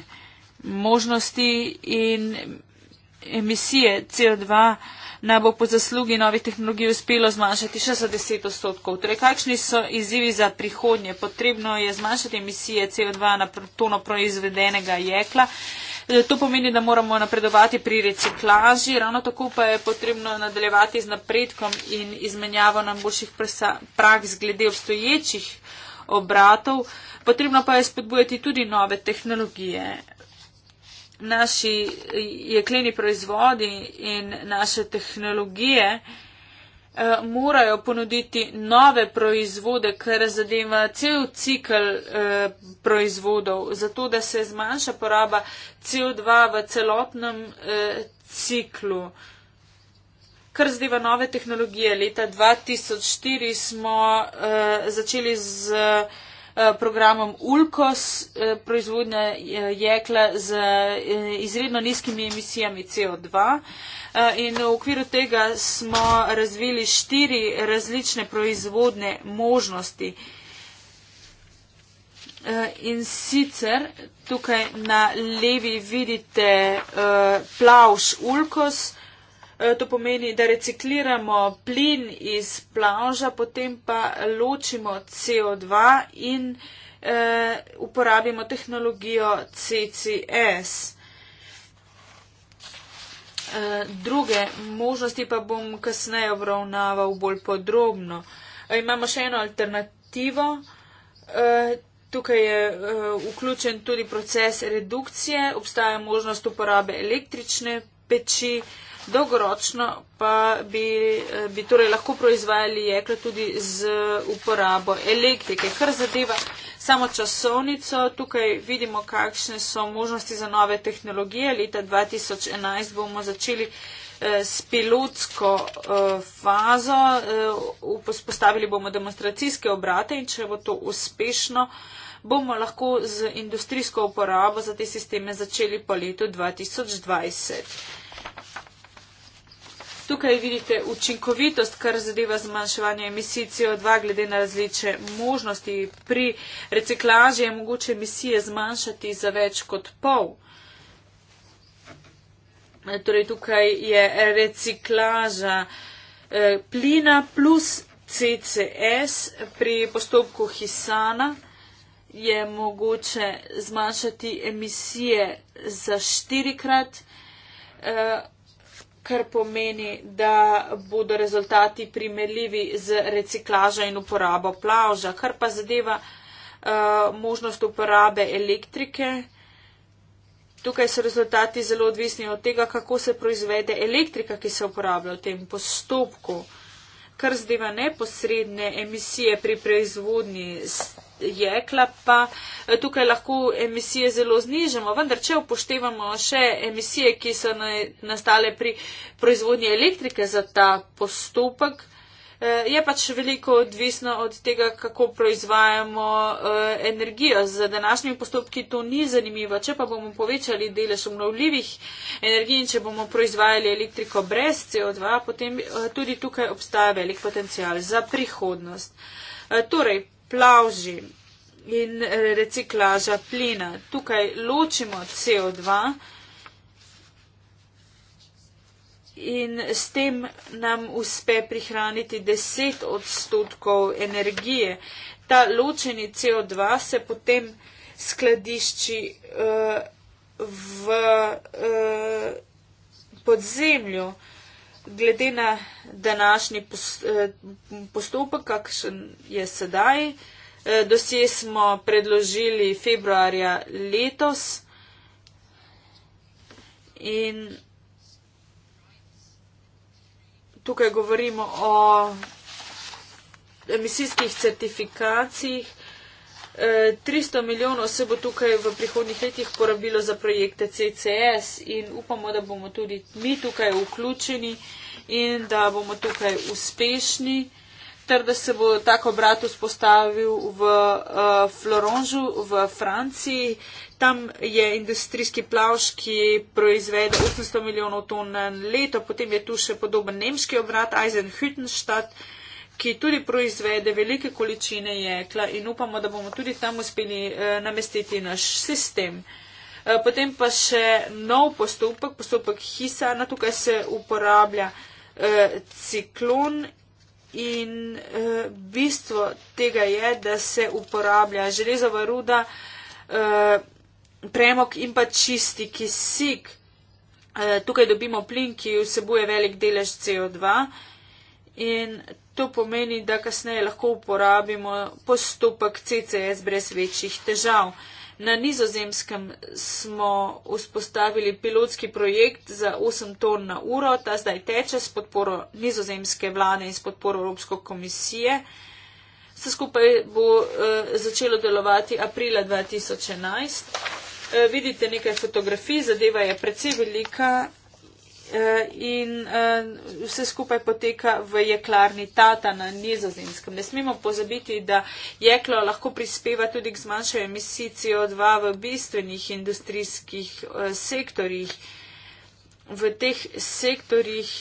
možnosti in emisije CO2 nam bo po zaslugi novih tehnologij uspelo zmanjšati še za 10 odstotkov. Torej, kakšni so izzivi za prihodnje? Potrebno je zmanjšati emisije CO2 na tono proizvedenega jekla. Eh, to pomeni, da moramo napredovati pri reciklaži, ravno tako pa je potrebno nadaljevati z napredkom in izmenjavo najboljših praks glede obstoječih obratov. Potrebno pa je spodbujati tudi nove tehnologije. Naši eh, jekleni proizvodi in naše tehnologije eh, Eh, morajo ponuditi nove proizvode, kar zadeva cel cikl eh, proizvodov, zato da se zmanjša poraba CO2 v celotnem eh, ciklu. Kar zadeva nove tehnologije, leta 2004 smo začeli z programom ULKOS, proizvodnja jekla z izredno nizkimi emisijami CO2. Eh, in v okviru tega smo razvili štiri različne proizvodne možnosti. Eh, in sicer tukaj na levi vidite eh, plavš ulkos. To pomeni, da recikliramo plin iz plavža, potem pa ločimo CO2 in uporabimo tehnologijo CCS. Eh, druge možnosti pa bom kasneje obravnaval bolj podrobno. Eh, imamo še eno alternativo. Eh, tukaj je vključen tudi proces redukcije, obstaja možnost uporabe električne peči, dolgoročno pa bi, bi torej lahko proizvajali jeklo tudi z uporabo elektrike, kar zadeva samo časovnico. Tukaj vidimo, kakšne so možnosti za nove tehnologije. Leta 2011 bomo začeli eh, s pilotsko eh, fazo, eh, postavili bomo demonstracijske obrate in če bo to uspešno, bomo lahko z industrijsko uporabo za te sisteme začeli po letu 2020. Tukaj vidite učinkovitost, kar zadeva zmanjševanje emisij CO2, glede na različne možnosti. Pri reciklaži je mogoče emisije zmanjšati za več kot pol. Torej, tukaj je reciklaža eh, plina plus CCS pri postopku Hisana je mogoče zmanjšati emisije za štirikrat. Eh, kar pomeni, da bodo rezultati primerljivi z reciklažo in uporabo plaža. Kar pa zadeva uh, možnost uporabe elektrike, tukaj so rezultati zelo odvisni od tega, kako se proizvede elektrika, ki se uporablja v tem postopku. Kar zadeva neposredne emisije pri proizvodnji jekla, pa eh, tukaj lahko emisije zelo znižamo. Vendar, če upoštevamo še emisije, ki so nastale pri proizvodnji elektrike za ta postopek, eh, je pač veliko odvisno od tega, kako proizvajamo eh, energijo. Za današnji postopki to ni zanimivo. Če pa bomo povečali delež obnovljivih energij in če bomo proizvajali elektriko brez CO2, potem tudi tukaj obstaja velik potencial za prihodnost. Torej, plavži in eh, reciklaža plina. Tukaj ločimo CO2 in s tem nam uspe prihraniti 10 odstotkov energije. Ta ločeni CO2 se potem skladišči uh, v uh, podzemlju. Uh, glede na današnji eh, postopek, kakšen je sedaj, eh, dosje smo predložili februarja letos. In tukaj govorimo o emisijskih certifikacijah, 300 milijonov se bo tukaj v prihodnih letih porabilo za projekte CCS in upamo, da bomo tudi mi tukaj vključeni in da bomo tukaj uspešni ter da se bo tak obrat vzpostavil v uh, eh, Floronžu v Franciji. Tam je industrijski plavš, ki proizvede 800 milijonov ton na leto, potem je tu še podoben nemški obrat Eisenhüttenstadt, ki tudi proizvede velike količine jekla in upamo, da bomo tudi tam uspeli eh, namestiti naš sistem. Eh, potem pa še nov postopek, postopek HISA, na tukaj se uporablja eh, ciklon in eh, bistvo tega je, da se uporablja železova ruda, eh, premok in pa čisti kisik. Eh, tukaj dobimo plin, ki vsebuje velik delež CO2 in To pomeni, da kasneje lahko uporabimo postopek CCS brez večjih težav. Na nizozemskem smo vzpostavili pilotski projekt za 8 ton na uro, ta zdaj teče s podporo nizozemske vlade in s podporo Evropske komisije. Vse skupaj bo uh, začelo delovati aprila 2011. Uh, eh, vidite nekaj fotografij, zadeva je precej velika, Eh, in eh, vse skupaj poteka v jeklarni Tata na nizozemskem. Ne smemo pozabiti, da jeklo lahko prispeva tudi k zmanjšanju emisij CO2 v bistvenih industrijskih eh, sektorjih. V teh sektorjih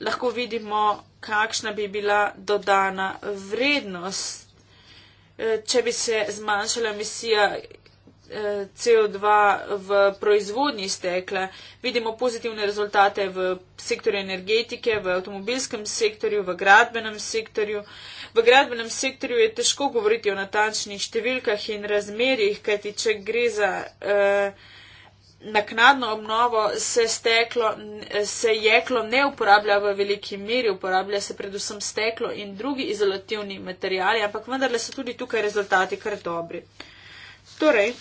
lahko vidimo, kakšna bi bila dodana vrednost, če bi se zmanjšala emisija CO2 v proizvodnji stekle. Vidimo pozitivne rezultate v sektorju energetike, v avtomobilskem sektorju, v gradbenem sektorju. V gradbenem sektorju je težko govoriti o natančnih številkah in razmerjih, kajti če gre za eh, naknadno obnovo, se, steklo, se jeklo ne uporablja v veliki meri, uporablja se predvsem steklo in drugi izolativni materijali, ampak vendarle so tudi tukaj rezultati kar dobri. Torej,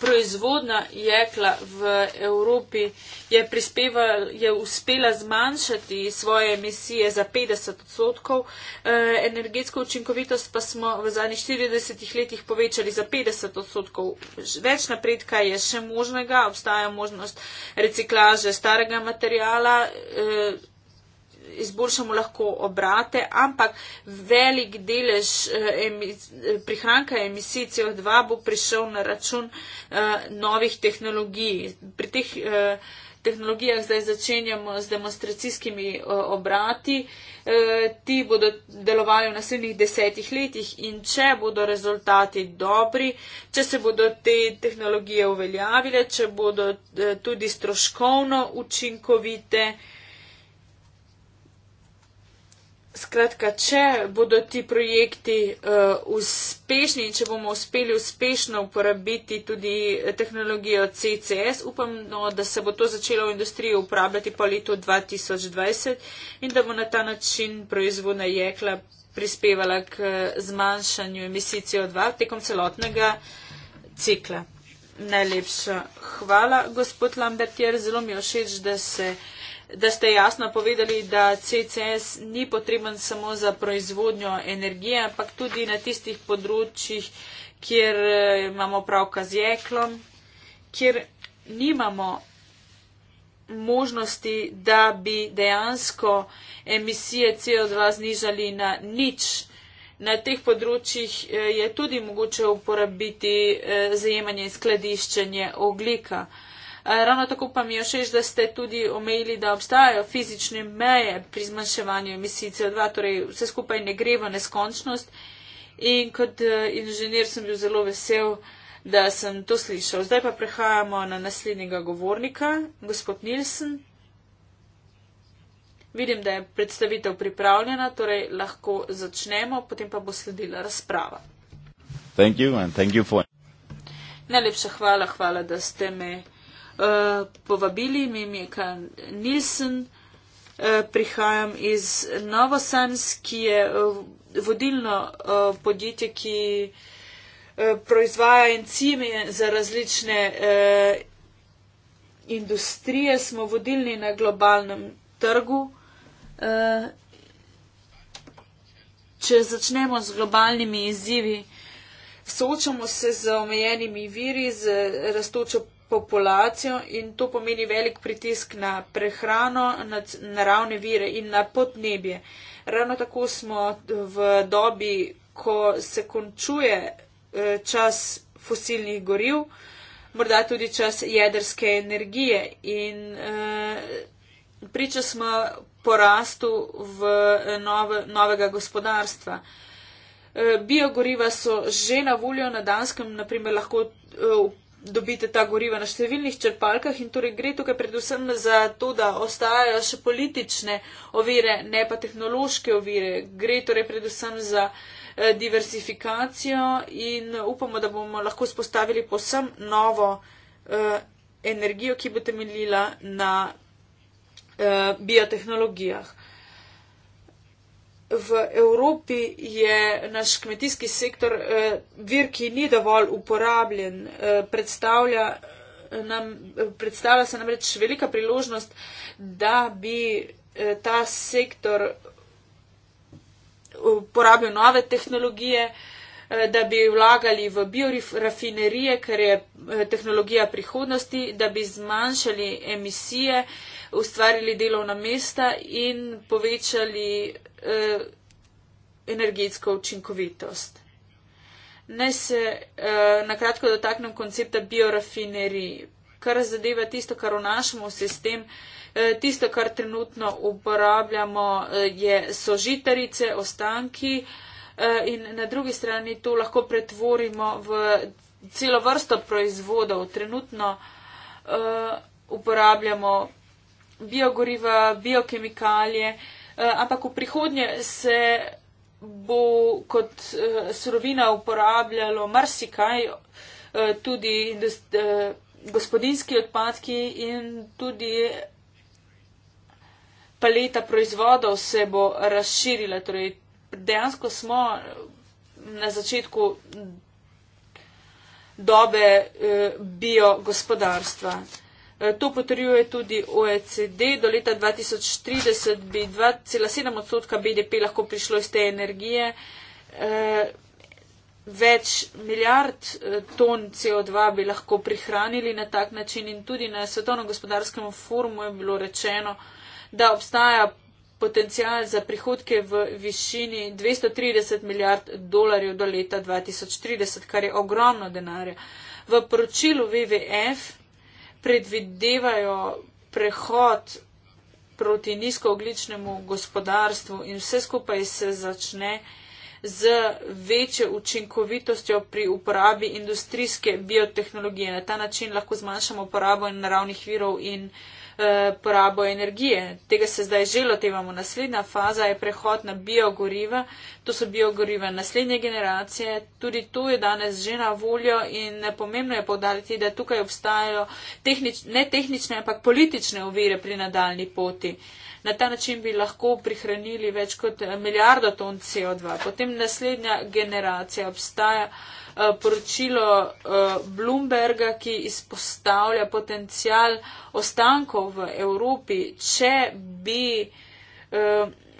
proizvodna jekla v Evropi je, je uspela zmanjšati svoje emisije za 50 odstotkov, eh, energetsko učinkovitost pa smo v zadnjih 40 letih povečali za 50 odstotkov. Več napredka je še možnega, obstaja možnost reciklaže starega materijala. E, eh, izboljšamo lahko obrate, ampak velik delež eh, eh, prihranka emisij CO2 bo prišel na račun eh, novih tehnologij. Pri teh tehnologijah zdaj začenjamo z demonstracijskimi obrati. Ti bodo delovali v naslednjih desetih letih in če bodo rezultati dobri, če se bodo te tehnologije uveljavile, če bodo tudi stroškovno učinkovite, Skratka, če bodo ti projekti uh, uspešni in če bomo uspeli uspešno uporabiti tudi eh, tehnologijo CCS, upam, no, da se bo to začelo v industriji uporabljati po letu 2020 in da bo na ta način proizvodna jekla prispevala k eh, zmanjšanju emisij CO2 tekom celotnega cikla. Najlepša hvala, gospod Lambertier, zelo mi je všeč, da se da ste jasno povedali, da CCS ni potreben samo za proizvodnjo energije, ampak tudi na tistih področjih, kjer eh, imamo pravka z jeklom, kjer nimamo možnosti, da bi dejansko emisije CO2 znižali na nič. Na teh področjih eh, je tudi mogoče uporabiti eh, zajemanje in skladiščenje oglika. Eh, ravno tako pa mi je všeč, da ste tudi omejili, da obstajajo fizične meje pri zmanjševanju emisij CO2, torej vse skupaj ne gre v neskončnost. In kot eh, inženir sem bil zelo vesel, da sem to slišal. Zdaj pa prehajamo na naslednjega govornika, gospod Nilsen. Vidim, da je predstavitev pripravljena, torej lahko začnemo, potem pa bo sledila razprava. Thank you thank you for... Najlepša hvala, hvala, da ste me uh, povabili, mi je kar Nilsen, uh, prihajam iz Novosans, ki je uh, vodilno uh, podjetje, ki uh, proizvaja encime za različne uh, industrije. Smo vodilni na globalnem trgu. Uh, Če začnemo z globalnimi izzivi, soočamo se z omejenimi viri, z rastočo populacijo in to pomeni velik pritisk na prehrano, na naravne vire in na podnebje. Ravno tako smo v dobi, ko se končuje eh, čas fosilnih goriv, morda tudi čas jedrske energije in eh, priča smo porastu v eh, nove, novega gospodarstva. Eh, biogoriva so že na voljo na Danskem, naprimer lahko dobite ta goriva na številnih črpalkah in torej gre tukaj predvsem za to, da ostajajo še politične ovire, ne pa tehnološke ovire. Gre torej predvsem za eh, diversifikacijo in upamo, da bomo lahko spostavili posem novo eh, energijo, ki bo temeljila na eh, biotehnologijah v Evropi je naš kmetijski sektor eh, vir, ki ni dovolj uporabljen, eh, predstavlja. Eh, nam, eh, predstavlja se namreč velika priložnost, da bi eh, ta sektor uporabil nove tehnologije, da bi vlagali v biorafinerije, ker je tehnologija prihodnosti, da bi zmanjšali emisije, ustvarili delovna mesta in povečali uh, energetsko učinkovitost. Naj se uh, na kratko dotaknem koncepta biorafinerij, kar zadeva tisto, kar vnašamo v sistem. Eh, tisto, kar trenutno uporabljamo, je sožitarice, ostanki in na drugi strani to lahko pretvorimo v celo vrsto proizvodov. Trenutno uporabljamo biogoriva, biokemikalije, Eh, ampak v prihodnje se bo kot eh, surovina uporabljalo marsikaj, eh, tudi gospodinski odpadki in tudi paleta proizvodov se bo razširila. Torej, dejansko smo na začetku dobe biogospodarstva. Eh, to potrjuje tudi OECD. Do leta 2030 bi 2,7 odstotka BDP lahko prišlo iz te energije. Eh, več milijard eh, ton CO2 bi lahko prihranili na tak način in tudi na Svetovnem gospodarskem forumu je bilo rečeno, da obstaja potencial za prihodke v višini 230 milijard dolarjev do leta 2030, kar je ogromno denarja. V poročilu WWF predvidevajo prehod proti nizkoogličnemu gospodarstvu in vse skupaj se začne z večjo učinkovitostjo pri uporabi industrijske biotehnologije. Na ta način lahko zmanjšamo porabo naravnih virov in uh, Eh, porabo energije. Tega se zdaj že lotevamo. Naslednja faza je prehod na biogoriva. To so biogoriva naslednje generacije. Tudi to je danes že na voljo in pomembno je povdariti, da tukaj obstajajo tehnič, ne tehnične, ampak politične ovire pri nadaljni poti. Uh, Na ta način bi lahko prihranili več kot eh, milijardo ton CO2. Potem naslednja generacija obstaja eh, poročilo eh, Bloomberga, ki izpostavlja potencial ostankov v Evropi, če bi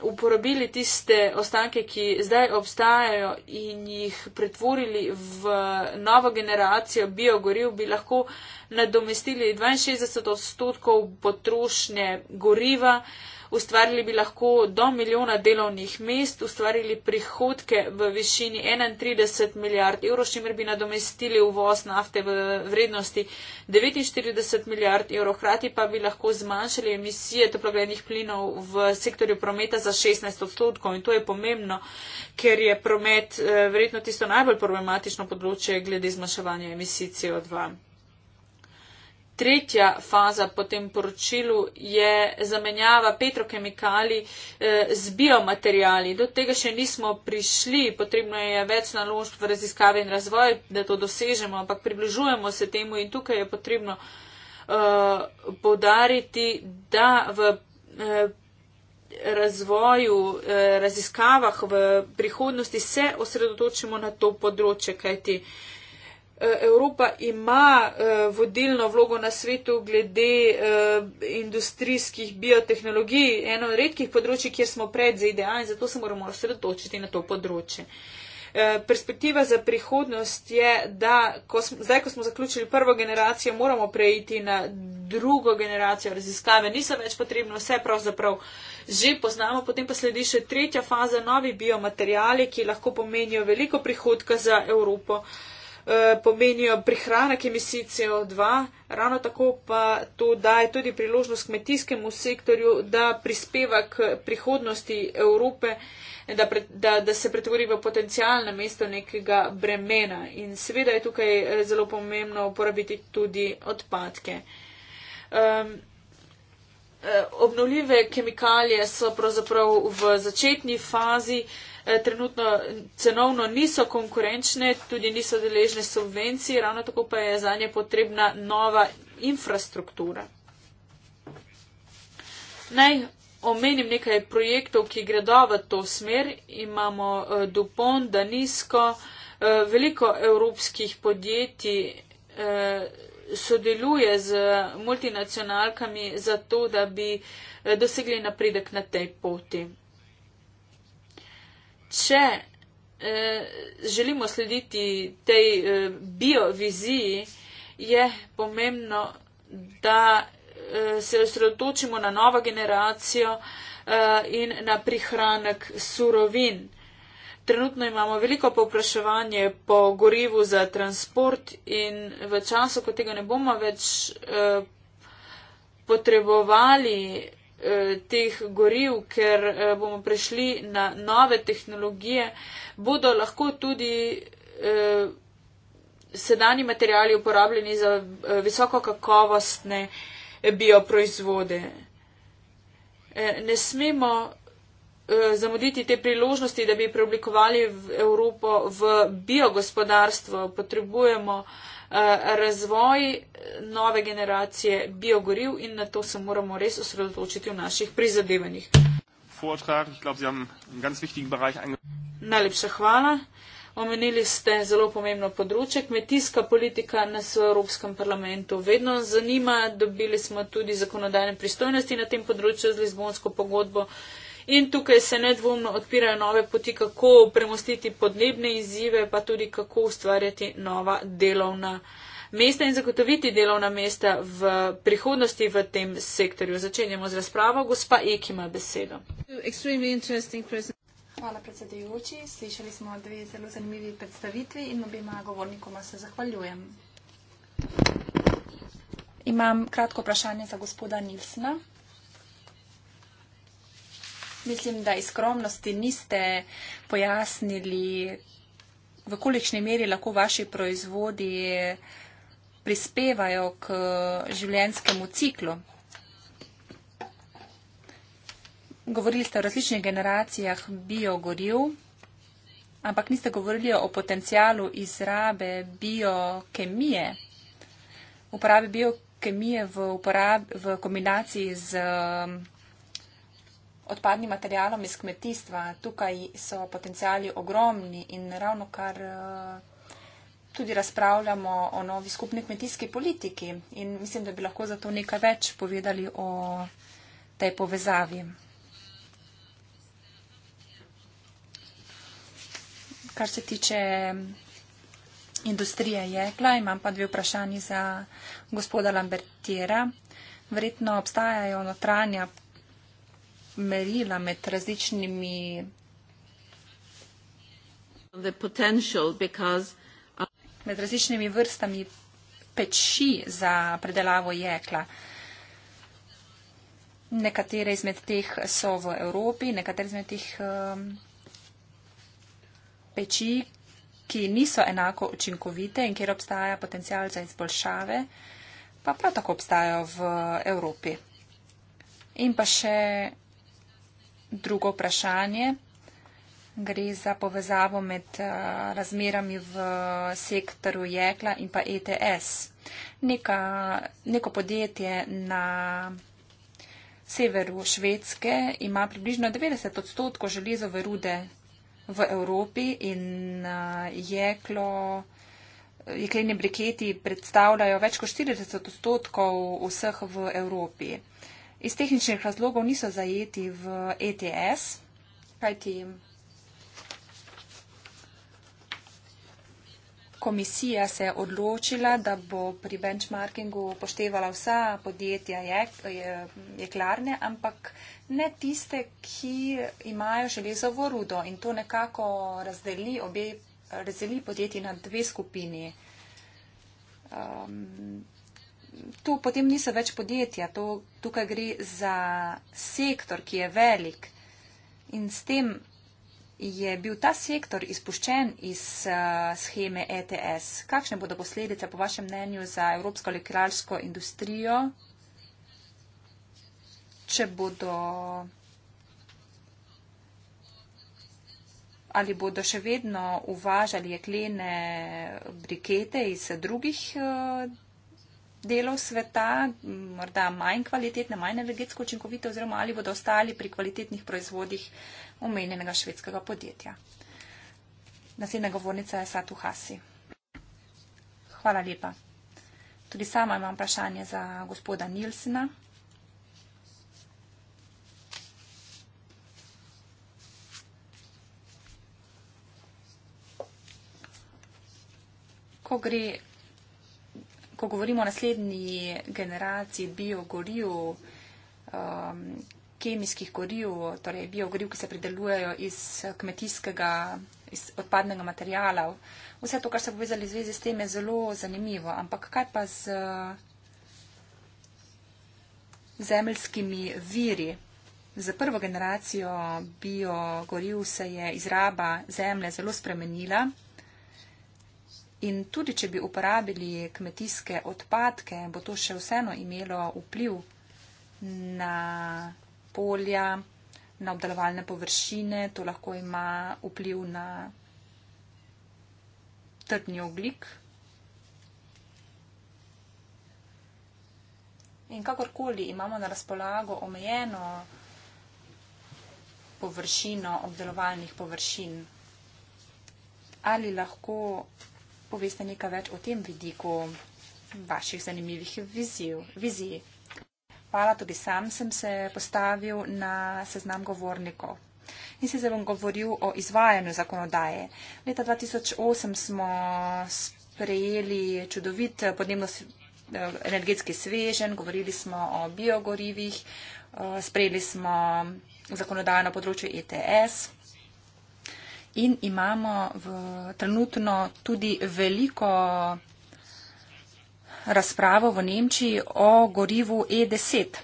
uporabili tiste ostanke, ki zdaj obstajajo in jih pretvorili v novo generacijo biogoriv, bi lahko nadomestili 62 odstotkov potrošnje goriva, ustvarili bi lahko do milijona delovnih mest, ustvarili prihodke v višini 31 milijard evrov, s čimer bi nadomestili uvoz nafte v vrednosti 49 milijard evrov, hkrati pa bi lahko zmanjšali emisije toplogrednih plinov v sektorju prometa za 16 odstotkov. In to je pomembno, ker je promet eh, verjetno tisto najbolj problematično področje glede zmanjševanja emisij CO2 tretja faza po tem poročilu je zamenjava petrokemikali eh, z biomaterijali. Do tega še nismo prišli, potrebno je več naložb v raziskave in razvoj, da to dosežemo, ampak približujemo se temu in tukaj je potrebno eh, podariti, da v eh, razvoju, raziskavah v prihodnosti se osredotočimo na to področje, kajti Eh, Evropa ima eh, vodilno vlogo na svetu glede eh, industrijskih biotehnologij, eno redkih področji, kjer smo pred ZDA in zato se moramo osredotočiti na to področje. Perspektiva za prihodnost je, da ko smo, zdaj, ko smo zaključili prvo generacijo, moramo preiti na drugo generacijo raziskave. Niso več potrebno, vse pravzaprav že poznamo. Potem pa sledi še tretja faza, novi biomaterijali, ki lahko pomenijo veliko prihodka za Evropo. Uh, Eh, pomenijo prihranek emisij CO2, ravno tako pa to daje tudi priložnost kmetijskemu sektorju, da prispeva k prihodnosti Evrope, da, pre, da, da se pretvori v potencijalno mesto nekega bremena. In seveda je tukaj eh, zelo pomembno uporabiti tudi odpadke. Um, Obnovljive kemikalije so pravzaprav v začetni fazi, eh, Eh, trenutno cenovno niso konkurenčne, tudi niso deležne subvencij, ravno tako pa je za nje potrebna nova infrastruktura. Naj omenim nekaj projektov, ki gredo v to smer. Imamo eh, Dupont, Danisko, eh, veliko evropskih podjetij sodeluje z multinacionalkami za to, da bi dosegli napredek na tej poti če eh, želimo slediti tej eh, bioviziji, je pomembno, da eh, se osredotočimo na novo generacijo eh, in na prihranek surovin. Trenutno imamo veliko povpraševanje po gorivu za transport in v času, ko tega ne bomo več eh, potrebovali, Eh, teh goriv, ker eh, bomo prešli na nove tehnologije, bodo lahko tudi eh, sedani materijali uporabljeni za visoko kakovostne bioproizvode. Ne smemo zamuditi te priložnosti, da bi preoblikovali Evropo v biogospodarstvo. Potrebujemo Eh, razvoj nove generacije biogoriv in na to se moramo res osredotočiti v naših prizadevanjih. Najlepša hvala. Omenili ste zelo pomembno področje. Kmetijska politika nas v Evropskem parlamentu vedno zanima. Dobili smo tudi zakonodajne pristojnosti na tem področju z Lizbonsko pogodbo. In tukaj se nedvomno odpirajo nove poti, kako premostiti podnebne izzive, pa tudi kako ustvarjati nova delovna mesta in zagotoviti delovna mesta v prihodnosti v tem sektorju. Začenjamo z razpravo. Gospa Ek ima besedo. Hvala predsedujoči. Slišali smo dve zelo zanimivi predstavitvi in obima govornikoma se zahvaljujem. Imam kratko vprašanje za gospoda Nilsna. Mislim, da iz skromnosti niste pojasnili, v kolikšni meri lahko vaši proizvodi prispevajo k življenskemu ciklu. Govorili ste o različnih generacijah biogoril, ampak niste govorili o potencijalu izrabe biokemije, uporabi biokemije v, uporab, v kombinaciji z. Um, odpadnim materialom iz kmetijstva. Tukaj so potencijali ogromni in ravno kar eh, tudi razpravljamo o novi skupni kmetijski politiki in mislim, da bi lahko zato nekaj več povedali o tej povezavi. Kar se tiče industrije jekla, imam pa dve vprašanji za gospoda Lambertiera. Verjetno obstajajo notranja merila med različnimi. Med različnimi vrstami peči za predelavo jekla. Nekatere izmed teh so v Evropi, nekatere izmed teh um, peči, ki niso enako učinkovite in kjer obstaja potencial za izboljšave, pa prav tako obstajajo v Evropi. In pa še drugo vprašanje. Gre za povezavo med eh, razmerami v sektoru jekla in pa ETS. Neka, neko podjetje na severu Švedske ima približno 90 odstotkov železove rude v Evropi in eh, jeklo, jekleni briketi predstavljajo več kot 40 odstotkov vseh v Evropi iz tehničnih razlogov niso zajeti v ETS, kajti komisija se je odločila, da bo pri benchmarkingu upoštevala vsa podjetja jeklarne, ampak ne tiste, ki imajo železovo rudo in to nekako razdeli, obe, razdeli podjetji na dve skupini. Um, to potem niso več podjetja, to tukaj gre za sektor, ki je velik. In s tem je bil ta sektor izpuščen iz uh, scheme ETS. Kakšne bodo posledice, po vašem mnenju, za evropsko elektralsko industrijo, če bodo. Ali bodo še vedno uvažali jeklene brikete iz drugih eh, delov sveta, morda manj kvalitetne, manj energetsko učinkovite oziroma ali bodo ostali pri kvalitetnih proizvodih omenjenega švedskega podjetja. Naslednja govornica je Satu Hasi. Hvala lepa. Tudi sama imam vprašanje za gospoda Nilsena. Ko gre ko govorimo o naslednji generaciji biogoriv, um, kemijskih goriv, torej biogoriv, ki se pridelujejo iz kmetijskega iz odpadnega materijala, vse to, kar ste povezali v zvezi s tem, je zelo zanimivo. Ampak kaj pa z zemljskimi viri? Za prvo generacijo biogoriv se je izraba zemlje zelo spremenila. In tudi, če bi uporabili kmetijske odpadke, bo to še vseeno imelo vpliv na polja, na obdelovalne površine, to lahko ima vpliv na trdni oglik. In kakorkoli imamo na razpolago omejeno površino obdelovalnih površin, ali lahko poveste nekaj več o tem vidiku vaših zanimivih viziv, vizij. Hvala, tudi sam sem se postavil na seznam govornikov. In se zdaj bom govoril o izvajanju zakonodaje. Leta 2008 smo sprejeli čudovit podnebno eh, energetski svežen, govorili smo o biogorivih, eh, sprejeli smo zakonodajo na področju ETS in imamo v, trenutno tudi veliko razpravo v Nemčiji o gorivu E10.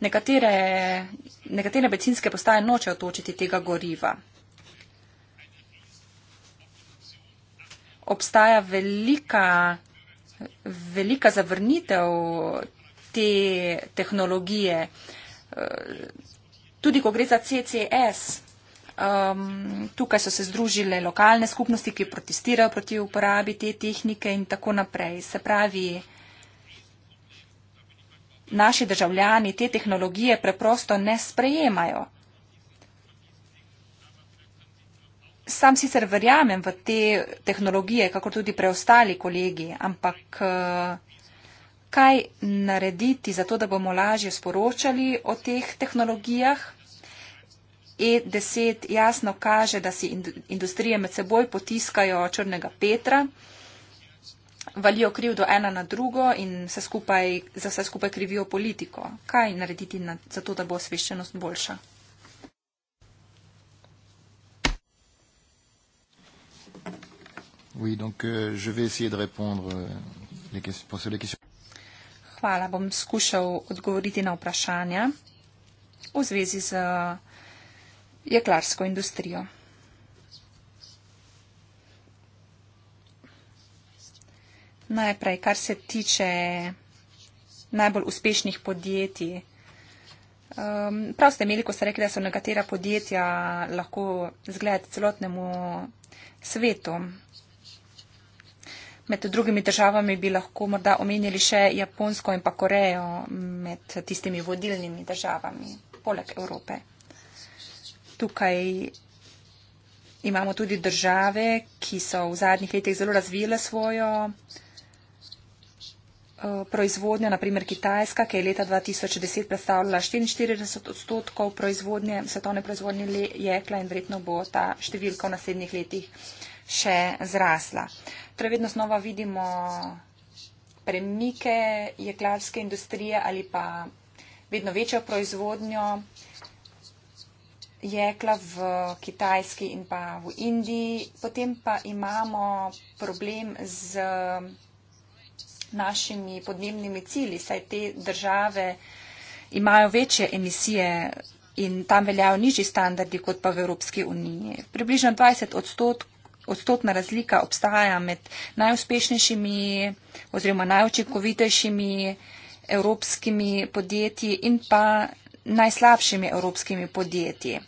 Nekatere, nekatere bencinske postaje nočejo točiti tega goriva. Obstaja velika, velika zavrnitev te tehnologije. Tudi ko gre za CCS, Um, tukaj so se združile lokalne skupnosti, ki protestirajo proti uporabi te tehnike in tako naprej. Se pravi, naši državljani te tehnologije preprosto ne sprejemajo. Sam sicer verjamem v te tehnologije, kako tudi preostali kolegi, ampak uh, kaj narediti za to, da bomo lažje sporočali o teh tehnologijah? E10 jasno kaže, da si industrije med seboj potiskajo črnega Petra, valijo krivdo ena na drugo in vse skupaj, za vse skupaj krivijo politiko. Kaj narediti na, za to, da bo osveščenost boljša? Oui, donc, euh, je vais de répondre euh, les questions. Hvala, bom skušal odgovoriti na vprašanja v zvezi z. Uh, jeklarsko industrijo. Najprej, kar se tiče najbolj uspešnih podjetij. Um, prav ste imeli, ko ste rekli, da so nekatera podjetja lahko zgled celotnemu svetu. Med drugimi državami bi lahko morda omenjali še Japonsko in pa Korejo med tistimi vodilnimi državami, poleg Evrope tukaj imamo tudi države, ki so v zadnjih letih zelo razvile svojo eh, proizvodnjo, naprimer Kitajska, ki je leta 2010 predstavljala 44 odstotkov proizvodnje, svetovne proizvodnje jekla in verjetno bo ta številka v naslednjih letih še zrasla. Torej vedno znova vidimo premike jeklarske industrije ali pa vedno večjo proizvodnjo jekla v Kitajski in pa v Indiji. Potem pa imamo problem z našimi podnebnimi cili, saj te države imajo večje emisije in tam veljajo nižji standardi kot pa v Evropski uniji. Približno 20 odstotkov odstotna razlika obstaja med najuspešnejšimi oziroma najučinkovitejšimi evropskimi podjetji in pa najslabšimi evropskimi podjetji.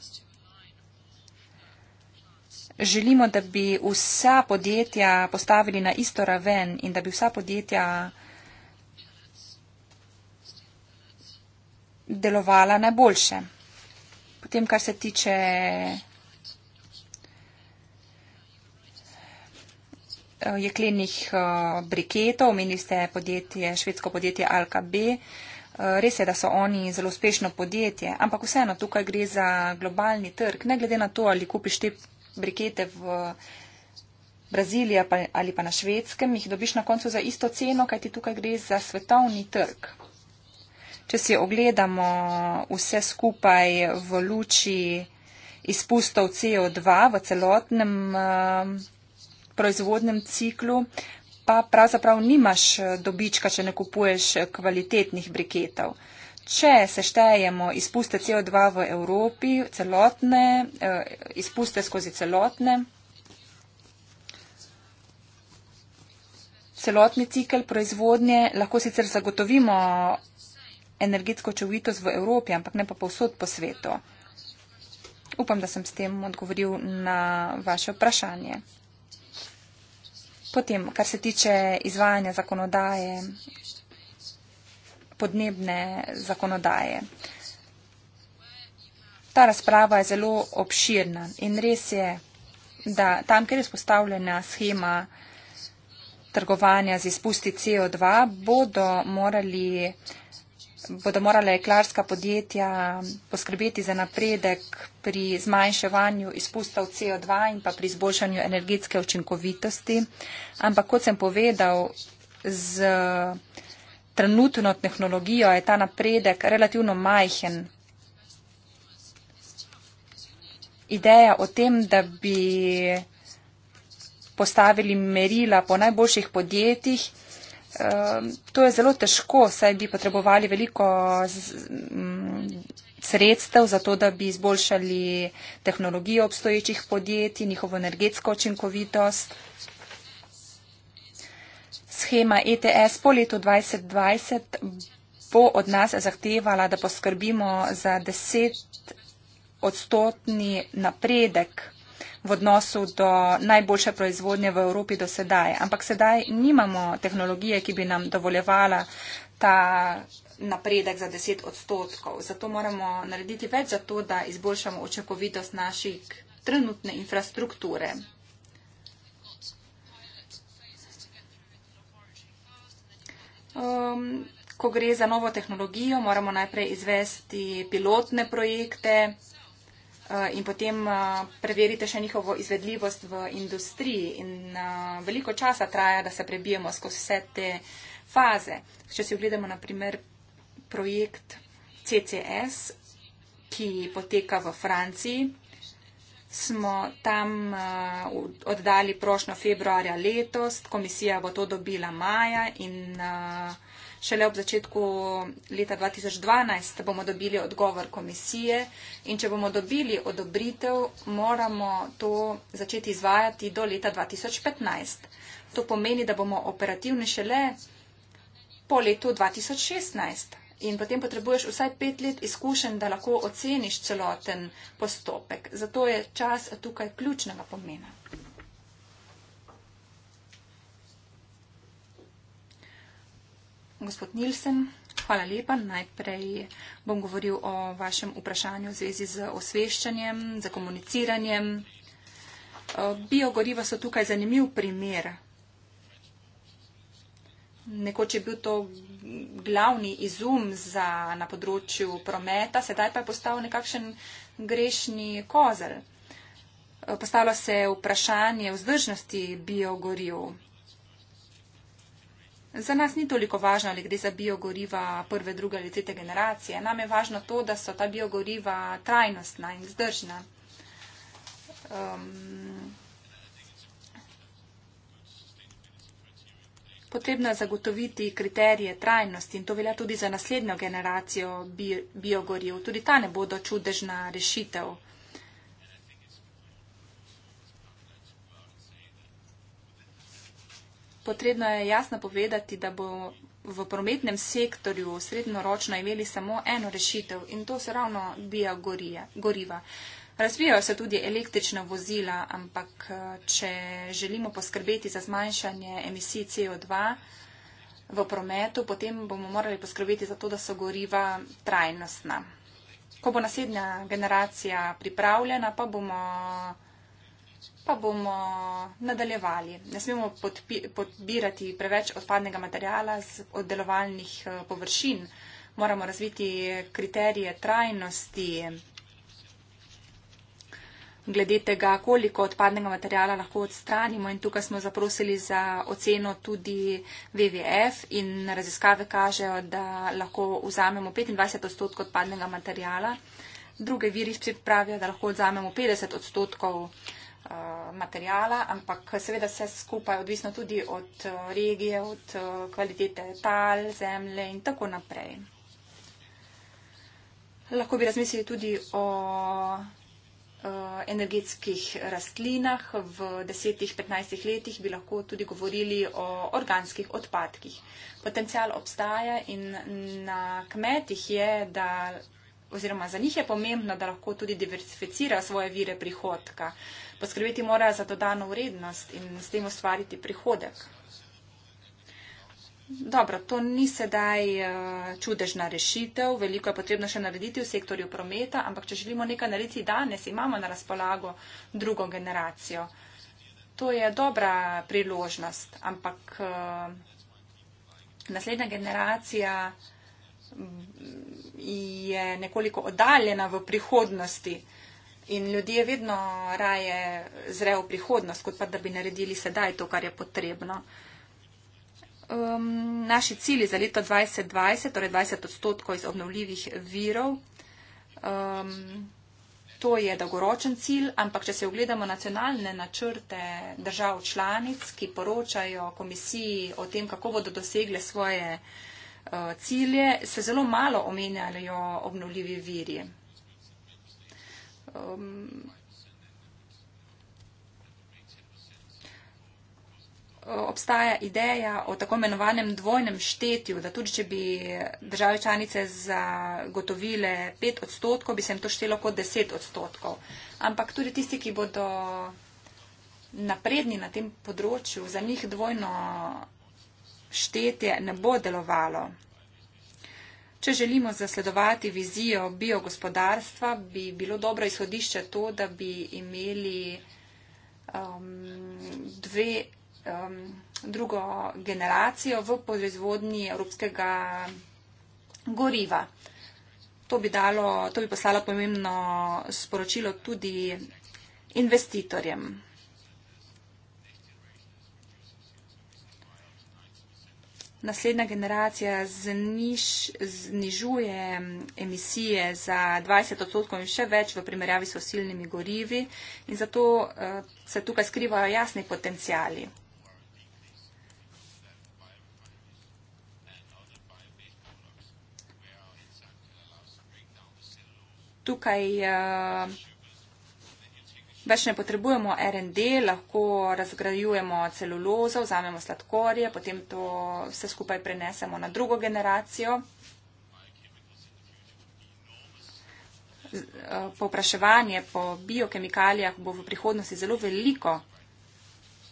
Želimo, da bi vsa podjetja postavili na isto raven in da bi vsa podjetja delovala najboljše. Potem, kar se tiče jeklenih eh, briketov, omenili ste podjetje, švedsko podjetje Alka B. Eh, res je, da so oni zelo uspešno podjetje, ampak vseeno tukaj gre za globalni trg. Ne glede na to, ali kupiš te brikete v Braziliji ali pa na švedskem, jih dobiš na koncu za isto ceno, kajti tukaj gre za svetovni trg. Če si ogledamo vse skupaj v luči izpustov CO2 v celotnem eh, proizvodnem ciklu, pa pravzaprav nimaš eh, dobička, če ne kupuješ eh, kvalitetnih briketov. Če seštejemo izpuste CO2 v Evropi, celotne, eh, izpuste skozi celotne, celotni cikl proizvodnje, lahko sicer zagotovimo energetsko čovitost v Evropi, ampak ne pa povsod po svetu. Upam, da sem s tem odgovoril na vaše vprašanje. Potem, kar se tiče izvajanja zakonodaje, podnebne zakonodaje. Ta razprava je zelo obširna in res je, da tam, kjer je spostavljena schema trgovanja z izpusti CO2, bodo morali bodo morale klarska podjetja poskrbeti za napredek pri zmanjševanju izpustov CO2 in pa pri izboljšanju energetske učinkovitosti. Ampak kot sem povedal, z trenutno tehnologijo je ta napredek relativno majhen. Ideja o tem, da bi postavili merila po najboljših podjetjih, Ehm, to je zelo težko, saj bi potrebovali veliko mm, sredstev za to, da bi izboljšali tehnologijo obstoječih podjetij, njihovo energetsko očinkovitost. Schema ETS po letu 2020 bo od nas zahtevala, da poskrbimo za deset odstotni napredek v odnosu do najboljše proizvodnje v Evropi do sedaj. Ampak sedaj nimamo tehnologije, ki bi nam dovoljevala ta napredek za 10 odstotkov. Zato moramo narediti več za to, da izboljšamo očakovitost naših trenutne infrastrukture. Um, ko gre za novo tehnologijo, moramo najprej izvesti pilotne projekte, Eh, in potem eh, preverite še njihovo izvedljivost v industriji. In eh, veliko časa traja, da se prebijemo skozi vse te faze. Če si ogledamo naprimer projekt CCS, ki poteka v Franciji, smo tam oddali prošno februarja letos, komisija bo to dobila maja in. Šele ob začetku leta 2012 bomo dobili odgovor komisije in če bomo dobili odobritev, moramo to začeti izvajati do leta 2015. To pomeni, da bomo operativni šele po letu 2016 in potem potrebuješ vsaj pet let izkušen, da lahko oceniš celoten postopek. Zato je čas tukaj ključnega pomena. Gospod Nilsen, hvala lepa. Najprej bom govoril o vašem vprašanju v zvezi z osveščanjem, z komuniciranjem. Biogoriva so tukaj zanimiv primer. Nekoč je bil to glavni izum za, na področju prometa, sedaj pa je postal nekakšen grešni kozel. Postavlja se vprašanje vzdržnosti biogoriv. Za nas ni toliko važno, ali gre za biogoriva prve, druge ali tretje generacije. Nam je važno to, da so ta biogoriva trajnostna in zdržna. Um, potrebno je zagotoviti kriterije trajnosti in to velja tudi za naslednjo generacijo bi, biogoriv. Tudi ta ne bodo čudežna rešitev. potrebno je jasno povedati, da bo v prometnem sektorju srednjeročno imeli samo eno rešitev in to so ravno biogoriva. Razvijajo se tudi električna vozila, ampak če želimo poskrbeti za zmanjšanje emisij CO2, v prometu, potem bomo morali poskrbeti za to, da so goriva trajnostna. Ko bo naslednja generacija pripravljena, pa bomo pa bomo nadaljevali. Ne smemo podbirati preveč odpadnega materijala z oddelovalnih eh, površin. Moramo razviti kriterije trajnosti glede tega, koliko odpadnega materijala lahko odstranimo. In tukaj smo zaprosili za oceno tudi WWF in raziskave kažejo, da lahko vzamemo 25 odstotkov odpadnega materijala. Druge viri pravijo, da lahko odzamemo 50 odstotkov Eh, materijala, ampak seveda vse skupaj je odvisno tudi od eh, regije, od eh, kvalitete tal, zemlje in tako naprej. Lahko bi razmislili tudi o energetskih rastlinah. V 10-15 letih bi lahko tudi govorili o organskih odpadkih. Potencial obstaja in na kmetih je, da oziroma za njih je pomembno, da lahko tudi diversificira svoje vire prihodka. Poskrbeti mora za dodano vrednost in s tem ustvariti prihodek. Dobro, to ni sedaj eh, čudežna rešitev, veliko je potrebno še narediti v sektorju prometa, ampak če želimo nekaj narediti danes, imamo na razpolago drugo generacijo. To je dobra priložnost, ampak eh, naslednja generacija je nekoliko oddaljena v prihodnosti in ljudje vedno raje zrejo v prihodnost, kot pa da bi naredili sedaj to, kar je potrebno. Um, naši cilji za leto 2020, torej 20 odstotkov iz obnovljivih virov, um, to je dolgoročen cilj, ampak če se ogledamo nacionalne načrte držav članic, ki poročajo komisiji o tem, kako bodo dosegle svoje uh, Eh, cilje, se zelo malo omenjajo obnovljivi viri. Um, obstaja ideja o tako imenovanem dvojnem štetju, da tudi, če bi države članice zagotovile 5 odstotkov, bi se jim to štelo kot 10 odstotkov. Ampak tudi tisti, ki bodo napredni na tem področju, za njih dvojno štetje ne bo delovalo. Če želimo zasledovati vizijo biogospodarstva, bi bilo dobro izhodišče to, da bi imeli um, dve, um, drugo generacijo v proizvodnji evropskega goriva. To bi, dalo, to bi poslalo pomembno sporočilo tudi investitorjem. naslednja generacija zniž, znižuje emisije za 20 odstotkov in še več v primerjavi s fosilnimi gorivi in zato uh, se tukaj skrivajo jasni potencijali. Tukaj uh, Več ne potrebujemo RND, lahko razgrajujemo celulozo, vzamemo sladkorje, potem to vse skupaj prenesemo na drugo generacijo. Eh, Popraševanje po biokemikalijah bo v prihodnosti zelo veliko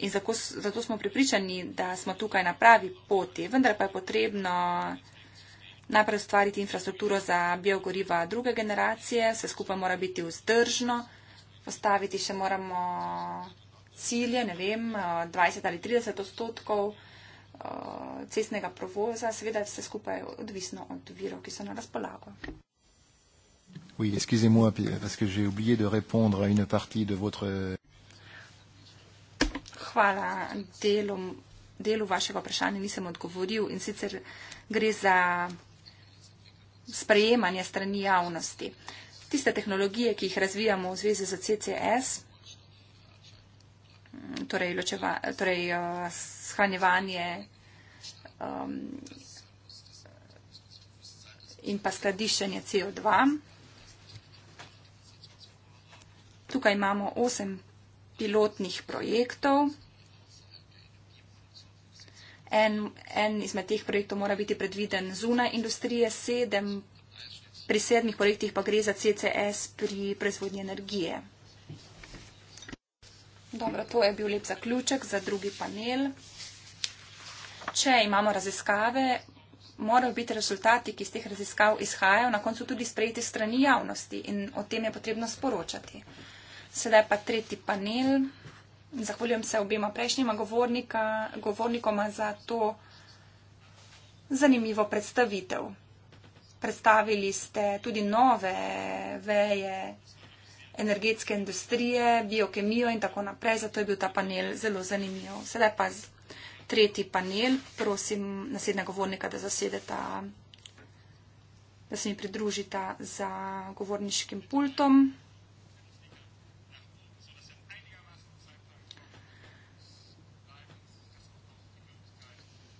in zato, zato smo pripričani, da smo tukaj na pravi poti. Vendar pa je potrebno najprej ustvariti infrastrukturo za biogoriva druge generacije, vse skupaj mora biti vzdržno postaviti še moramo cilje, ne vem, 20 eh, ali 30 odstotkov eh, cestnega provoza, seveda vse skupaj odvisno od virov, ki so na razpolago. Oui, excusez-moi, parce que j'ai oublié de répondre à une partie de votre. Hvala delu, delu vašega vprašanja, nisem odgovoril in sicer gre za sprejemanje strani javnosti tiste tehnologije, ki jih razvijamo v zvezi z CCS, torej, ločeva, torej uh, shranjevanje um, in pa skladiščenje CO2. Tukaj imamo osem pilotnih projektov. En, en izmed teh projektov mora biti predviden zunaj industrije, sedem projektov pri sedmih projektih pa gre za CCS pri proizvodnji energije. Dobro, to je bil lep zaključek za drugi panel. Če imamo raziskave, morajo biti rezultati, ki iz teh raziskav izhajajo, na koncu tudi sprejeti strani javnosti in o tem je potrebno sporočati. Sedaj pa tretji panel. Zahvaljujem se obema prejšnjima govornikoma za to zanimivo predstavitev predstavili ste tudi nove veje energetske industrije, biokemijo in tako naprej, zato je bil ta panel zelo zanimiv. Sedaj pa tretji panel, prosim naslednja govornika, da zasedeta, da se mi pridružita za govorniškim pultom.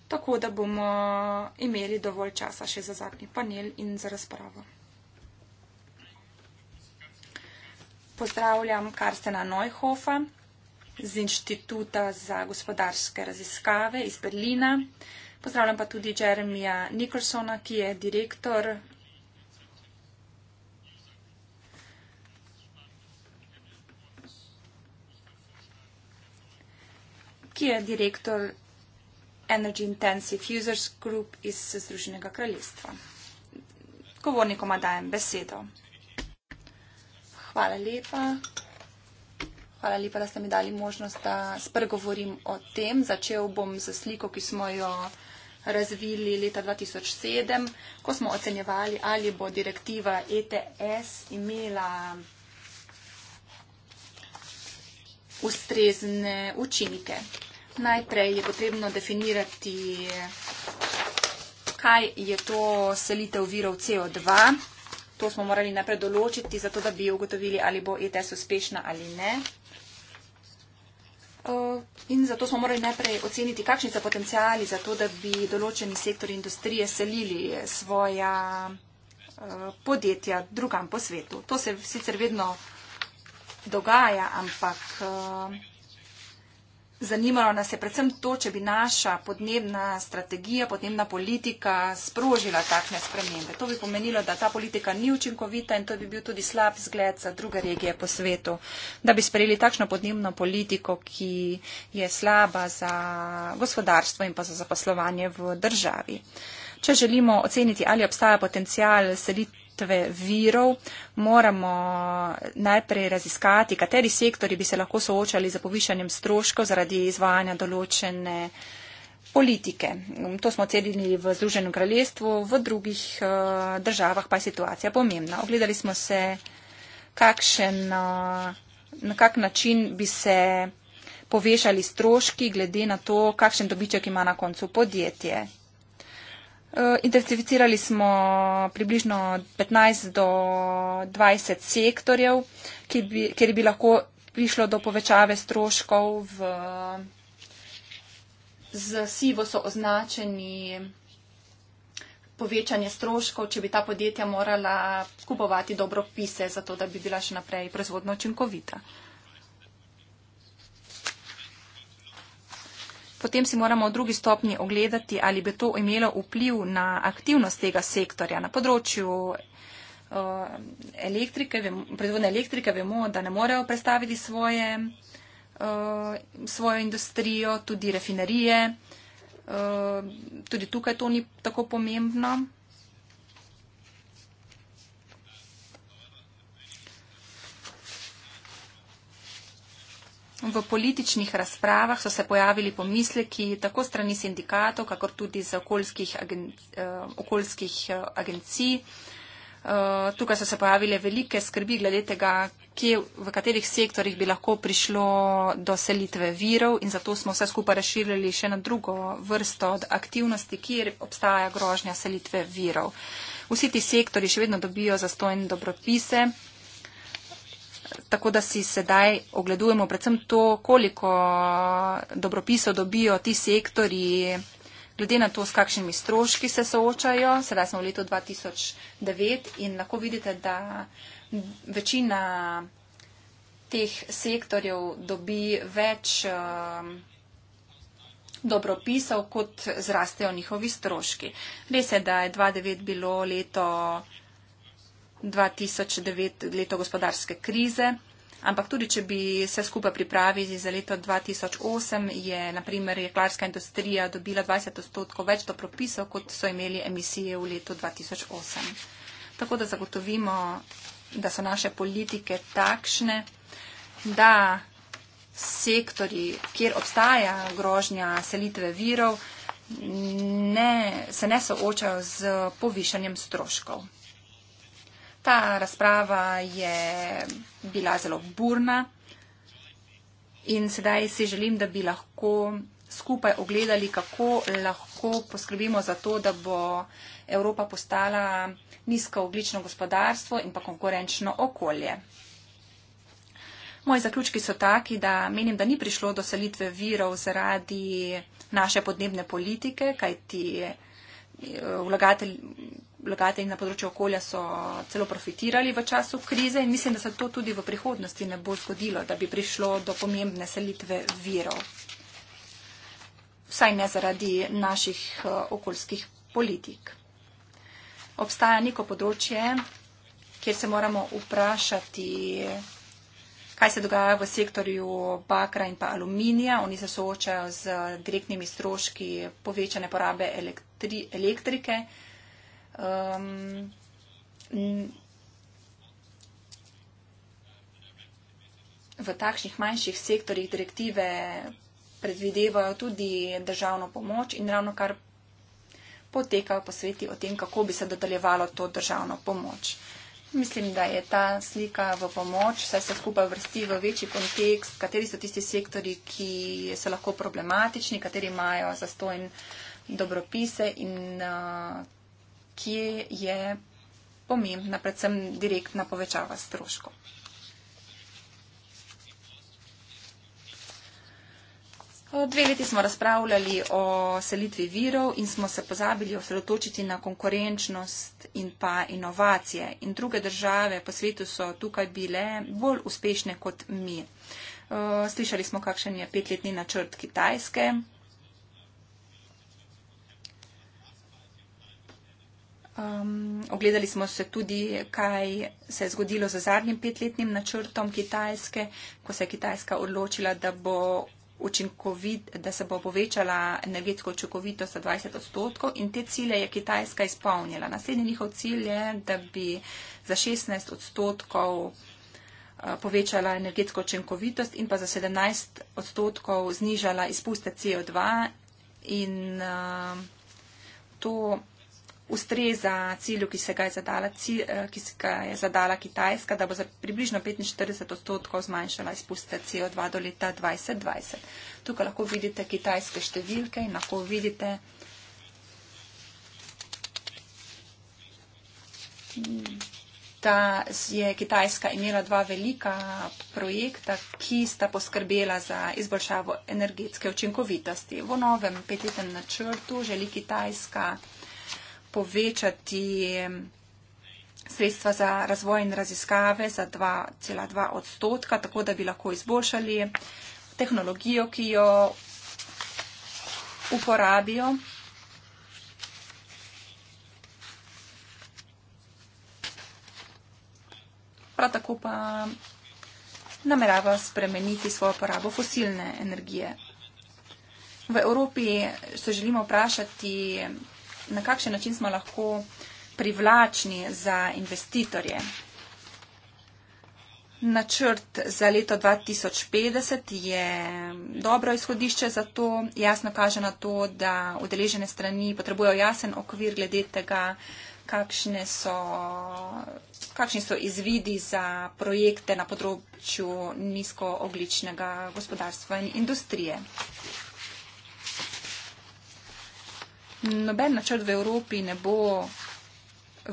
tako da bomo imeli dovolj časa še za zadnji panel in za razpravo. Pozdravljam Karstena Neuhofa z Inštituta za gospodarske raziskave iz Berlina. Pozdravljam pa tudi Jeremija Nikolsona, ki je direktor ki je direktor Energy Intensive Users Group iz Združenega kraljestva. Govornikoma dajem besedo. Hvala lepa. Hvala lepa, da ste mi dali možnost, da spregovorim o tem. Začel bom z sliko, ki smo jo razvili leta 2007, ko smo ocenjevali, ali bo direktiva ETS imela ustrezne učinke. Najprej je potrebno definirati, kaj je to selitev virov CO2. To smo morali najprej določiti, zato da bi ugotovili, ali bo ETS uspešna ali ne. In zato smo morali najprej oceniti, kakšni so potencijali za to, da bi določeni sektor industrije selili svoja e, podjetja drugam po svetu. To se sicer vedno dogaja, ampak e, Zanimalo nas je predvsem to, če bi naša podnebna strategija, podnebna politika sprožila takšne spremembe. To bi pomenilo, da ta politika ni učinkovita in to bi bil tudi slab zgled za druge regije po svetu, da bi sprejeli takšno podnebno politiko, ki je slaba za gospodarstvo in pa za zaposlovanje v državi. Če želimo oceniti, ali obstaja potencial selit širitve virov, moramo najprej raziskati, kateri sektori bi se lahko soočali za povišanjem stroškov zaradi izvajanja določene politike. Um, to smo ocenili v Združenem kraljestvu, v drugih uh, državah pa je situacija pomembna. Ogledali smo se, kakšen, uh, na kak način bi se povešali stroški glede na to, kakšen dobiček ima na koncu podjetje. Eh, identificirali smo približno 15 do 20 sektorjev, bi, kjer bi lahko prišlo do povečave stroškov. V, z sivo so označeni povečanje stroškov, če bi ta podjetja morala kupovati dobro pise, zato da bi bila še naprej proizvodno učinkovita. potem si moramo v drugi stopni ogledati, ali bi to imelo vpliv na aktivnost tega sektorja na področju eh, elektrike, predvodne elektrike, vemo, da ne morejo predstaviti svoje, eh, svojo industrijo, tudi rafinerije, eh, tudi tukaj to ni tako pomembno. V političnih razpravah so se pojavili pomisleki tako strani sindikatov, kakor tudi z okoljskih, agen, eh, okoljskih eh, agencij. Eh, tukaj so se pojavile velike skrbi glede tega, kje, v katerih sektorjih bi lahko prišlo do selitve virov in zato smo vse skupaj razširili še na drugo vrsto aktivnosti, kjer obstaja grožnja selitve virov. Vsi ti sektori še vedno dobijo zastojne dobropise tako da si sedaj ogledujemo predvsem to, koliko dobropisov dobijo ti sektori, glede na to, s kakšnimi stroški se soočajo. Sedaj smo v letu 2009 in lahko vidite, da večina teh sektorjev dobi več um, dobropisov, kot zrastejo njihovi stroški. Res je, da je 2009 bilo leto 2009 leto gospodarske krize. Ampak tudi, če bi se skupaj pripravili za leto 2008, je naprimer jeklarska industrija dobila 20 odstotkov več do propisov, kot so imeli emisije v letu 2008. Tako da zagotovimo, da so naše politike takšne, da sektori, kjer obstaja grožnja selitve virov, ne, se ne soočajo z povišanjem stroškov. Ta razprava je bila zelo burna in sedaj si želim, da bi lahko skupaj ogledali, kako lahko poskrbimo za to, da bo Evropa postala nizkooglično gospodarstvo in pa konkurenčno okolje. Moji zaključki so taki, da menim, da ni prišlo do selitve virov zaradi naše podnebne politike, kajti eh, vlagatelji vlagatelji na področju okolja so celo profitirali v času krize in mislim, da se to tudi v prihodnosti ne bo zgodilo, da bi prišlo do pomembne selitve virov. Vsaj ne zaradi naših eh, okoljskih politik. Obstaja neko področje, kjer se moramo vprašati, kaj se dogaja v sektorju bakra in pa aluminija. Oni se soočajo z direktnimi stroški povečane porabe elektri elektrike. Um, v takšnih manjših sektorjih direktive predvidevajo tudi državno pomoč in ravno kar potekajo posveti o tem, kako bi se dodaljevalo to državno pomoč. Mislim, da je ta slika v pomoč, saj se skupaj vrsti v večji kontekst, kateri so tisti sektori, ki so lahko problematični, kateri imajo zastojn dobropise in uh, kje je pomembna, predvsem direktna povečava stroškov. Dve leti smo razpravljali o selitvi virov in smo se pozabili osredotočiti na konkurenčnost in pa inovacije. In druge države po svetu so tukaj bile bolj uspešne kot mi. Slišali smo, kakšen je petletni načrt Kitajske, Um, ogledali smo se tudi, kaj se je zgodilo z zadnjim petletnim načrtom Kitajske, ko se je Kitajska odločila, da, bo učinkovit, da se bo povečala energetsko učinkovitost za 20 odstotkov in te cilje je Kitajska izpolnila. Naslednji njihov cilj je, da bi za 16 odstotkov uh, povečala energetsko učinkovitost in pa za 17 odstotkov znižala izpuste CO2 in uh, to ustreza cilju, ki se ga je zadala, cilj, eh, ki ga je zadala Kitajska, da bo za približno 45 odstotkov zmanjšala izpuste CO2 do leta 2020. Tukaj lahko vidite kitajske številke in lahko vidite. Da je Kitajska imela dva velika projekta, ki sta poskrbela za izboljšavo energetske učinkovitosti. V novem petletnem načrtu želi Kitajska povečati sredstva za razvoj in raziskave za 2,2 odstotka, tako da bi lahko izboljšali tehnologijo, ki jo uporabijo. Prav tako pa namerava spremeniti svojo porabo fosilne energije. V Evropi se želimo vprašati, na kakšen način smo lahko privlačni za investitorje. Načrt za leto 2050 je dobro izhodišče za to, jasno kaže na to, da udeležene strani potrebujejo jasen okvir glede tega, kakšne so, kakšni so izvidi za projekte na področju nizkoogličnega gospodarstva in industrije noben načrt v Evropi ne bo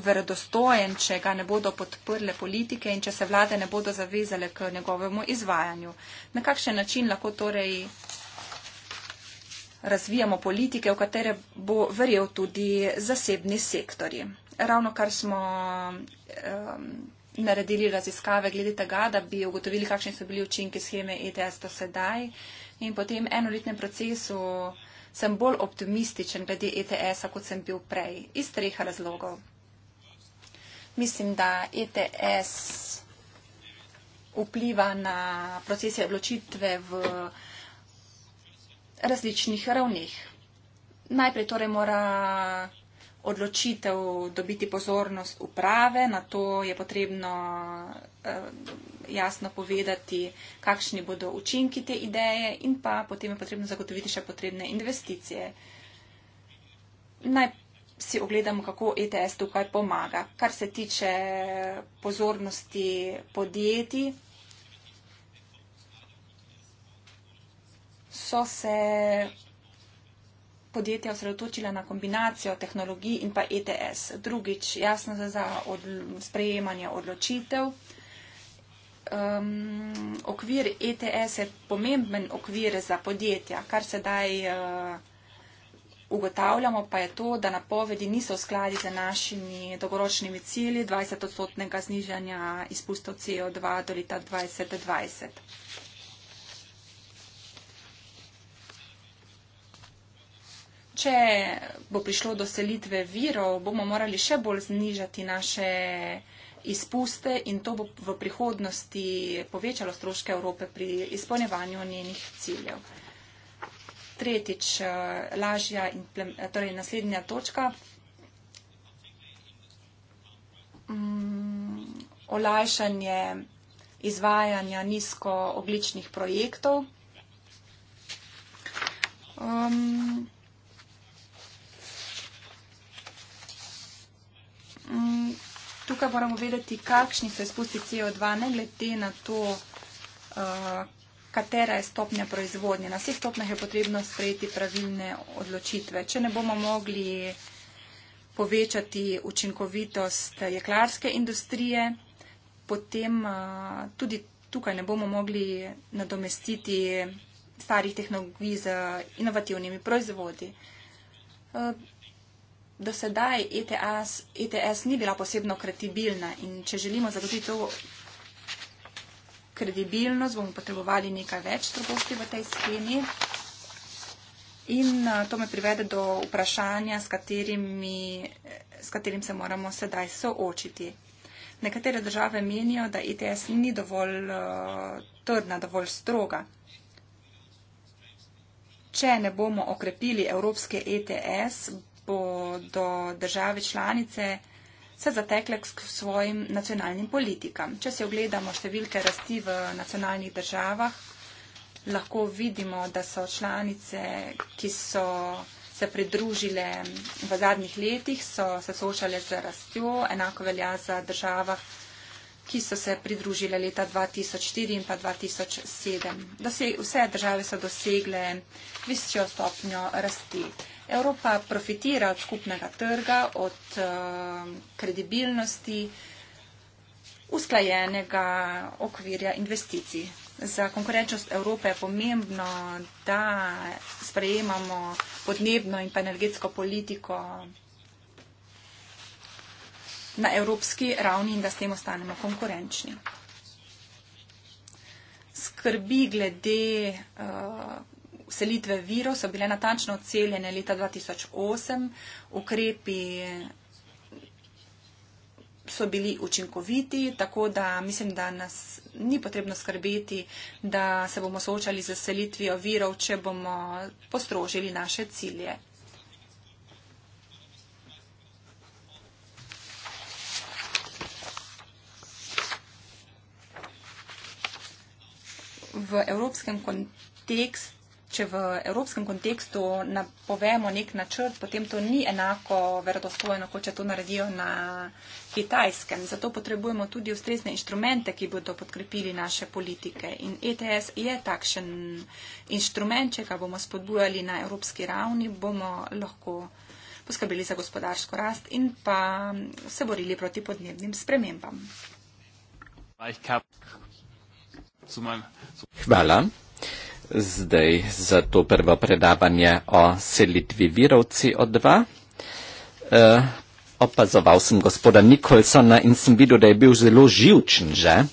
verodostojen, če ga ne bodo podprle politike in če se vlade ne bodo zavezale k njegovemu izvajanju. Na kakšen način lahko torej razvijamo politike, v katere bo verjel tudi zasebni sektori. Ravno kar smo um, naredili raziskave glede tega, da bi ugotovili, kakšni so bili učinki scheme ETS do sedaj in potem enolitnem procesu sem bolj optimističen glede ETS-a, kot sem bil prej. Iz treh razlogov. Mislim, da ETS vpliva na procese odločitve v različnih ravneh. Najprej torej mora odločitev dobiti pozornost uprave, na to je potrebno. Eh, jasno povedati, kakšni bodo učinki te ideje in pa potem je potrebno zagotoviti še potrebne investicije. Naj si ogledamo, kako ETS tukaj pomaga. Kar se tiče pozornosti podjetij, so se podjetja osredotočila na kombinacijo tehnologij in pa ETS. Drugič, jasno za, za od, sprejemanje odločitev um, okvir ETS je pomemben okvir za podjetja. Kar sedaj uh, ugotavljamo, pa je to, da napovedi niso v skladi z našimi dolgoročnimi cilji 20-odstotnega znižanja izpustov CO2 do leta 2020. Če bo prišlo do selitve virov, bomo morali še bolj znižati naše izpuste in to bo v prihodnosti povečalo stroške Evrope pri izpolnjevanju njenih ciljev. Tretjič, eh, lažja, torej naslednja točka. Mm, olajšanje izvajanja nizkooglečnih projektov. Um, mm, Tukaj moramo vedeti, kakšni so izpusti CO2, ne glede na to, uh, katera je stopnja proizvodnje. Na vseh stopnjah je potrebno sprejeti pravilne odločitve. Če ne bomo mogli povečati učinkovitost jeklarske industrije, potem uh, tudi tukaj ne bomo mogli nadomestiti starih tehnologij z inovativnimi proizvodi. Uh, Do sedaj ETS, ETS ni bila posebno kredibilna in če želimo zagotoviti to kredibilnost, bomo potrebovali nekaj več trgovci v tej skemi. In eh, to me privede do vprašanja, s, katerimi, s katerim se moramo sedaj soočiti. Nekatere države menijo, da ETS ni dovolj eh, trdna, dovolj stroga. Če ne bomo okrepili evropske ETS, bodo države članice se zatekle k svojim nacionalnim politikam. Če se ogledamo številke rasti v nacionalnih državah, lahko vidimo, da so članice, ki so se pridružile v zadnjih letih, so se soočale z rastjo, enako velja za državah, ki so se pridružile leta 2004 in pa 2007. Da se vse države so dosegle višjo stopnjo rasti. Evropa profitira od skupnega trga, od uh, kredibilnosti, usklajenega okvirja investicij. Za konkurenčnost Evrope je pomembno, da sprejemamo podnebno in pa energetsko politiko na evropski ravni in da s tem ostanemo konkurenčni. Skrbi glede uh, selitve virov so bile natančno celjene leta 2008, ukrepi so bili učinkoviti, tako da mislim, da nas ni potrebno skrbeti, da se bomo soočali z selitvijo virov, če bomo postrožili naše cilje. V evropskem kontekstu če v evropskem kontekstu napovemo nek načrt, potem to ni enako verodostojno, kot če to naredijo na kitajskem. Zato potrebujemo tudi ustrezne inštrumente, ki bodo podkrepili naše politike. In ETS je takšen inštrument, če ga bomo spodbujali na evropski ravni, bomo lahko poskrbeli za gospodarsko rast in pa se borili proti podnebnim spremembam. Hvala. Zdaj za to prvo predavanje o selitvi Virovci O2. E, opazoval sem gospoda Nikolsona in sem videl, da je bil zelo živčen že.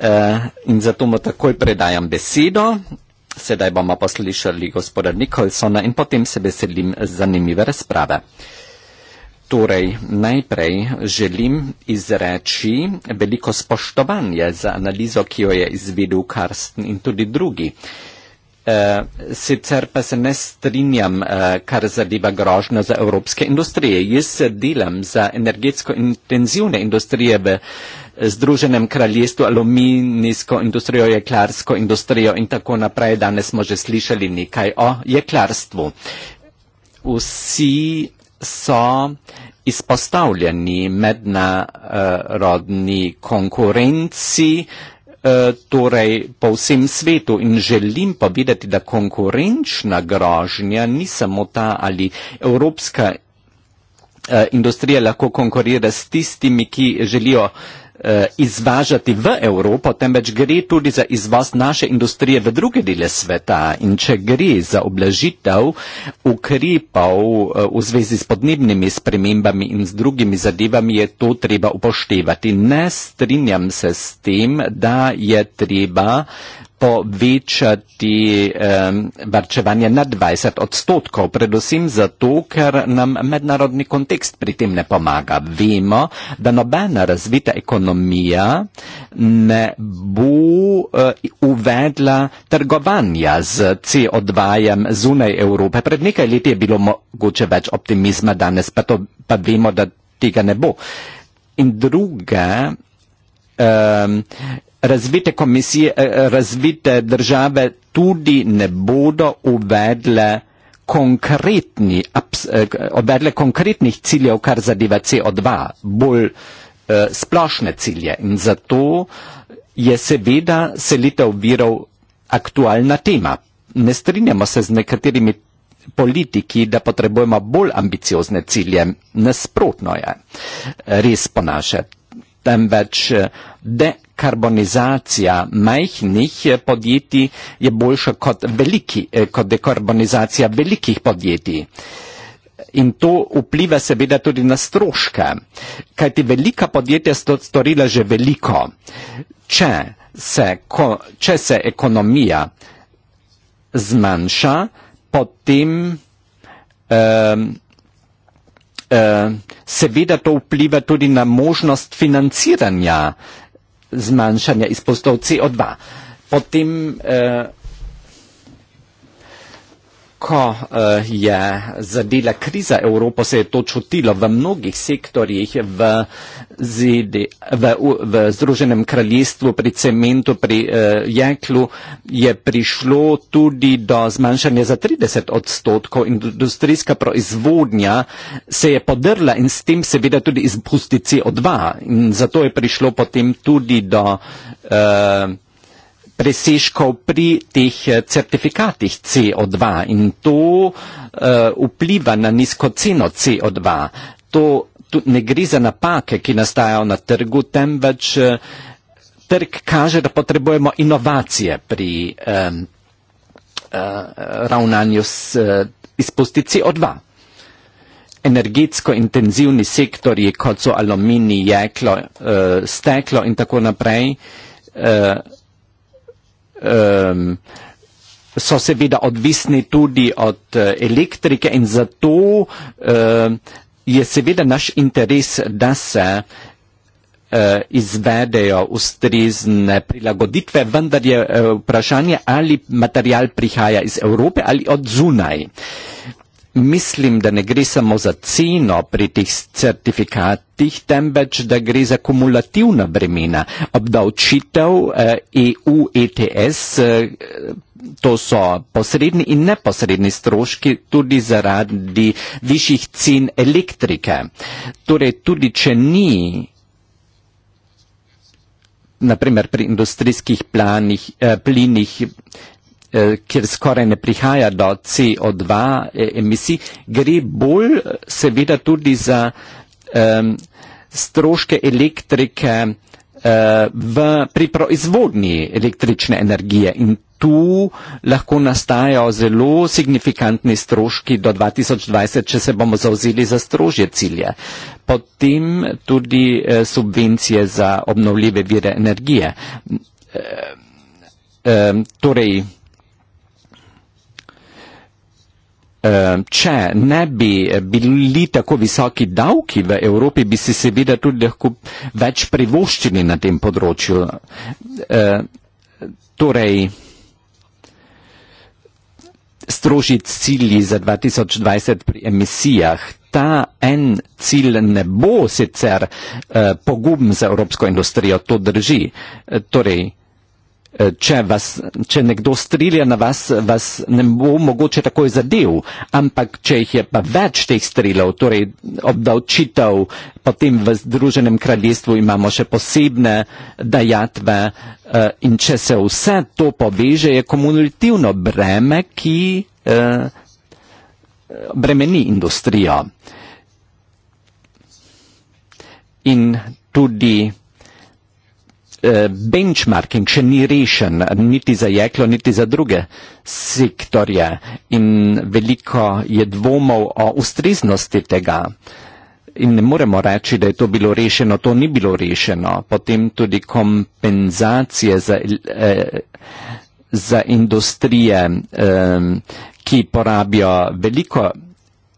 E, in zato mu takoj predajam besedo. Sedaj bomo poslušali gospoda Nikolsona in potem se veselim zanimive razprave. Torej, najprej želim izreči veliko spoštovanje za analizo, ki jo je izvedel Karsten in tudi drugi. E, sicer pa se ne strinjam, e, kar zadeva grožnjo za evropske industrije. Jaz se delam za energetsko intenzivne industrije v Združenem kraljestvu, aluminijsko industrijo, jeklarsko industrijo in tako naprej. Danes smo že slišali nekaj o jeklarstvu. Vsi so izpostavljeni mednarodni konkurenci, eh, torej po vsem svetu in želim povedati, da konkurenčna grožnja ni samo ta ali Evropska eh, industrija lahko konkurira s tistimi, ki želijo uh, Eh, izvažati v Evropo, temveč gre tudi za izvoz naše industrije v druge dele sveta. In če gre za oblažitev ukrepov eh, v zvezi s podnebnimi spremembami in z drugimi zadevami, je to treba upoštevati. Ne strinjam se s tem, da je treba uh, povečati varčevanje na 20 odstotkov, predvsem zato, ker nam mednarodni kontekst pri tem ne pomaga. Vemo, da nobena razvita ekonomija ne bo eh, uvedla trgovanja z CO2 zunaj Evrope. Pred nekaj leti je bilo mogoče več optimizma, danes pa, to, pa vemo, da tega ne bo. In druga, um, razvite komisije, eh, eh, razvite države tudi ne bodo uvedle konkretni, eh, uvedle konkretnih ciljev, kar zadeva CO2, bolj splošne cilje in zato je seveda selitev virov aktualna tema. Ne strinjamo se z nekaterimi politiki, da potrebujemo bolj ambiciozne cilje. Nasprotno je res po naše, temveč dekarbonizacija majhnih eh, podjetij je boljša kot, veliki, eh, kot dekarbonizacija velikih podjetij. In to vpliva seveda tudi na stroške, kajti velika podjetja so storila že veliko. Če se, ko, če se ekonomija zmanjša, potem eh, eh, seveda to vpliva tudi na možnost financiranja eh, zmanjšanja izpustov CO2. Potem eh, ko uh, je zadela kriza Evropo, se je to čutilo v mnogih sektorjih v, ZD, v, v, v Združenem kraljestvu, pri cementu, pri uh, jeklu, je prišlo tudi do zmanjšanja za 30 odstotkov. Industrijska proizvodnja se je podrla in s tem seveda tudi izpusti CO2. In zato je prišlo potem tudi do. Uh, presežkov pri teh eh, certifikatih CO2 in to eh, vpliva na nizko ceno CO2. To ne gre za napake, ki nastajajo na trgu, temveč eh, trg kaže, da potrebujemo inovacije pri ravnanju s izpusti CO2. Energetsko intenzivni sektori, kot so aluminij, jeklo, steklo in tako naprej, um, so seveda odvisni tudi od eh, elektrike in zato uh, je seveda naš interes, da se uh, izvedejo ustrezne prilagoditve, vendar je uh, vprašanje, ali material prihaja iz Evrope ali od zunaj. Uh, mislim, da ne gre samo za ceno pri tih certifikatih, temveč da gre za kumulativna bremena. Obdavčitev EU eh, e ETS, eh, to so posredni in neposredni stroški tudi zaradi višjih cen elektrike. Torej, tudi če ni naprimer pri industrijskih planih, eh, plinih Eh, kjer skoraj ne prihaja do CO2 eh, emisij, gre bolj eh, seveda tudi za um, stroške elektrike uh, v, pri proizvodnji električne energije. In tu lahko nastajajo zelo signifikantni stroški do 2020, če se bomo zauzeli za strožje cilje. Potem tudi uh, subvencije za obnovljive vire energije. Uh, um, torej, Ehm, če ne bi bili tako visoki davki v Evropi, bi si seveda tudi lahko več privoščili na tem področju. Ehm, torej, stroži cilji za 2020 pri emisijah. Ta en cilj ne bo sicer eh, pogubn za evropsko industrijo, to drži. Eh, torej, Eh, če, vas, če nekdo strilja na vas, vas ne bo mogoče takoj zadev, ampak če jih je pa več teh strilov, torej obdavčitev, potem v Združenem kraljestvu imamo še posebne dajatve eh, in če se vse to poveže, je komunitivno breme, ki eh, bremeni industrijo. In tudi Eh, benchmarking še ni rešen, niti za jeklo, niti za druge sektorje in veliko je dvomov o ustreznosti tega. In ne moremo reči, da je to bilo rešeno, to ni bilo rešeno. Potem tudi kompenzacije za, eh, za industrije, eh, ki porabijo veliko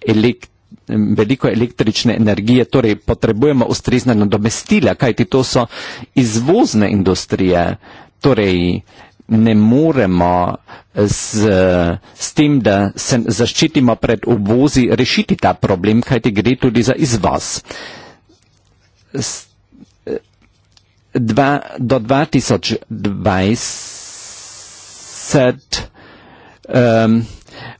elektrike veliko električne energije, torej potrebujemo ustrezna nadomestila, kajti to so izvozne industrije, torej ne moremo z, s tem, da se zaščitimo pred uvozi, rešiti ta problem, kajti gre tudi za izvoz. S, dva, do 2020. Um,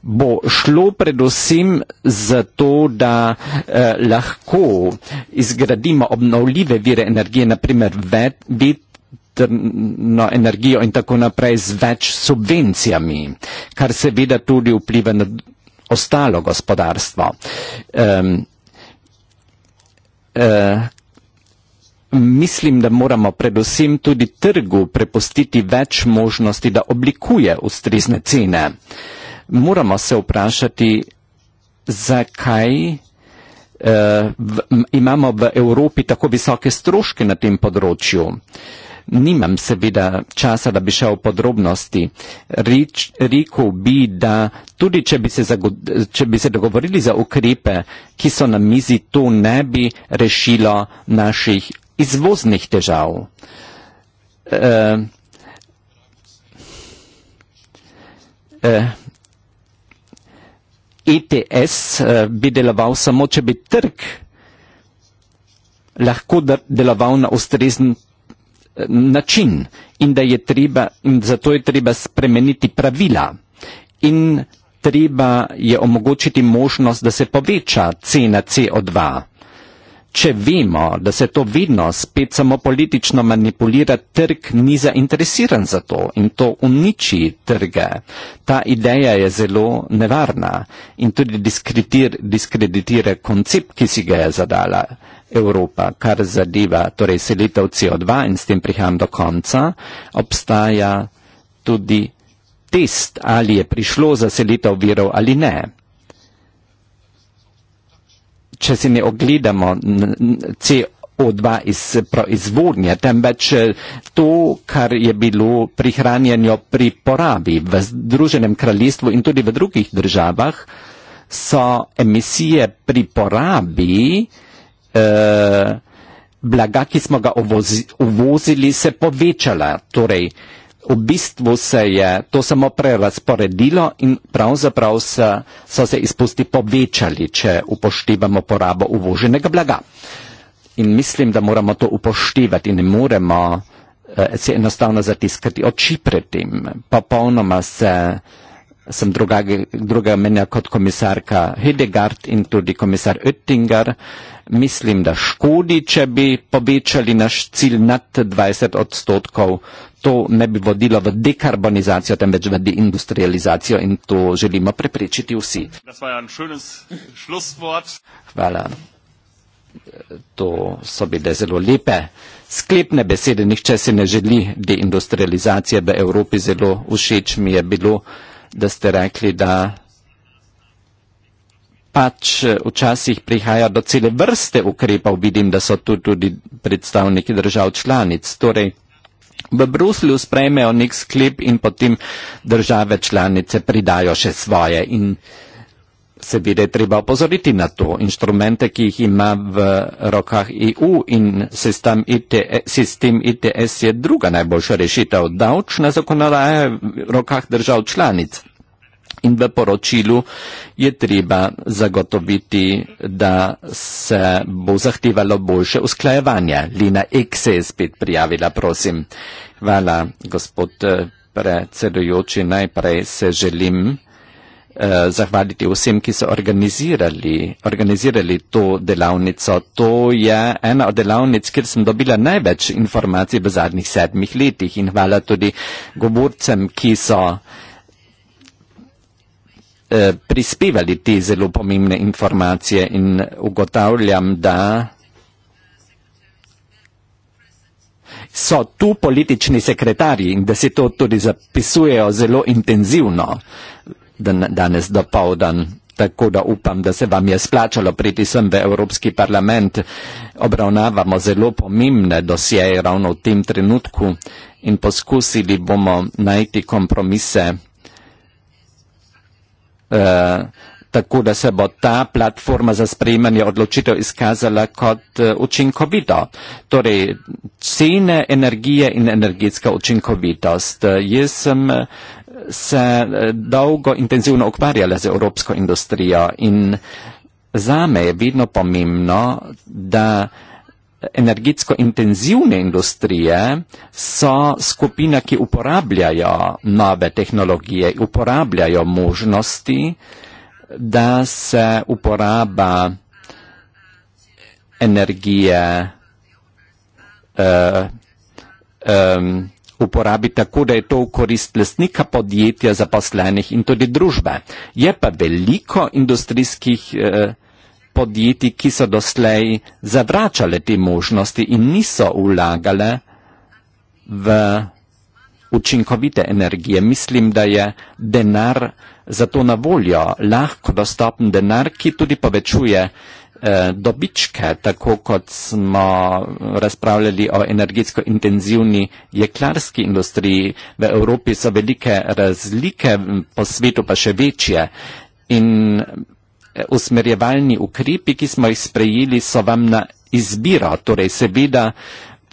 bo šlo predvsem za to, da eh, lahko izgradimo obnovljive vire energije, naprimer vet, vetrno energijo in tako naprej z več subvencijami, kar seveda tudi vpliva na ostalo gospodarstvo. Um, uh, Mislim, da moramo predvsem tudi trgu prepustiti več možnosti, da oblikuje ustrezne cene. Uh, moramo se vprašati, zakaj eh, v, imamo v Evropi tako visoke stroške na tem področju. Nimam seveda časa, da bi šel v podrobnosti. Rič, rekel bi, da tudi če bi, se zago, če bi se dogovorili za ukrepe, ki so na mizi, to ne bi rešilo naših izvoznih težav. Eh, eh, ETS eh, bi deloval samo, če bi trg lahko deloval na ustrezen eh, način in da je treba, zato je treba spremeniti pravila in treba je omogočiti možnost, da se poveča cena CO2. Če vemo, da se to vedno spet samo politično manipulira, trg ni zainteresiran za to in to uniči trge. Ta ideja je zelo nevarna in tudi diskreditira koncept, ki si ga je zadala Evropa, kar zadeva torej selitev CO2 in s tem priham do konca, obstaja tudi test, ali je prišlo za selitev virov ali ne če si ne ogledamo CO2 iz proizvodnje, temveč eh, to, kar je bilo prihranjeno pri porabi v Združenem kraljestvu in tudi v drugih državah, so emisije pri porabi eh, blaga, ki smo ga uvozi, uvozili, se povečala. Torej, v bistvu se je to samo prerasporedilo in pravzaprav so, so se izpusti povečali, če upoštevamo porabo uvoženega blaga. In mislim, da moramo to upoštevati in ne moremo eh, se enostavno zatiskati oči pred tem. Popolnoma se, sem druga, druga menja kot komisarka Hedegard in tudi komisar Oettinger. Mislim, da škodi, če bi povečali naš cilj nad 20 odstotkov to ne bi vodilo v dekarbonizacijo, temveč v deindustrializacijo in to želimo preprečiti vsi. Ja Hvala. To so bile zelo lepe sklepne besede. Nihče si ne želi deindustrializacije v Evropi. Zelo všeč mi je bilo, da ste rekli, da pač včasih prihaja do cele vrste ukrepov. Vidim, da so tu tudi predstavniki držav članic. Torej, v Bruslju sprejmejo nek sklep in potem države članice pridajo še svoje in seveda je treba opozoriti na to. Inštrumente, ki jih ima v rokah EU in sistem ITS, e, sistem ITS e je druga najboljša rešitev. Davčna zakonodaja je v rokah držav članic. In v poročilu je treba zagotoviti, da se bo zahtevalo boljše usklajevanje. Lina X se je spet prijavila, prosim. Hvala, gospod eh, predsedujoči. Najprej se želim eh, zahvaliti vsem, ki so organizirali, organizirali to delavnico. To je ena od delavnic, kjer sem dobila največ informacij v zadnjih sedmih letih. In hvala tudi govorcem, ki so. Eh, prispevali te zelo pomembne informacije in ugotavljam, da so tu politični sekretarji in da se to tudi zapisujejo zelo intenzivno danes do povdan. Tako da upam, da se vam je splačalo priti sem v Evropski parlament. Obravnavamo zelo pomembne dosjeje ravno v tem trenutku in poskusili bomo najti kompromise. Eh, tako da se bo ta platforma za sprejemanje odločitev izkazala kot eh, učinkovito. Torej, cene energije in energetska učinkovitost. Eh, jaz sem se dolgo intenzivno ukvarjala z evropsko industrijo in zame je vedno pomembno, da energetsko intenzivne industrije so skupina, ki uporabljajo nove tehnologije, uporabljajo možnosti, da se uporaba energije uh, um, uporabi tako, da je to v korist lesnika podjetja, zaposlenih in tudi družbe. Je pa veliko industrijskih uh, podjetij, ki so doslej zavračale te možnosti in niso vlagale v učinkovite energije. Mislim, da je denar zato na voljo, lahko dostopen denar, ki tudi povečuje eh, dobičke, tako kot smo razpravljali o energetsko intenzivni jeklarski industriji. V Evropi so velike razlike, po svetu pa še večje. In Eh, usmerjevalni ukrepi, ki smo jih sprejeli, so vam na izbiro. Torej, seveda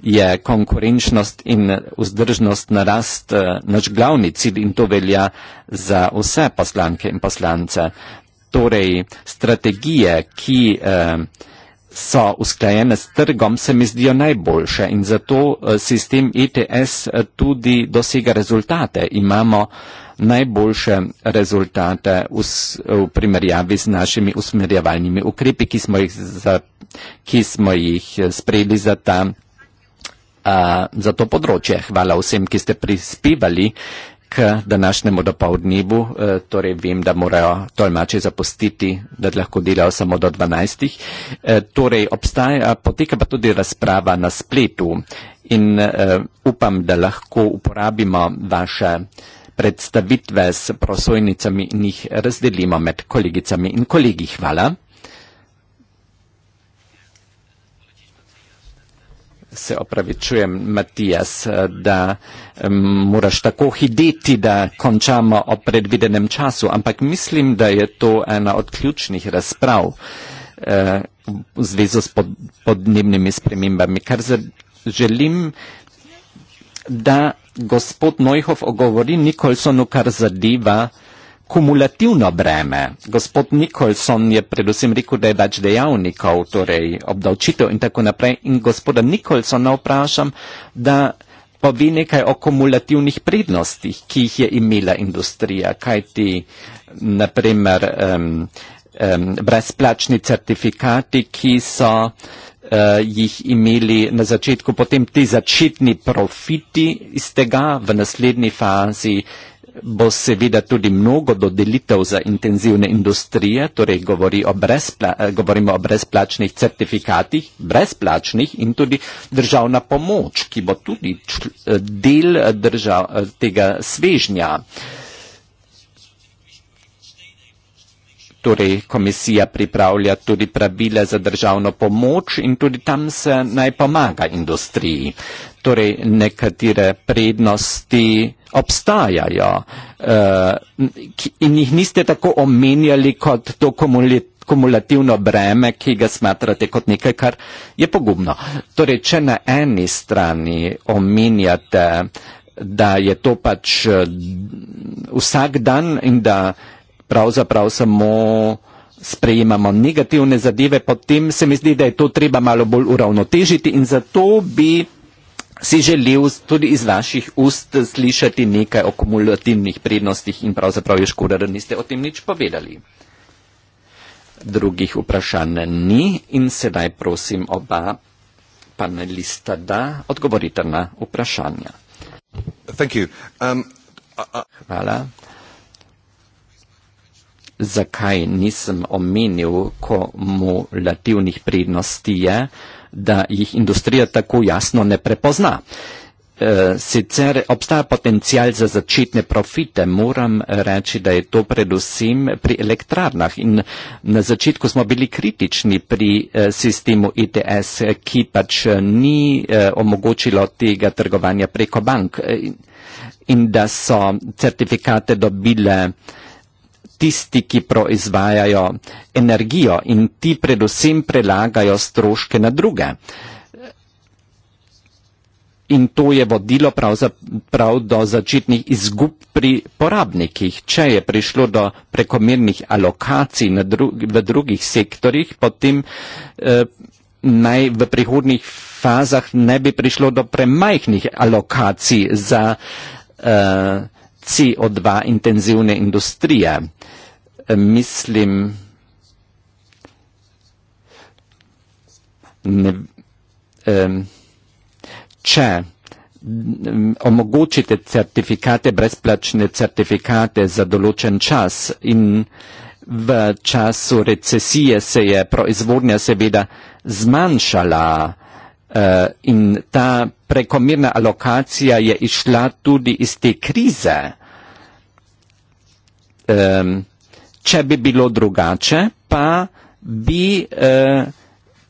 je konkurenčnost in vzdržnost narast eh, naš glavni cilj in to velja za vse poslanke in poslance. Torej, strategije, ki eh, so usklajene s trgom, se mi zdijo najboljše in zato sistem ETS tudi dosega rezultate. Imamo uh, najboljše rezultate v, v primerjavi z našimi usmerjevalnimi ukrepi, ki smo jih, za, ki smo jih eh, sprejeli za, ta, uh, za to področje. Hvala vsem, ki ste prispevali k današnjemu dopolednjivu, e, eh, torej vem, da morajo tolmače zapustiti, da lahko delajo samo do 12. E, eh, torej obstaja, poteka pa tudi razprava na spletu in e, upam, da lahko uporabimo vaše predstavitve s prosojnicami in jih razdelimo med kolegicami in kolegi. Hvala. Se opravičujem, Matijas, da moraš tako hiteti, da končamo o predvidenem času, ampak mislim, da je to ena od ključnih razprav eh, v zvezi s podnebnimi spremembami. Kar želim da gospod Nojhov ogovori Nikolsonu, kar zadeva kumulativno breme. Gospod Nikolson je predvsem rekel, da je več dejavnikov, torej obdavčitev in tako naprej. In gospoda Nikolsona vprašam, da pove nekaj o kumulativnih prednostih, ki jih je imela industrija, kaj ti, naprimer, um, um, brezplačni certifikati, ki so Eh, jih imeli na začetku, potem ti začetni profiti iz tega v naslednji fazi bo seveda tudi mnogo dodelitev za intenzivne industrije, torej govori o eh, govorimo o brezplačnih certifikatih, brezplačnih in tudi državna pomoč, ki bo tudi eh, del tega svežnja. Uh, torej komisija pripravlja tudi pravila za državno pomoč in tudi tam se naj pomaga industriji. Torej nekatere prednosti obstajajo uh, in jih niste tako omenjali kot to komunit kumulativno breme, ki ga smatrate kot nekaj, kar je pogumno. Torej, če na eni strani omenjate, da je to pač eh, vsak dan in da pravzaprav samo sprejemamo negativne zadeve, potem se mi zdi, da je to treba malo bolj uravnotežiti in zato bi si želel tudi iz vaših ust slišati nekaj o kumulativnih prednostih in pravzaprav je škoda, da niste o tem nič povedali. Drugih vprašanj ni in sedaj prosim oba panelista, da odgovorite na vprašanja. Um, Hvala. Um, uh, uh zakaj nisem omenil kumulativnih prednosti, je, da jih industrija tako jasno ne prepozna. E, sicer obstaja potencial za začetne profite, moram reči, da je to predvsem pri elektrarnah. In na začetku smo bili kritični pri e, sistemu ETS, ki pač e, ni omogočilo tega trgovanja preko bank in da so certifikate dobile tisti, ki proizvajajo energijo in ti predvsem prelagajo stroške na druge. In to je vodilo prav, za, prav do začetnih izgub pri porabnikih. Če je prišlo do prekomernih alokacij dru, v drugih sektorjih, potem eh, naj v prihodnih fazah ne bi prišlo do premajhnih alokacij za eh, CO2 intenzivne industrije. Mislim, ne, če omogočite certifikate, brezplačne certifikate za določen čas in v času recesije se je proizvodnja seveda zmanjšala, Eh, in ta prekomirna alokacija je išla tudi iz te krize. Um, če bi bilo drugače, pa bi uh,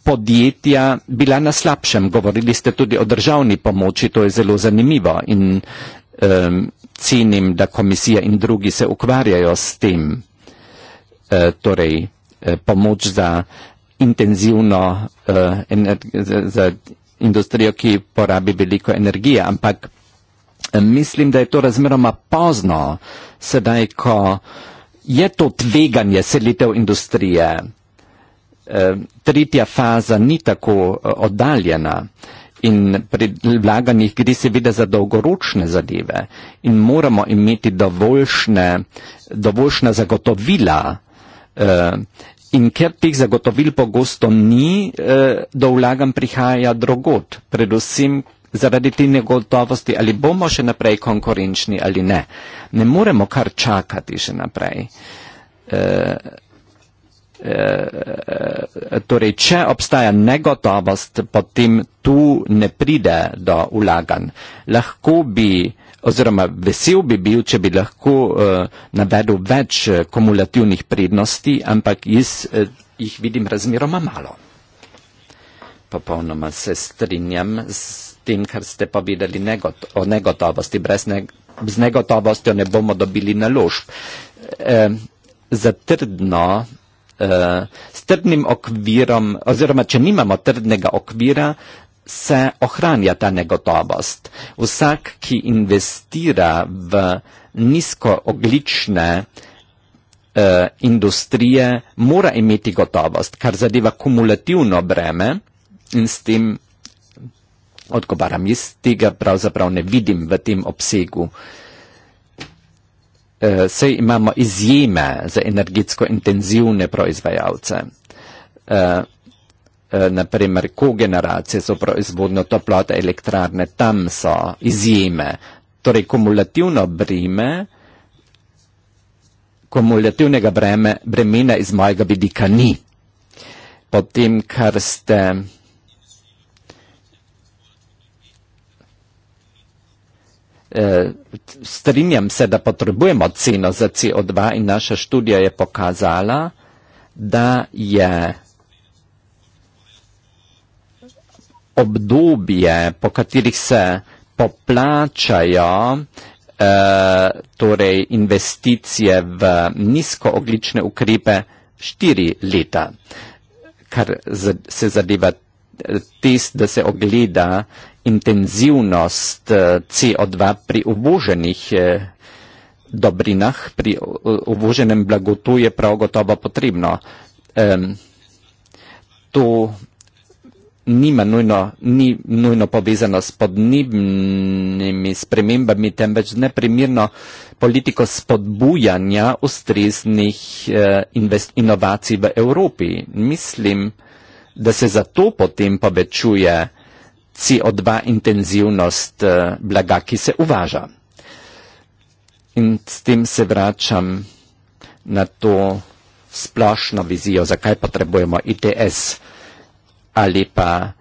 podjetja bila na slabšem. Govorili ste tudi o državni pomoči, to je zelo zanimivo in um, cenim, da komisija in drugi se ukvarjajo s tem. Uh, torej, uh, pomoč za uh, intenzivno uh, za industrijo, ki porabi veliko energije, ampak eh, mislim, da je to razmeroma pozno, sedaj, ko je to tveganje selitev industrije. Eh, tretja faza ni tako oddaljena in pri vlaganjih gre seveda za dolgoročne zadeve in moramo imeti dovoljšne, dovoljšna zagotovila. Uh, In ker tih zagotovil pogosto ni, eh, do vlagam prihaja drugot, predvsem zaradi te negotovosti, ali bomo še naprej konkurenčni ali ne. Ne moremo kar čakati še naprej. Eh, eh, torej, če obstaja negotovost, potem tu ne pride do vlagan. Lahko bi oziroma vesel bi bil, če bi lahko uh, navedel več eh, kumulativnih prednosti, ampak jaz uh, jih vidim razmeroma malo. Popolnoma se strinjam s tem, kar ste povedali negot o negotovosti. Brez ne z negotovostjo ne bomo dobili naložb. E, Zatrdno, e, s trdnim okvirom, oziroma če nimamo trdnega okvira, se ohranja ta negotovost. Vsak, ki investira v nizkooglične eh, industrije, mora imeti gotovost, kar zadeva kumulativno breme in s tem odgovaram. Jaz tega pravzaprav ne vidim v tem obsegu. Eh, sej imamo izjeme za energetsko intenzivne proizvajalce. Eh, Eh, naprimer kogeneracije so proizvodno toplote elektrarne, tam so izjeme. Torej, kumulativno breme, kumulativnega breme, bremena iz mojega vidika ni. Potem, kar ste. Eh, strinjam se, da potrebujemo ceno za CO2 in naša študija je pokazala, da je obdobje, po katerih se poplačajo eh, torej investicije v nizkooglične ukrepe štiri leta, kar se zadeva eh, test, da se ogleda intenzivnost eh, CO2 pri oboženih dobrinah, pri oboženem blagotu je prav gotovo potrebno. Ehm, to nima nujno, ni nujno povezano s podnebnimi spremembami, temveč neprimerno politiko spodbujanja ustreznih eh, invest, inovacij v Evropi. Mislim, da se zato potem povečuje CO2 intenzivnost eh, blaga, ki se uvaža. In s tem se vračam na to splošno vizijo, zakaj potrebujemo ITS ali pa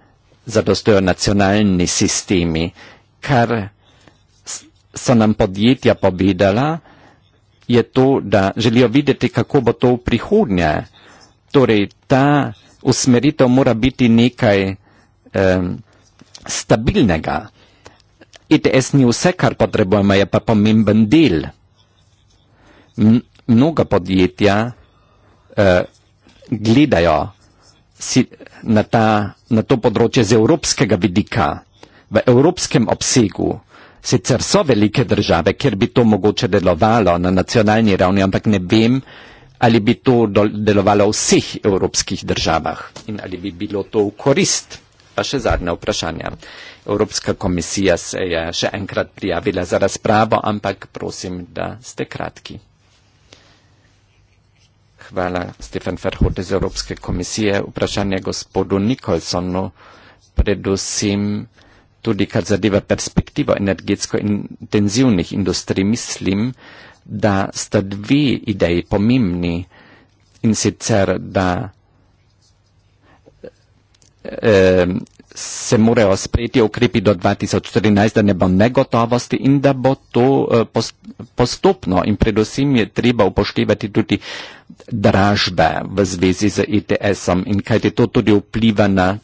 zadostujo nacionalni sistemi, kar so nam podjetja povedala, je to, da želijo videti, kako bo to v prihodnje. Torej, ta usmeritev mora biti nekaj eh, stabilnega. ETS ni vse, kar potrebujemo, je pa pomemben del. Mnoga podjetja eh, gledajo, na, ta, na to področje z evropskega vidika, v evropskem obsegu. Sicer so velike države, kjer bi to mogoče delovalo na nacionalni ravni, ampak ne vem, ali bi to delovalo v vseh evropskih državah in ali bi bilo to v korist. Pa še zadnja vprašanja. Evropska komisija se je še enkrat prijavila za razpravo, ampak prosim, da ste kratki hvala Stefan Ferhot iz Evropske komisije. Vprašanje gospodu Nikolsonu, predvsem tudi kar zadeva perspektivo energetsko intenzivnih industrij, mislim, da sta dve ideji pomembni in sicer, da eh, se morajo sprejeti ukrepi do 2014, da ne bo negotovosti in da bo to eh, postopno. In predvsem je treba upoštevati tudi dražbe v zvezi z ETS-om in kaj te to tudi vpliva na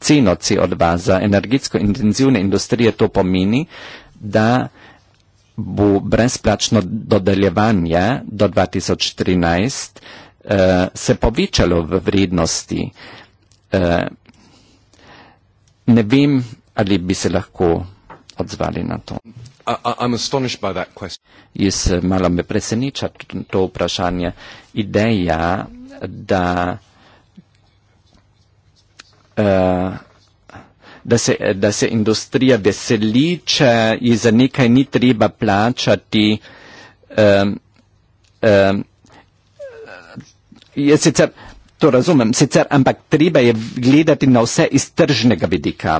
ceno CO2 za energetsko intenzivne industrije. To pomeni, da bo brezplačno dodeljevanje do 2014 uh, eh, se povečalo v vrednosti. Uh, ne vem, ali bi se lahko odzvali na to. I, I, Jaz eh, malo me preseneča to vprašanje. Ideja, da, uh, da, se, da se industrija veseli, če ji za nekaj ni treba plačati. Um, um, je sicer, To razumem, sicer, ampak treba je gledati na vse iz tržnega vidika,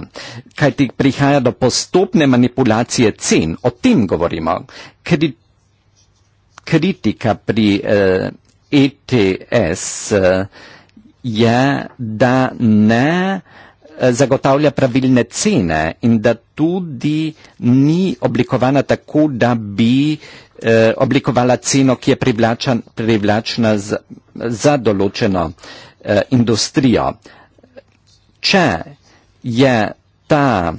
kaj ti prihaja do postopne manipulacije cen, o tem govorimo. Kri kritika pri eh, ETS eh, je, da ne eh, zagotavlja pravilne cene in da tudi ni oblikovana tako, da bi eh, eh, oblikovala ceno, ki je privlačna z, za določeno eh, industrijo. Če je ta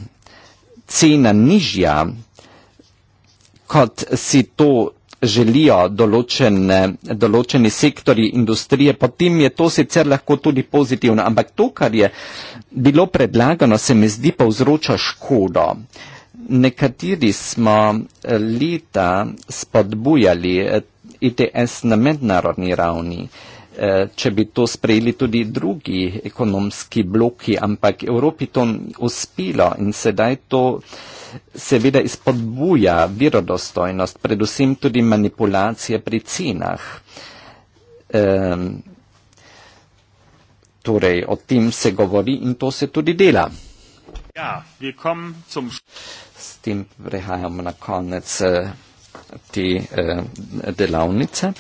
cena nižja, kot si to želijo določene, določeni sektori industrije, potem je to sicer lahko tudi pozitivno, ampak to, kar je bilo predlagano, se mi zdi, povzroča škodo. Eh, nekateri smo eh, leta spodbujali eh, ITS na mednarodni ravni, eh, če bi to sprejeli tudi drugi ekonomski bloki, ampak Evropi to uspelo in sedaj to seveda izpodbuja virodostojnost, predvsem tudi manipulacije pri cenah. Ehm, torej, o tem se govori in to se tudi dela. Ja, wir kommen zum tem prehajamo na konec eh, te eh, delavnice.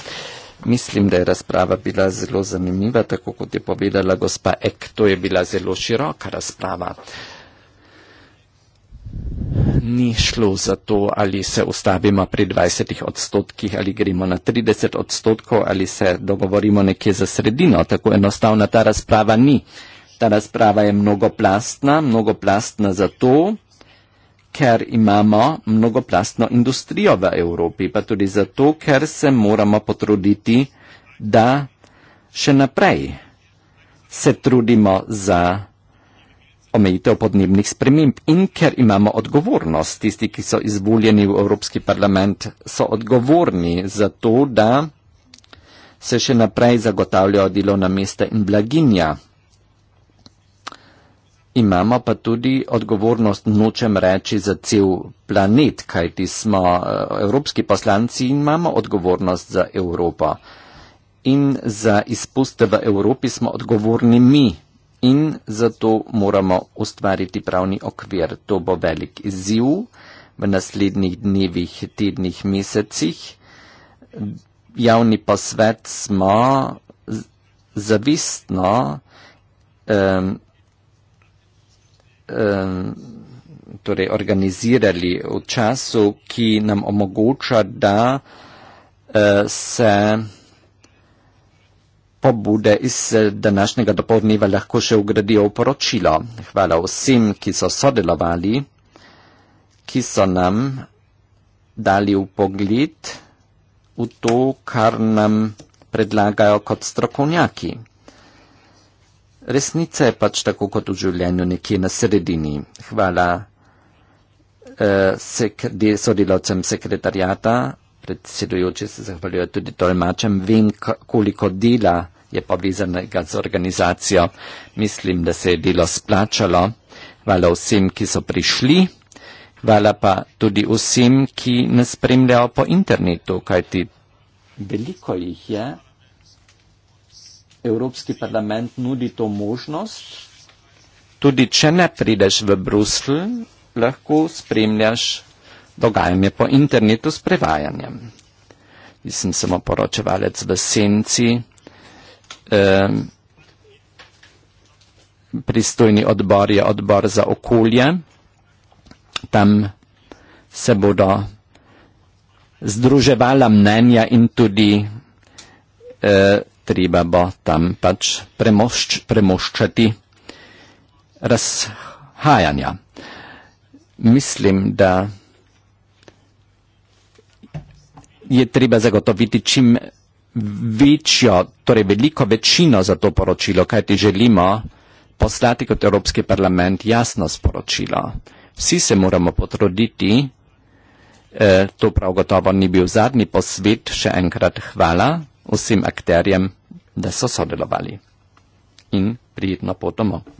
Mislim, da je razprava bila zelo zanimiva, tako kot je povedala gospa Ek, to je bila zelo široka razprava. Ni šlo za to, ali se ustavimo pri 20 odstotkih, ali gremo na 30 odstotkov, ali se dogovorimo nekje za sredino. Tako enostavna ta razprava ni. Ta razprava je mnogoplastna, mnogoplastna zato, ker imamo mnogoplastno industrijo v Evropi, pa tudi zato, ker se moramo potruditi, da še naprej se trudimo za omejitev podnebnih sprememb in ker imamo odgovornost. Tisti, ki so izvoljeni v Evropski parlament, so odgovorni za to, da se še naprej zagotavljajo delovna mesta in blaginja imamo pa tudi odgovornost, nočem reči, za cel planet, kajti smo eh, evropski poslanci in imamo odgovornost za Evropo. In za izpuste v Evropi smo odgovorni mi in zato moramo ustvariti pravni okvir. To bo velik izziv v naslednjih dnevih, tednih, mesecih. Javni posvet smo zavistno. Um, Eh, torej organizirali v času, ki nam omogoča, da eh, se pobude iz eh, današnjega dopolniva lahko še ugradijo v poročilo. Hvala vsem, ki so sodelovali, ki so nam dali v pogled v to, kar nam predlagajo kot strokovnjaki resnica je pač tako kot v življenju nekje na sredini. Hvala uh, eh, sekre, sodelovcem sekretarjata, predsedujoči se zahvaljujo tudi tolmačem, vem koliko dela je povezanega z organizacijo. Mislim, da se je delo splačalo. Hvala vsem, ki so prišli. Hvala pa tudi vsem, ki nas spremljajo po internetu, kajti veliko jih je. Evropski parlament nudi to možnost. Tudi če ne prideš v Brusl, lahko spremljaš dogajanje po internetu s prevajanjem. Jaz sem samo poročevalec v Senci. Um, pristojni odbor je odbor za okolje. Tam se bodo združevala mnenja in tudi uh, treba bo tam pač premošč, premoščati razhajanja. Mislim, da je treba zagotoviti čim večjo, torej veliko večino za to poročilo, kaj ti želimo poslati kot Evropski parlament jasno sporočilo. Vsi se moramo potruditi, e, to prav gotovo ni bil zadnji posvet, še enkrat hvala vsem akterjem, da so sodelovali. In prijetno pot domov.